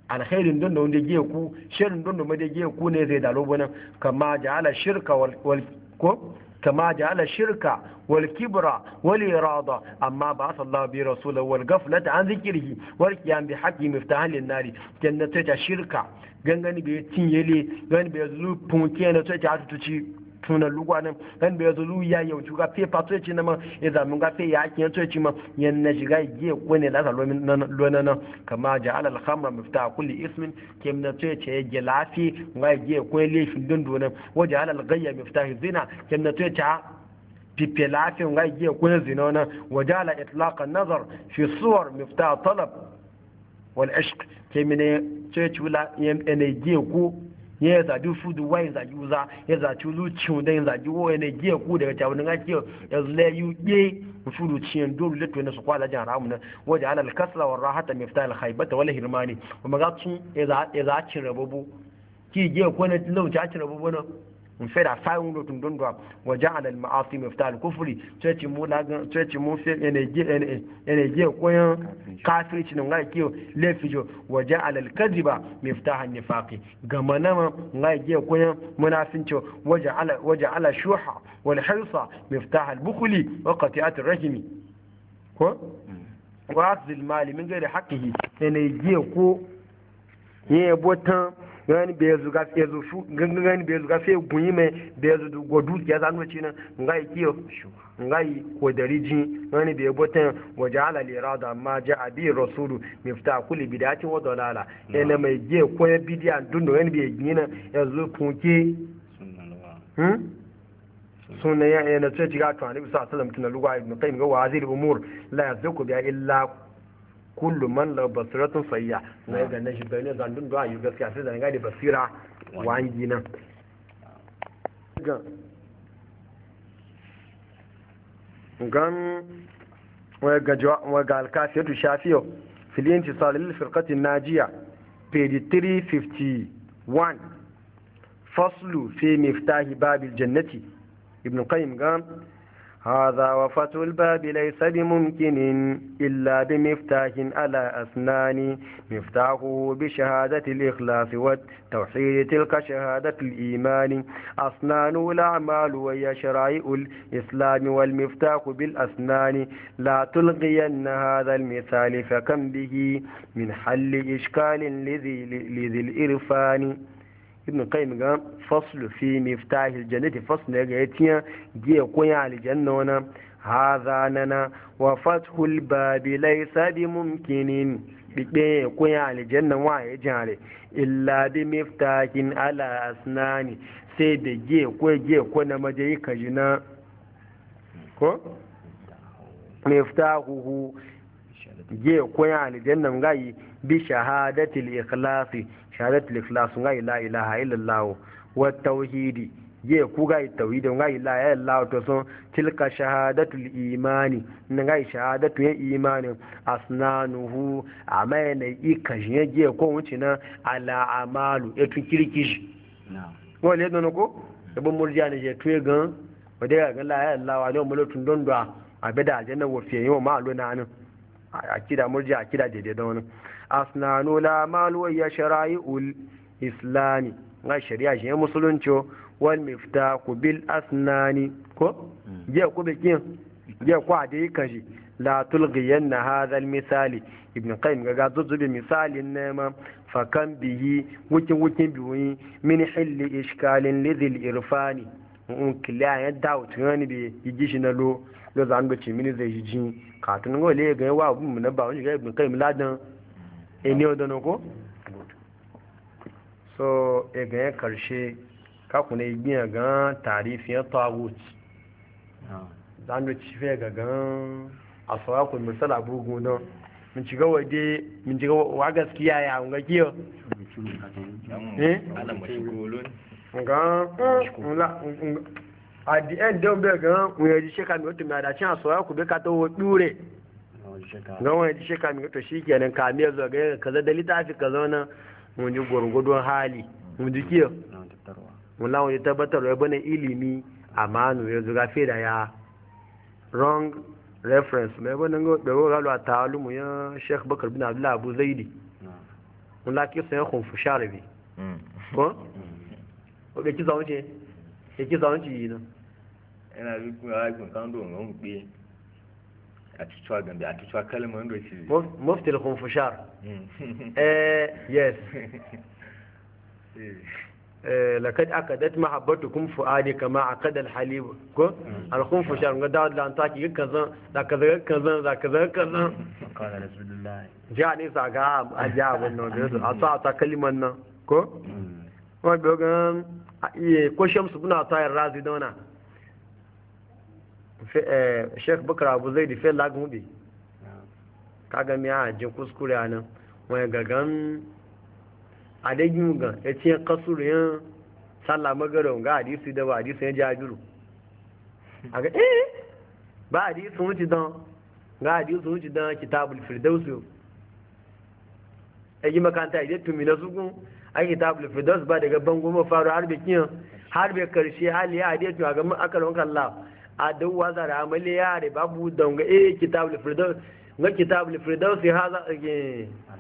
alkhairin don da wanda ku shirin don da wanda giya ku ne zai dalo bana kama ja'ala shirka wal ko kama ja'ala shirka wal kibra wal irada amma ba sallallahu bi rasul wal ghaflata an zikrihi wal qiyam bi haqqi miftahan lin nari jannatu ta shirka gangani bai tinyele gangani bai zu punke na ta ta tuci tuna lugwanin kan bai zo lu ya yau ga fe fa tsoci ya e zamu ga fe ya kin tsoci ma yan na shiga giye ko ne da lomin lona na kama ja'ala al-khamra miftaha kulli ismin kim na ya ge lafi ga wa ja'ala al-ghayya zina kim na pipe ga e zina na wa ja'ala itlaq nazar fi suwar talab wal ishq yan ko ya zaɓi fudu wa ya zaɓi uza ya zaɓi lucin da ya zaɓi wa yana giya ku daga ta wani ake ya zule yu ye fudu ciyen dole leto na su kwala jan ramu na wajen alal kasla wa rahata mai fita alhaibata wala hirmani kuma ga tun ya zaɓi cin rababu ki giya ko na lauci a cin rababu na mun fɛ da fayin lo don wa ja'ala ma'asi miftal kufri cece mu la cece mu fɛ energy energy koyan yan kafirci nan kiyo lefijo wa ja'ala al miftah an nifaqi gama nama wa ja'ala wa ja'ala shuha wal hirsa miftah al bukhli wa qati'at ar rajmi ko mm. wa akhdh mali min ghairi haqqihi energy ko ye botan ngani bezu zu ga sai zu fu gani bai ga sai gunyi mai bai zu ya zanu ci na ngai kiyo shu ngai ko dariji ngani be boten wajala li rada ma ja abi rasulu mifta kulli mm. bidati e wa dalala hmm? ene mai je ko ya bidiya dun gani bai gina ya zu kunke sunan ya yana ce ci ga tuwa bisa sallam tunan lugwa ibn qayyim ga wazir umur la yazuku bi illa kullu man la basiratun sayya ah. na yi ganin shi bayanin zan dun yi gaskiya sai zan gadi basira wangi nan gan wa ga alkafiyatu shafiyo filiyanci salilin firkatin najiya page 351 faslu fi miftahi babil jannati ibn qayyim gan هذا وفتح الباب ليس بممكن إلا بمفتاح على أسنان مفتاحه بشهادة الإخلاص والتوحيد تلك شهادة الإيمان أسنان الأعمال وهي شرائع الإسلام والمفتاح بالأسنان لا تلغين هذا المثال فكم به من حل إشكال لذي, لذي الإرفان ibn qayyim ga faslu fi miftahil jannati fasl ne ga yatiya giya koyan aljanna wana hadha nana wa fathul babi laysa bi mumkinin bibe koyan aljanna wa ya jare illa bi miftahin ala asnani sai da giya ko giya ko na majayi kajina ko miftahuhu giya koyan aljanna ngai bi shahadatil ikhlasi shahadat al-ikhlas ngai la ilaha illallah wa tauhidi ye ku ga tauhidi ngai la ilaha illallah to so tilka shahadatul imani ngai shahadatu ya imani asnanuhu amana ikajin ye ko wuce na ala amalu etu kirkish na wale don ko bon murja ne je tu gan wadai ga la ilaha illallah wa ne lutun don da a bida aljanna wa fiye yau ma alona nan akida murjiya akida daidai da wani asnanu la malu ya ul islami na shari'a shi musulunci wal mifta ku bil asnani ko je ku bikin je ku ade yi kashi la tulgiyan na hadal misali ibn qayyim ga zuzzubi misalin nema fakan bihi wukin wukin biyoyi min hilli iskalin lidil irfani in kila ya dawo tunani bi yi shi na lo lo zan ga ci mini zai ji katun ga wale ga yawa abu mu na ba wani ga ibn qayyim ladan ene odono ko so egan ya karshe kakuna igbiyan gan tarifin tawut ah. zanu ci fe ga gan asawa ko misala bugun don mun ci ga waje mun ci ga wa gaskiya ya mun ga kiyo eh ana mashigolon gan mm, la mm, at the end don be gan mun yaji shekami otu mi ada cin asawa be ka to dure gawa ya ji shaka mi to shi kenan kami ya zuwa gaya kaza da littafi ka zauna mun ji gwargwadon hali mun ji kiyo mun lawon ya tabbatar ya bane ilimi a manu ya zuga da ya wrong reference mai bane da galo a ta'alumu ya sheikh bakar bin abdullah abu zaidi mun laki sai kun fushare bi hmm. ko hmm. o be kisa zawunce ya kisa zawunce yi na ina bi kun ya kun kan do mu pe atuchwa gambe atuchwa kalma ndo chi mufti al-khunfushar eh yes eh, eh lakad mahabbatukum fuadi kama akada al-halib ko hmm. al-khunfushar ga da da ta ki kaza da kaza kaza da kaza kaza kana rasulullah ja ne saga ta nan ko hmm. ko shamsu kuna tayar razi Eh, sheikh bukra abu zai da fela gumbe kaga mi a jin kuskure a nan wani gagan adagin gan ya ce kasuru yin tsalla magara ga hadisi da ba hadisi ya jajiru a ga eh ba hadisi wuce don ga hadisi wuce don kitabul firdausu ya yi makanta idan tumi na sukun a kitabul firdaus ba daga bango mafaru har bikin har bai karshe hali ya hadisi a ga makarar wankan lafa adau wa zara amali ya re babu don ga eh kitabul firdaus ga kitabul firdaus ya za a e, ga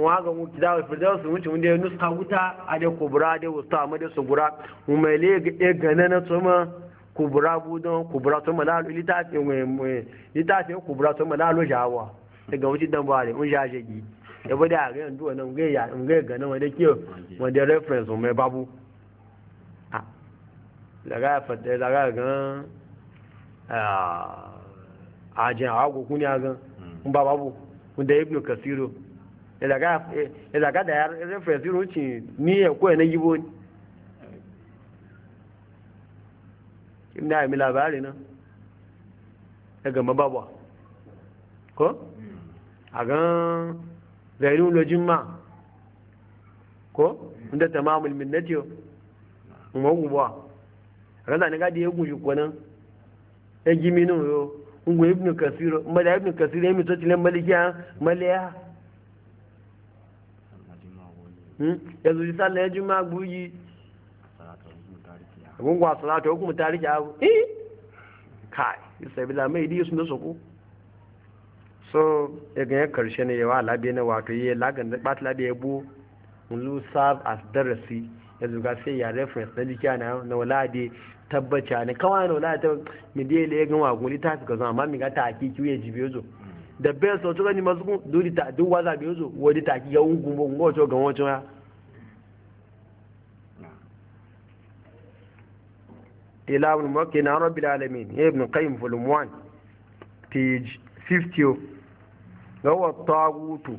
wa ga mu kitab firdaus mun ci mun da nuska wuta a da kubura da wasu amma da sugura mu mai le ga e gane na tsoma kubura budon kubura tsoma na alu litafi mu litafi kubra to mana lu jawa daga wuce dan bari mun jaje gi yabo da ga yanzu wannan ga ya ga gana wanda kiyo wanda reference mai babu daga fadda daga gan ajin hagu a gan in hmm. ba babu wanda ya biyo kasiro da ya rufe ziro ci ni koya na gibo ni ina yi labari na ya gama ko hmm. a gan zainun lojin hmm. ma ko inda tamamul minnatiyo magubawa raza ni gadi ya guji kwanan ya gimi nan yo ungu ibn kasir mala ibn kasir ya mito tilan malikiya malaya ya hmm? zuji sallah ya juma guji gungwa salatu hukumu tariki abu eh kai sai bila mai di sun so ko so ya ga karshe ne ya wa labe ne wato ya lagan da bat labe ya bu mun lu serve as darasi ya zuga sai ya reference na dikiya na na walade tabbaci ne kawai no la ta mi die le gan wa guli ta kan amma mi ga ta ki we ji zo da best o to ni mazu duri ta du waza zo wodi ta ki ga ungun bo ngo to gan wato ya ila ibn na rabbil alamin ibn qayyim volum 1 page 50 ga wa tagutu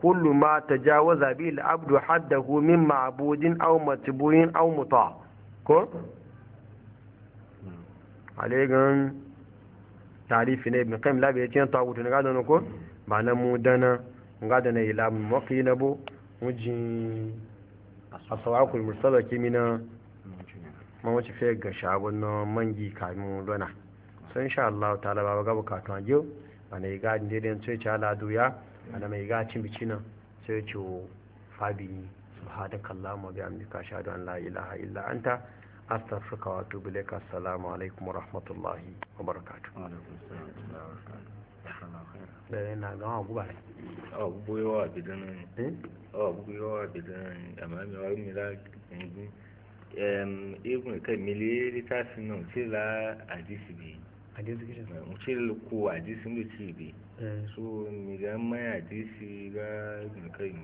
kullu ma tajawaza bil abdu haddahu min ma'budin aw matbu'in aw muta ko alegan tarifi na ibn kaim labi ya ce ta wutu na gadana ko ba na mu dana gadana ila mawaki na bu a mujin asawakul mursala kimina mawaci fiye ga shagon na mangi kamin luna sun sha Allah ta laba ga bukatu a yau a na iga daidan sai ci ala duya ba na mai iga cin bici nan sai ci fabi subhanakallahumma bihamdika ashhadu an la ilaha illa anta astaghfiruka wa atubu ilaika assalamu alaikum wa rahmatullahi wa barakatuh. bẹ́ẹ̀ ni àgbà wọn búba rẹ̀. ọ gbogbo yóò wà bí dáná ni ọ gbogbo yóò wà bí dáná ni àmọ́ mi wà mí lá ẹ̀gbọ́n ẹ̀gbọ́n kẹ́mi lé lítàsí náà tí là àdìsí bìí. hadisi kishin sa mutum ko hadisi da ce be so mi ga mai hadisi ga ibn kayyim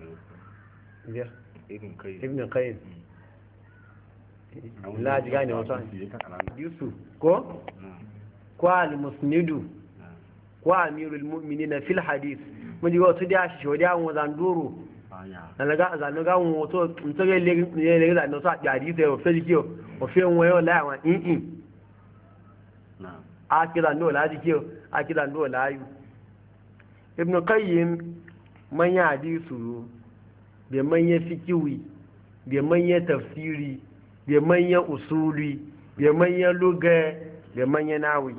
ibn kayyim ibn kayyim la ji gane wata yusuf ko ko musnidu ko amirul mu'minin fil hadith da shi shodi an wazan duru na ah, ga zanu to ga le no sa jadi o feli o fe won yo la in in na akira no la ji kiyo akira no la yu ibn qayyim hadisu bi manya fikiwi bi tafsiri bai manyan usuli bai manyan luga bai manyan nawi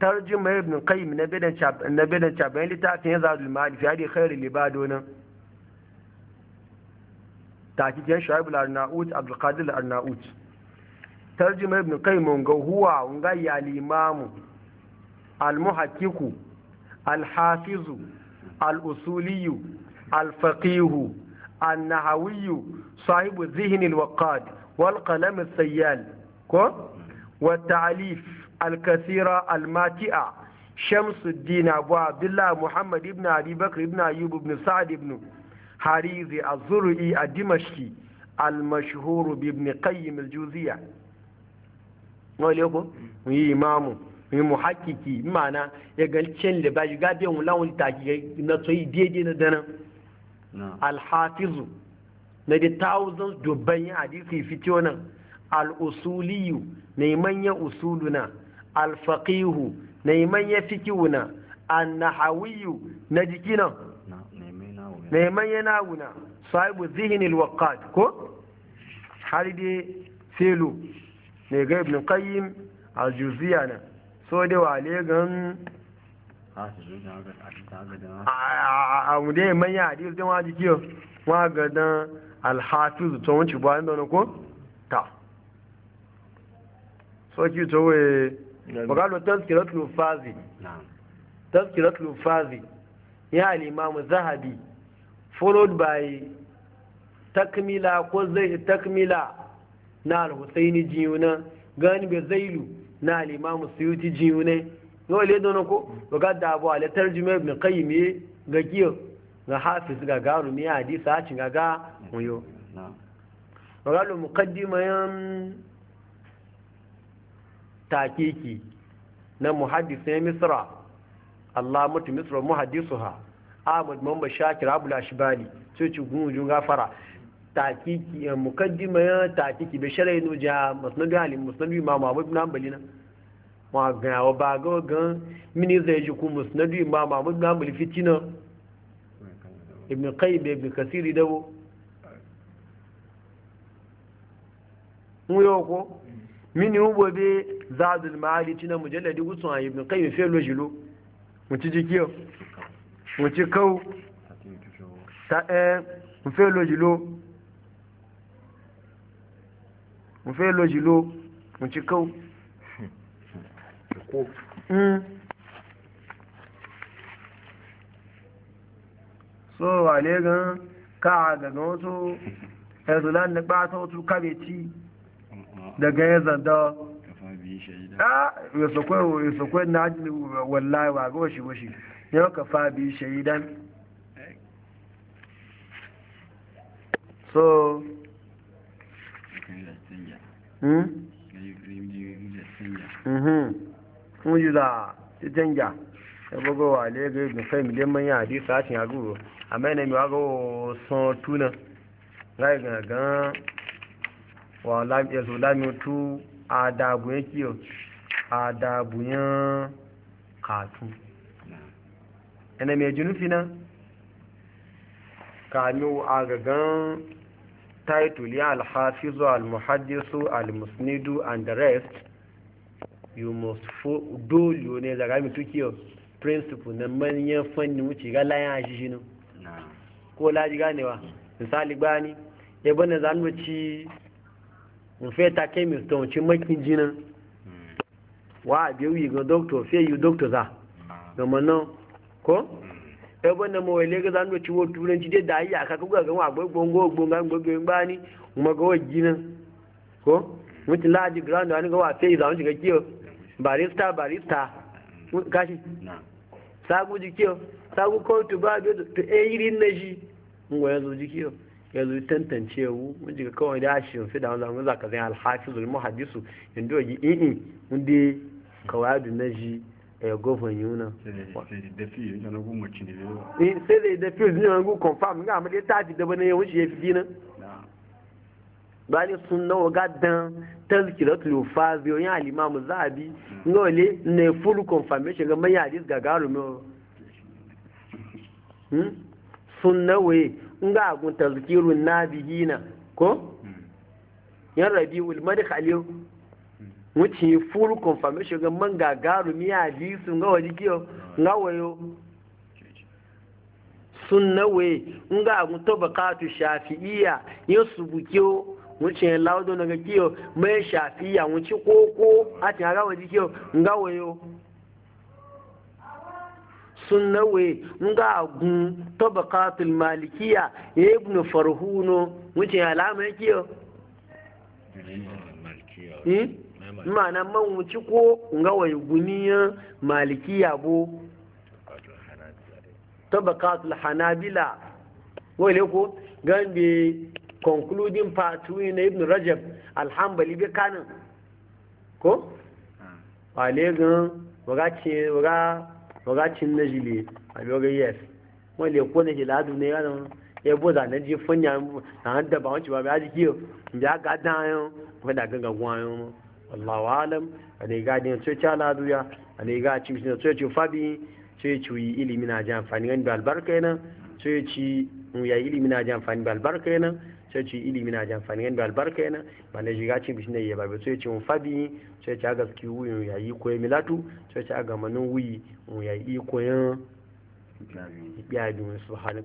tarjima ibn qayyim na bidan na bidan chaban littafin yazadul mali fi hadi khair libado nan takikin shuaib al-arnaut abdul qadir al-arnaut tarjima ibn qayyim ga huwa ga ya al-imam al-muhaqqiq al-hafiz al-usuli al-faqih an-nahawi صاحب الذهن الوقاد wal qalam sayyal ko wa ta'lif al kathira al mati'a shamsuddin abu muhammad ibn abi ibn ayyub ibn sa'd ibn harizi az a ad-dimashqi al-mashhur ibn qayyim al-juziyya wale ko yi imamu yi muhakkiki mana ya galcin da ba yi gabe wulawun taki na tsoyi daidai na dana al na da thousands dubban yin hadisi fito nan al'usuliyu usuliyu na manyan usuluna al-faqihu na manyan fikiwuna an-nahawiyu na jikinan na manyan nawuna sahibu zihin al ko har dai felo ne ga ibn qayyim al juziya na so ah, da wale gan a mu dai manyan hadisi don wa jikiyo wa gadan alhafiz to wanci inda da ko ta soki to we bagalo tazkiratul lufazi tazkiratul lufazi ya al-imam zahabi followed by takmila ko zai takmila na al-husaini jiyuna gani be zailu na al-imam suyuti jiyune yau le don ko bagada abu al-tarjuma ibn qayyim eh, ga kiyo ga hafiz ga garu miya hadisa hacin ga ga muyo magalu muqaddimayan takiki na muhaddisi misra Allah mutu misra muhaddisuha Ahmad Mamba Shakir Abdul Ashbali sai ci gunjun gafara takiki eh, muqaddimayan takiki sharai shar'i ja musnad ali musnad imam Abu Ibn Hanbali ma ga wa ba ga gan mini zai ji ku Musnadu imam Abu Ibn Hanbali fitina ibn qayyim ibn kasir dawo mu yo ko mini ubo be zadul maali tina mujalladi gutsun ibn qayyim fe lojilo mu ci jikiyo mu ci kaw ta eh mu fe lojilo mu fe lojilo mu ci kaw ko so ne gan ka daga wasu ezulan na ɓata wasu kabeci daga ya zanda a yasakwai na wallahi wa ga washi washi ya ka fa bi shaidan so kun hmm? mm-hmm. yi za ta janja e ya bugowa ne ga yi gafai miliyan manyan hadisa a cin amma ina mi wago son tuna ngai ga ga wa lam ya zo lam tu adabu yake yo adabu yan katu ina me junufi na kanu a gagan title ya alhafizu almuhaddisu almusnidu and the rest you must do you ne daga mi tukiyo principle na manyan fannin wuce ga layan shi shi nan ko laji ganewa misali gbani ya bane za mu ci ta chemist don ci makin jina wa biyu yi ga doctor sai yi doctor za ga manan ko ya bane mu wale ga za mu ci wo turanci dai da yi aka kuga ga wa gbogbo gbogbo gbogbo gbani kuma ga wajina ko mutu laji grand wani ga wa sai za mu ga kiyo barista barista kashi sagu ji kiyo sabu ko tu ba biyo to yi rin na shi mun ga yanzu jiki yanzu tantance wu mun jika kawai da shi fi da wanzan wanzan ka zai al-hafiz muhaddisu muhaddis yanzu yi in mun dai da na shi e eh, gofan wuna sai da dafi fi yana gu eh, confirm ga amma dai ta ji da bane ya ya fi dinan bani sunna waga dan tazkiratul ufazi yan al-imam zahabi hmm. ngole ne full confirmation ga manyan hadis gagarumo Hmm? sunna waye in ga agun tazkirun na ko yan rabiul madkh aliyu hmm. wuce full confirmation ga man gagaru mi hadisu ga waje kiyo ga wayo sunna waye in ga agun tabaqatu shafi'iyya yasubukiyo wuce laudo na ga kiyo mai shafi'iyya wuce koko a tin ga waje kiyo ga sun sunnawe nga gun tabaqatul malikiya e ibn farhuno wuce alama yake hmm? ma'ana man wuce ko nga wai guniya malikiya bo tabaqatul hanabila wale ko gambe concluding part na ibn rajab alhambali bi kanin ko ah. wale gan waga ce waga waga cin na jile a bi waga yes wani le ko na jile adu ne yana ya e bo da na ji fanya na handa ba wanci ba ba ji kiyo ya ga dan yo fa da ganga gwayo wallahu alam ane ga din ce cha la duya ane ga ci ne ce ce fabi ce ci ilimi na ji amfani ga albarka yana ce ci mu ya ilimi na ji amfani ba albarka yana sai ce ilimi na jamfani yadda albarka yana ba na shiga cin bishin ya babu sai ce mun fabi sai ce aga ski wuyin ya yi koyi milatu sai ce aga manin wuyi ya yi koyan biya biyu su hannu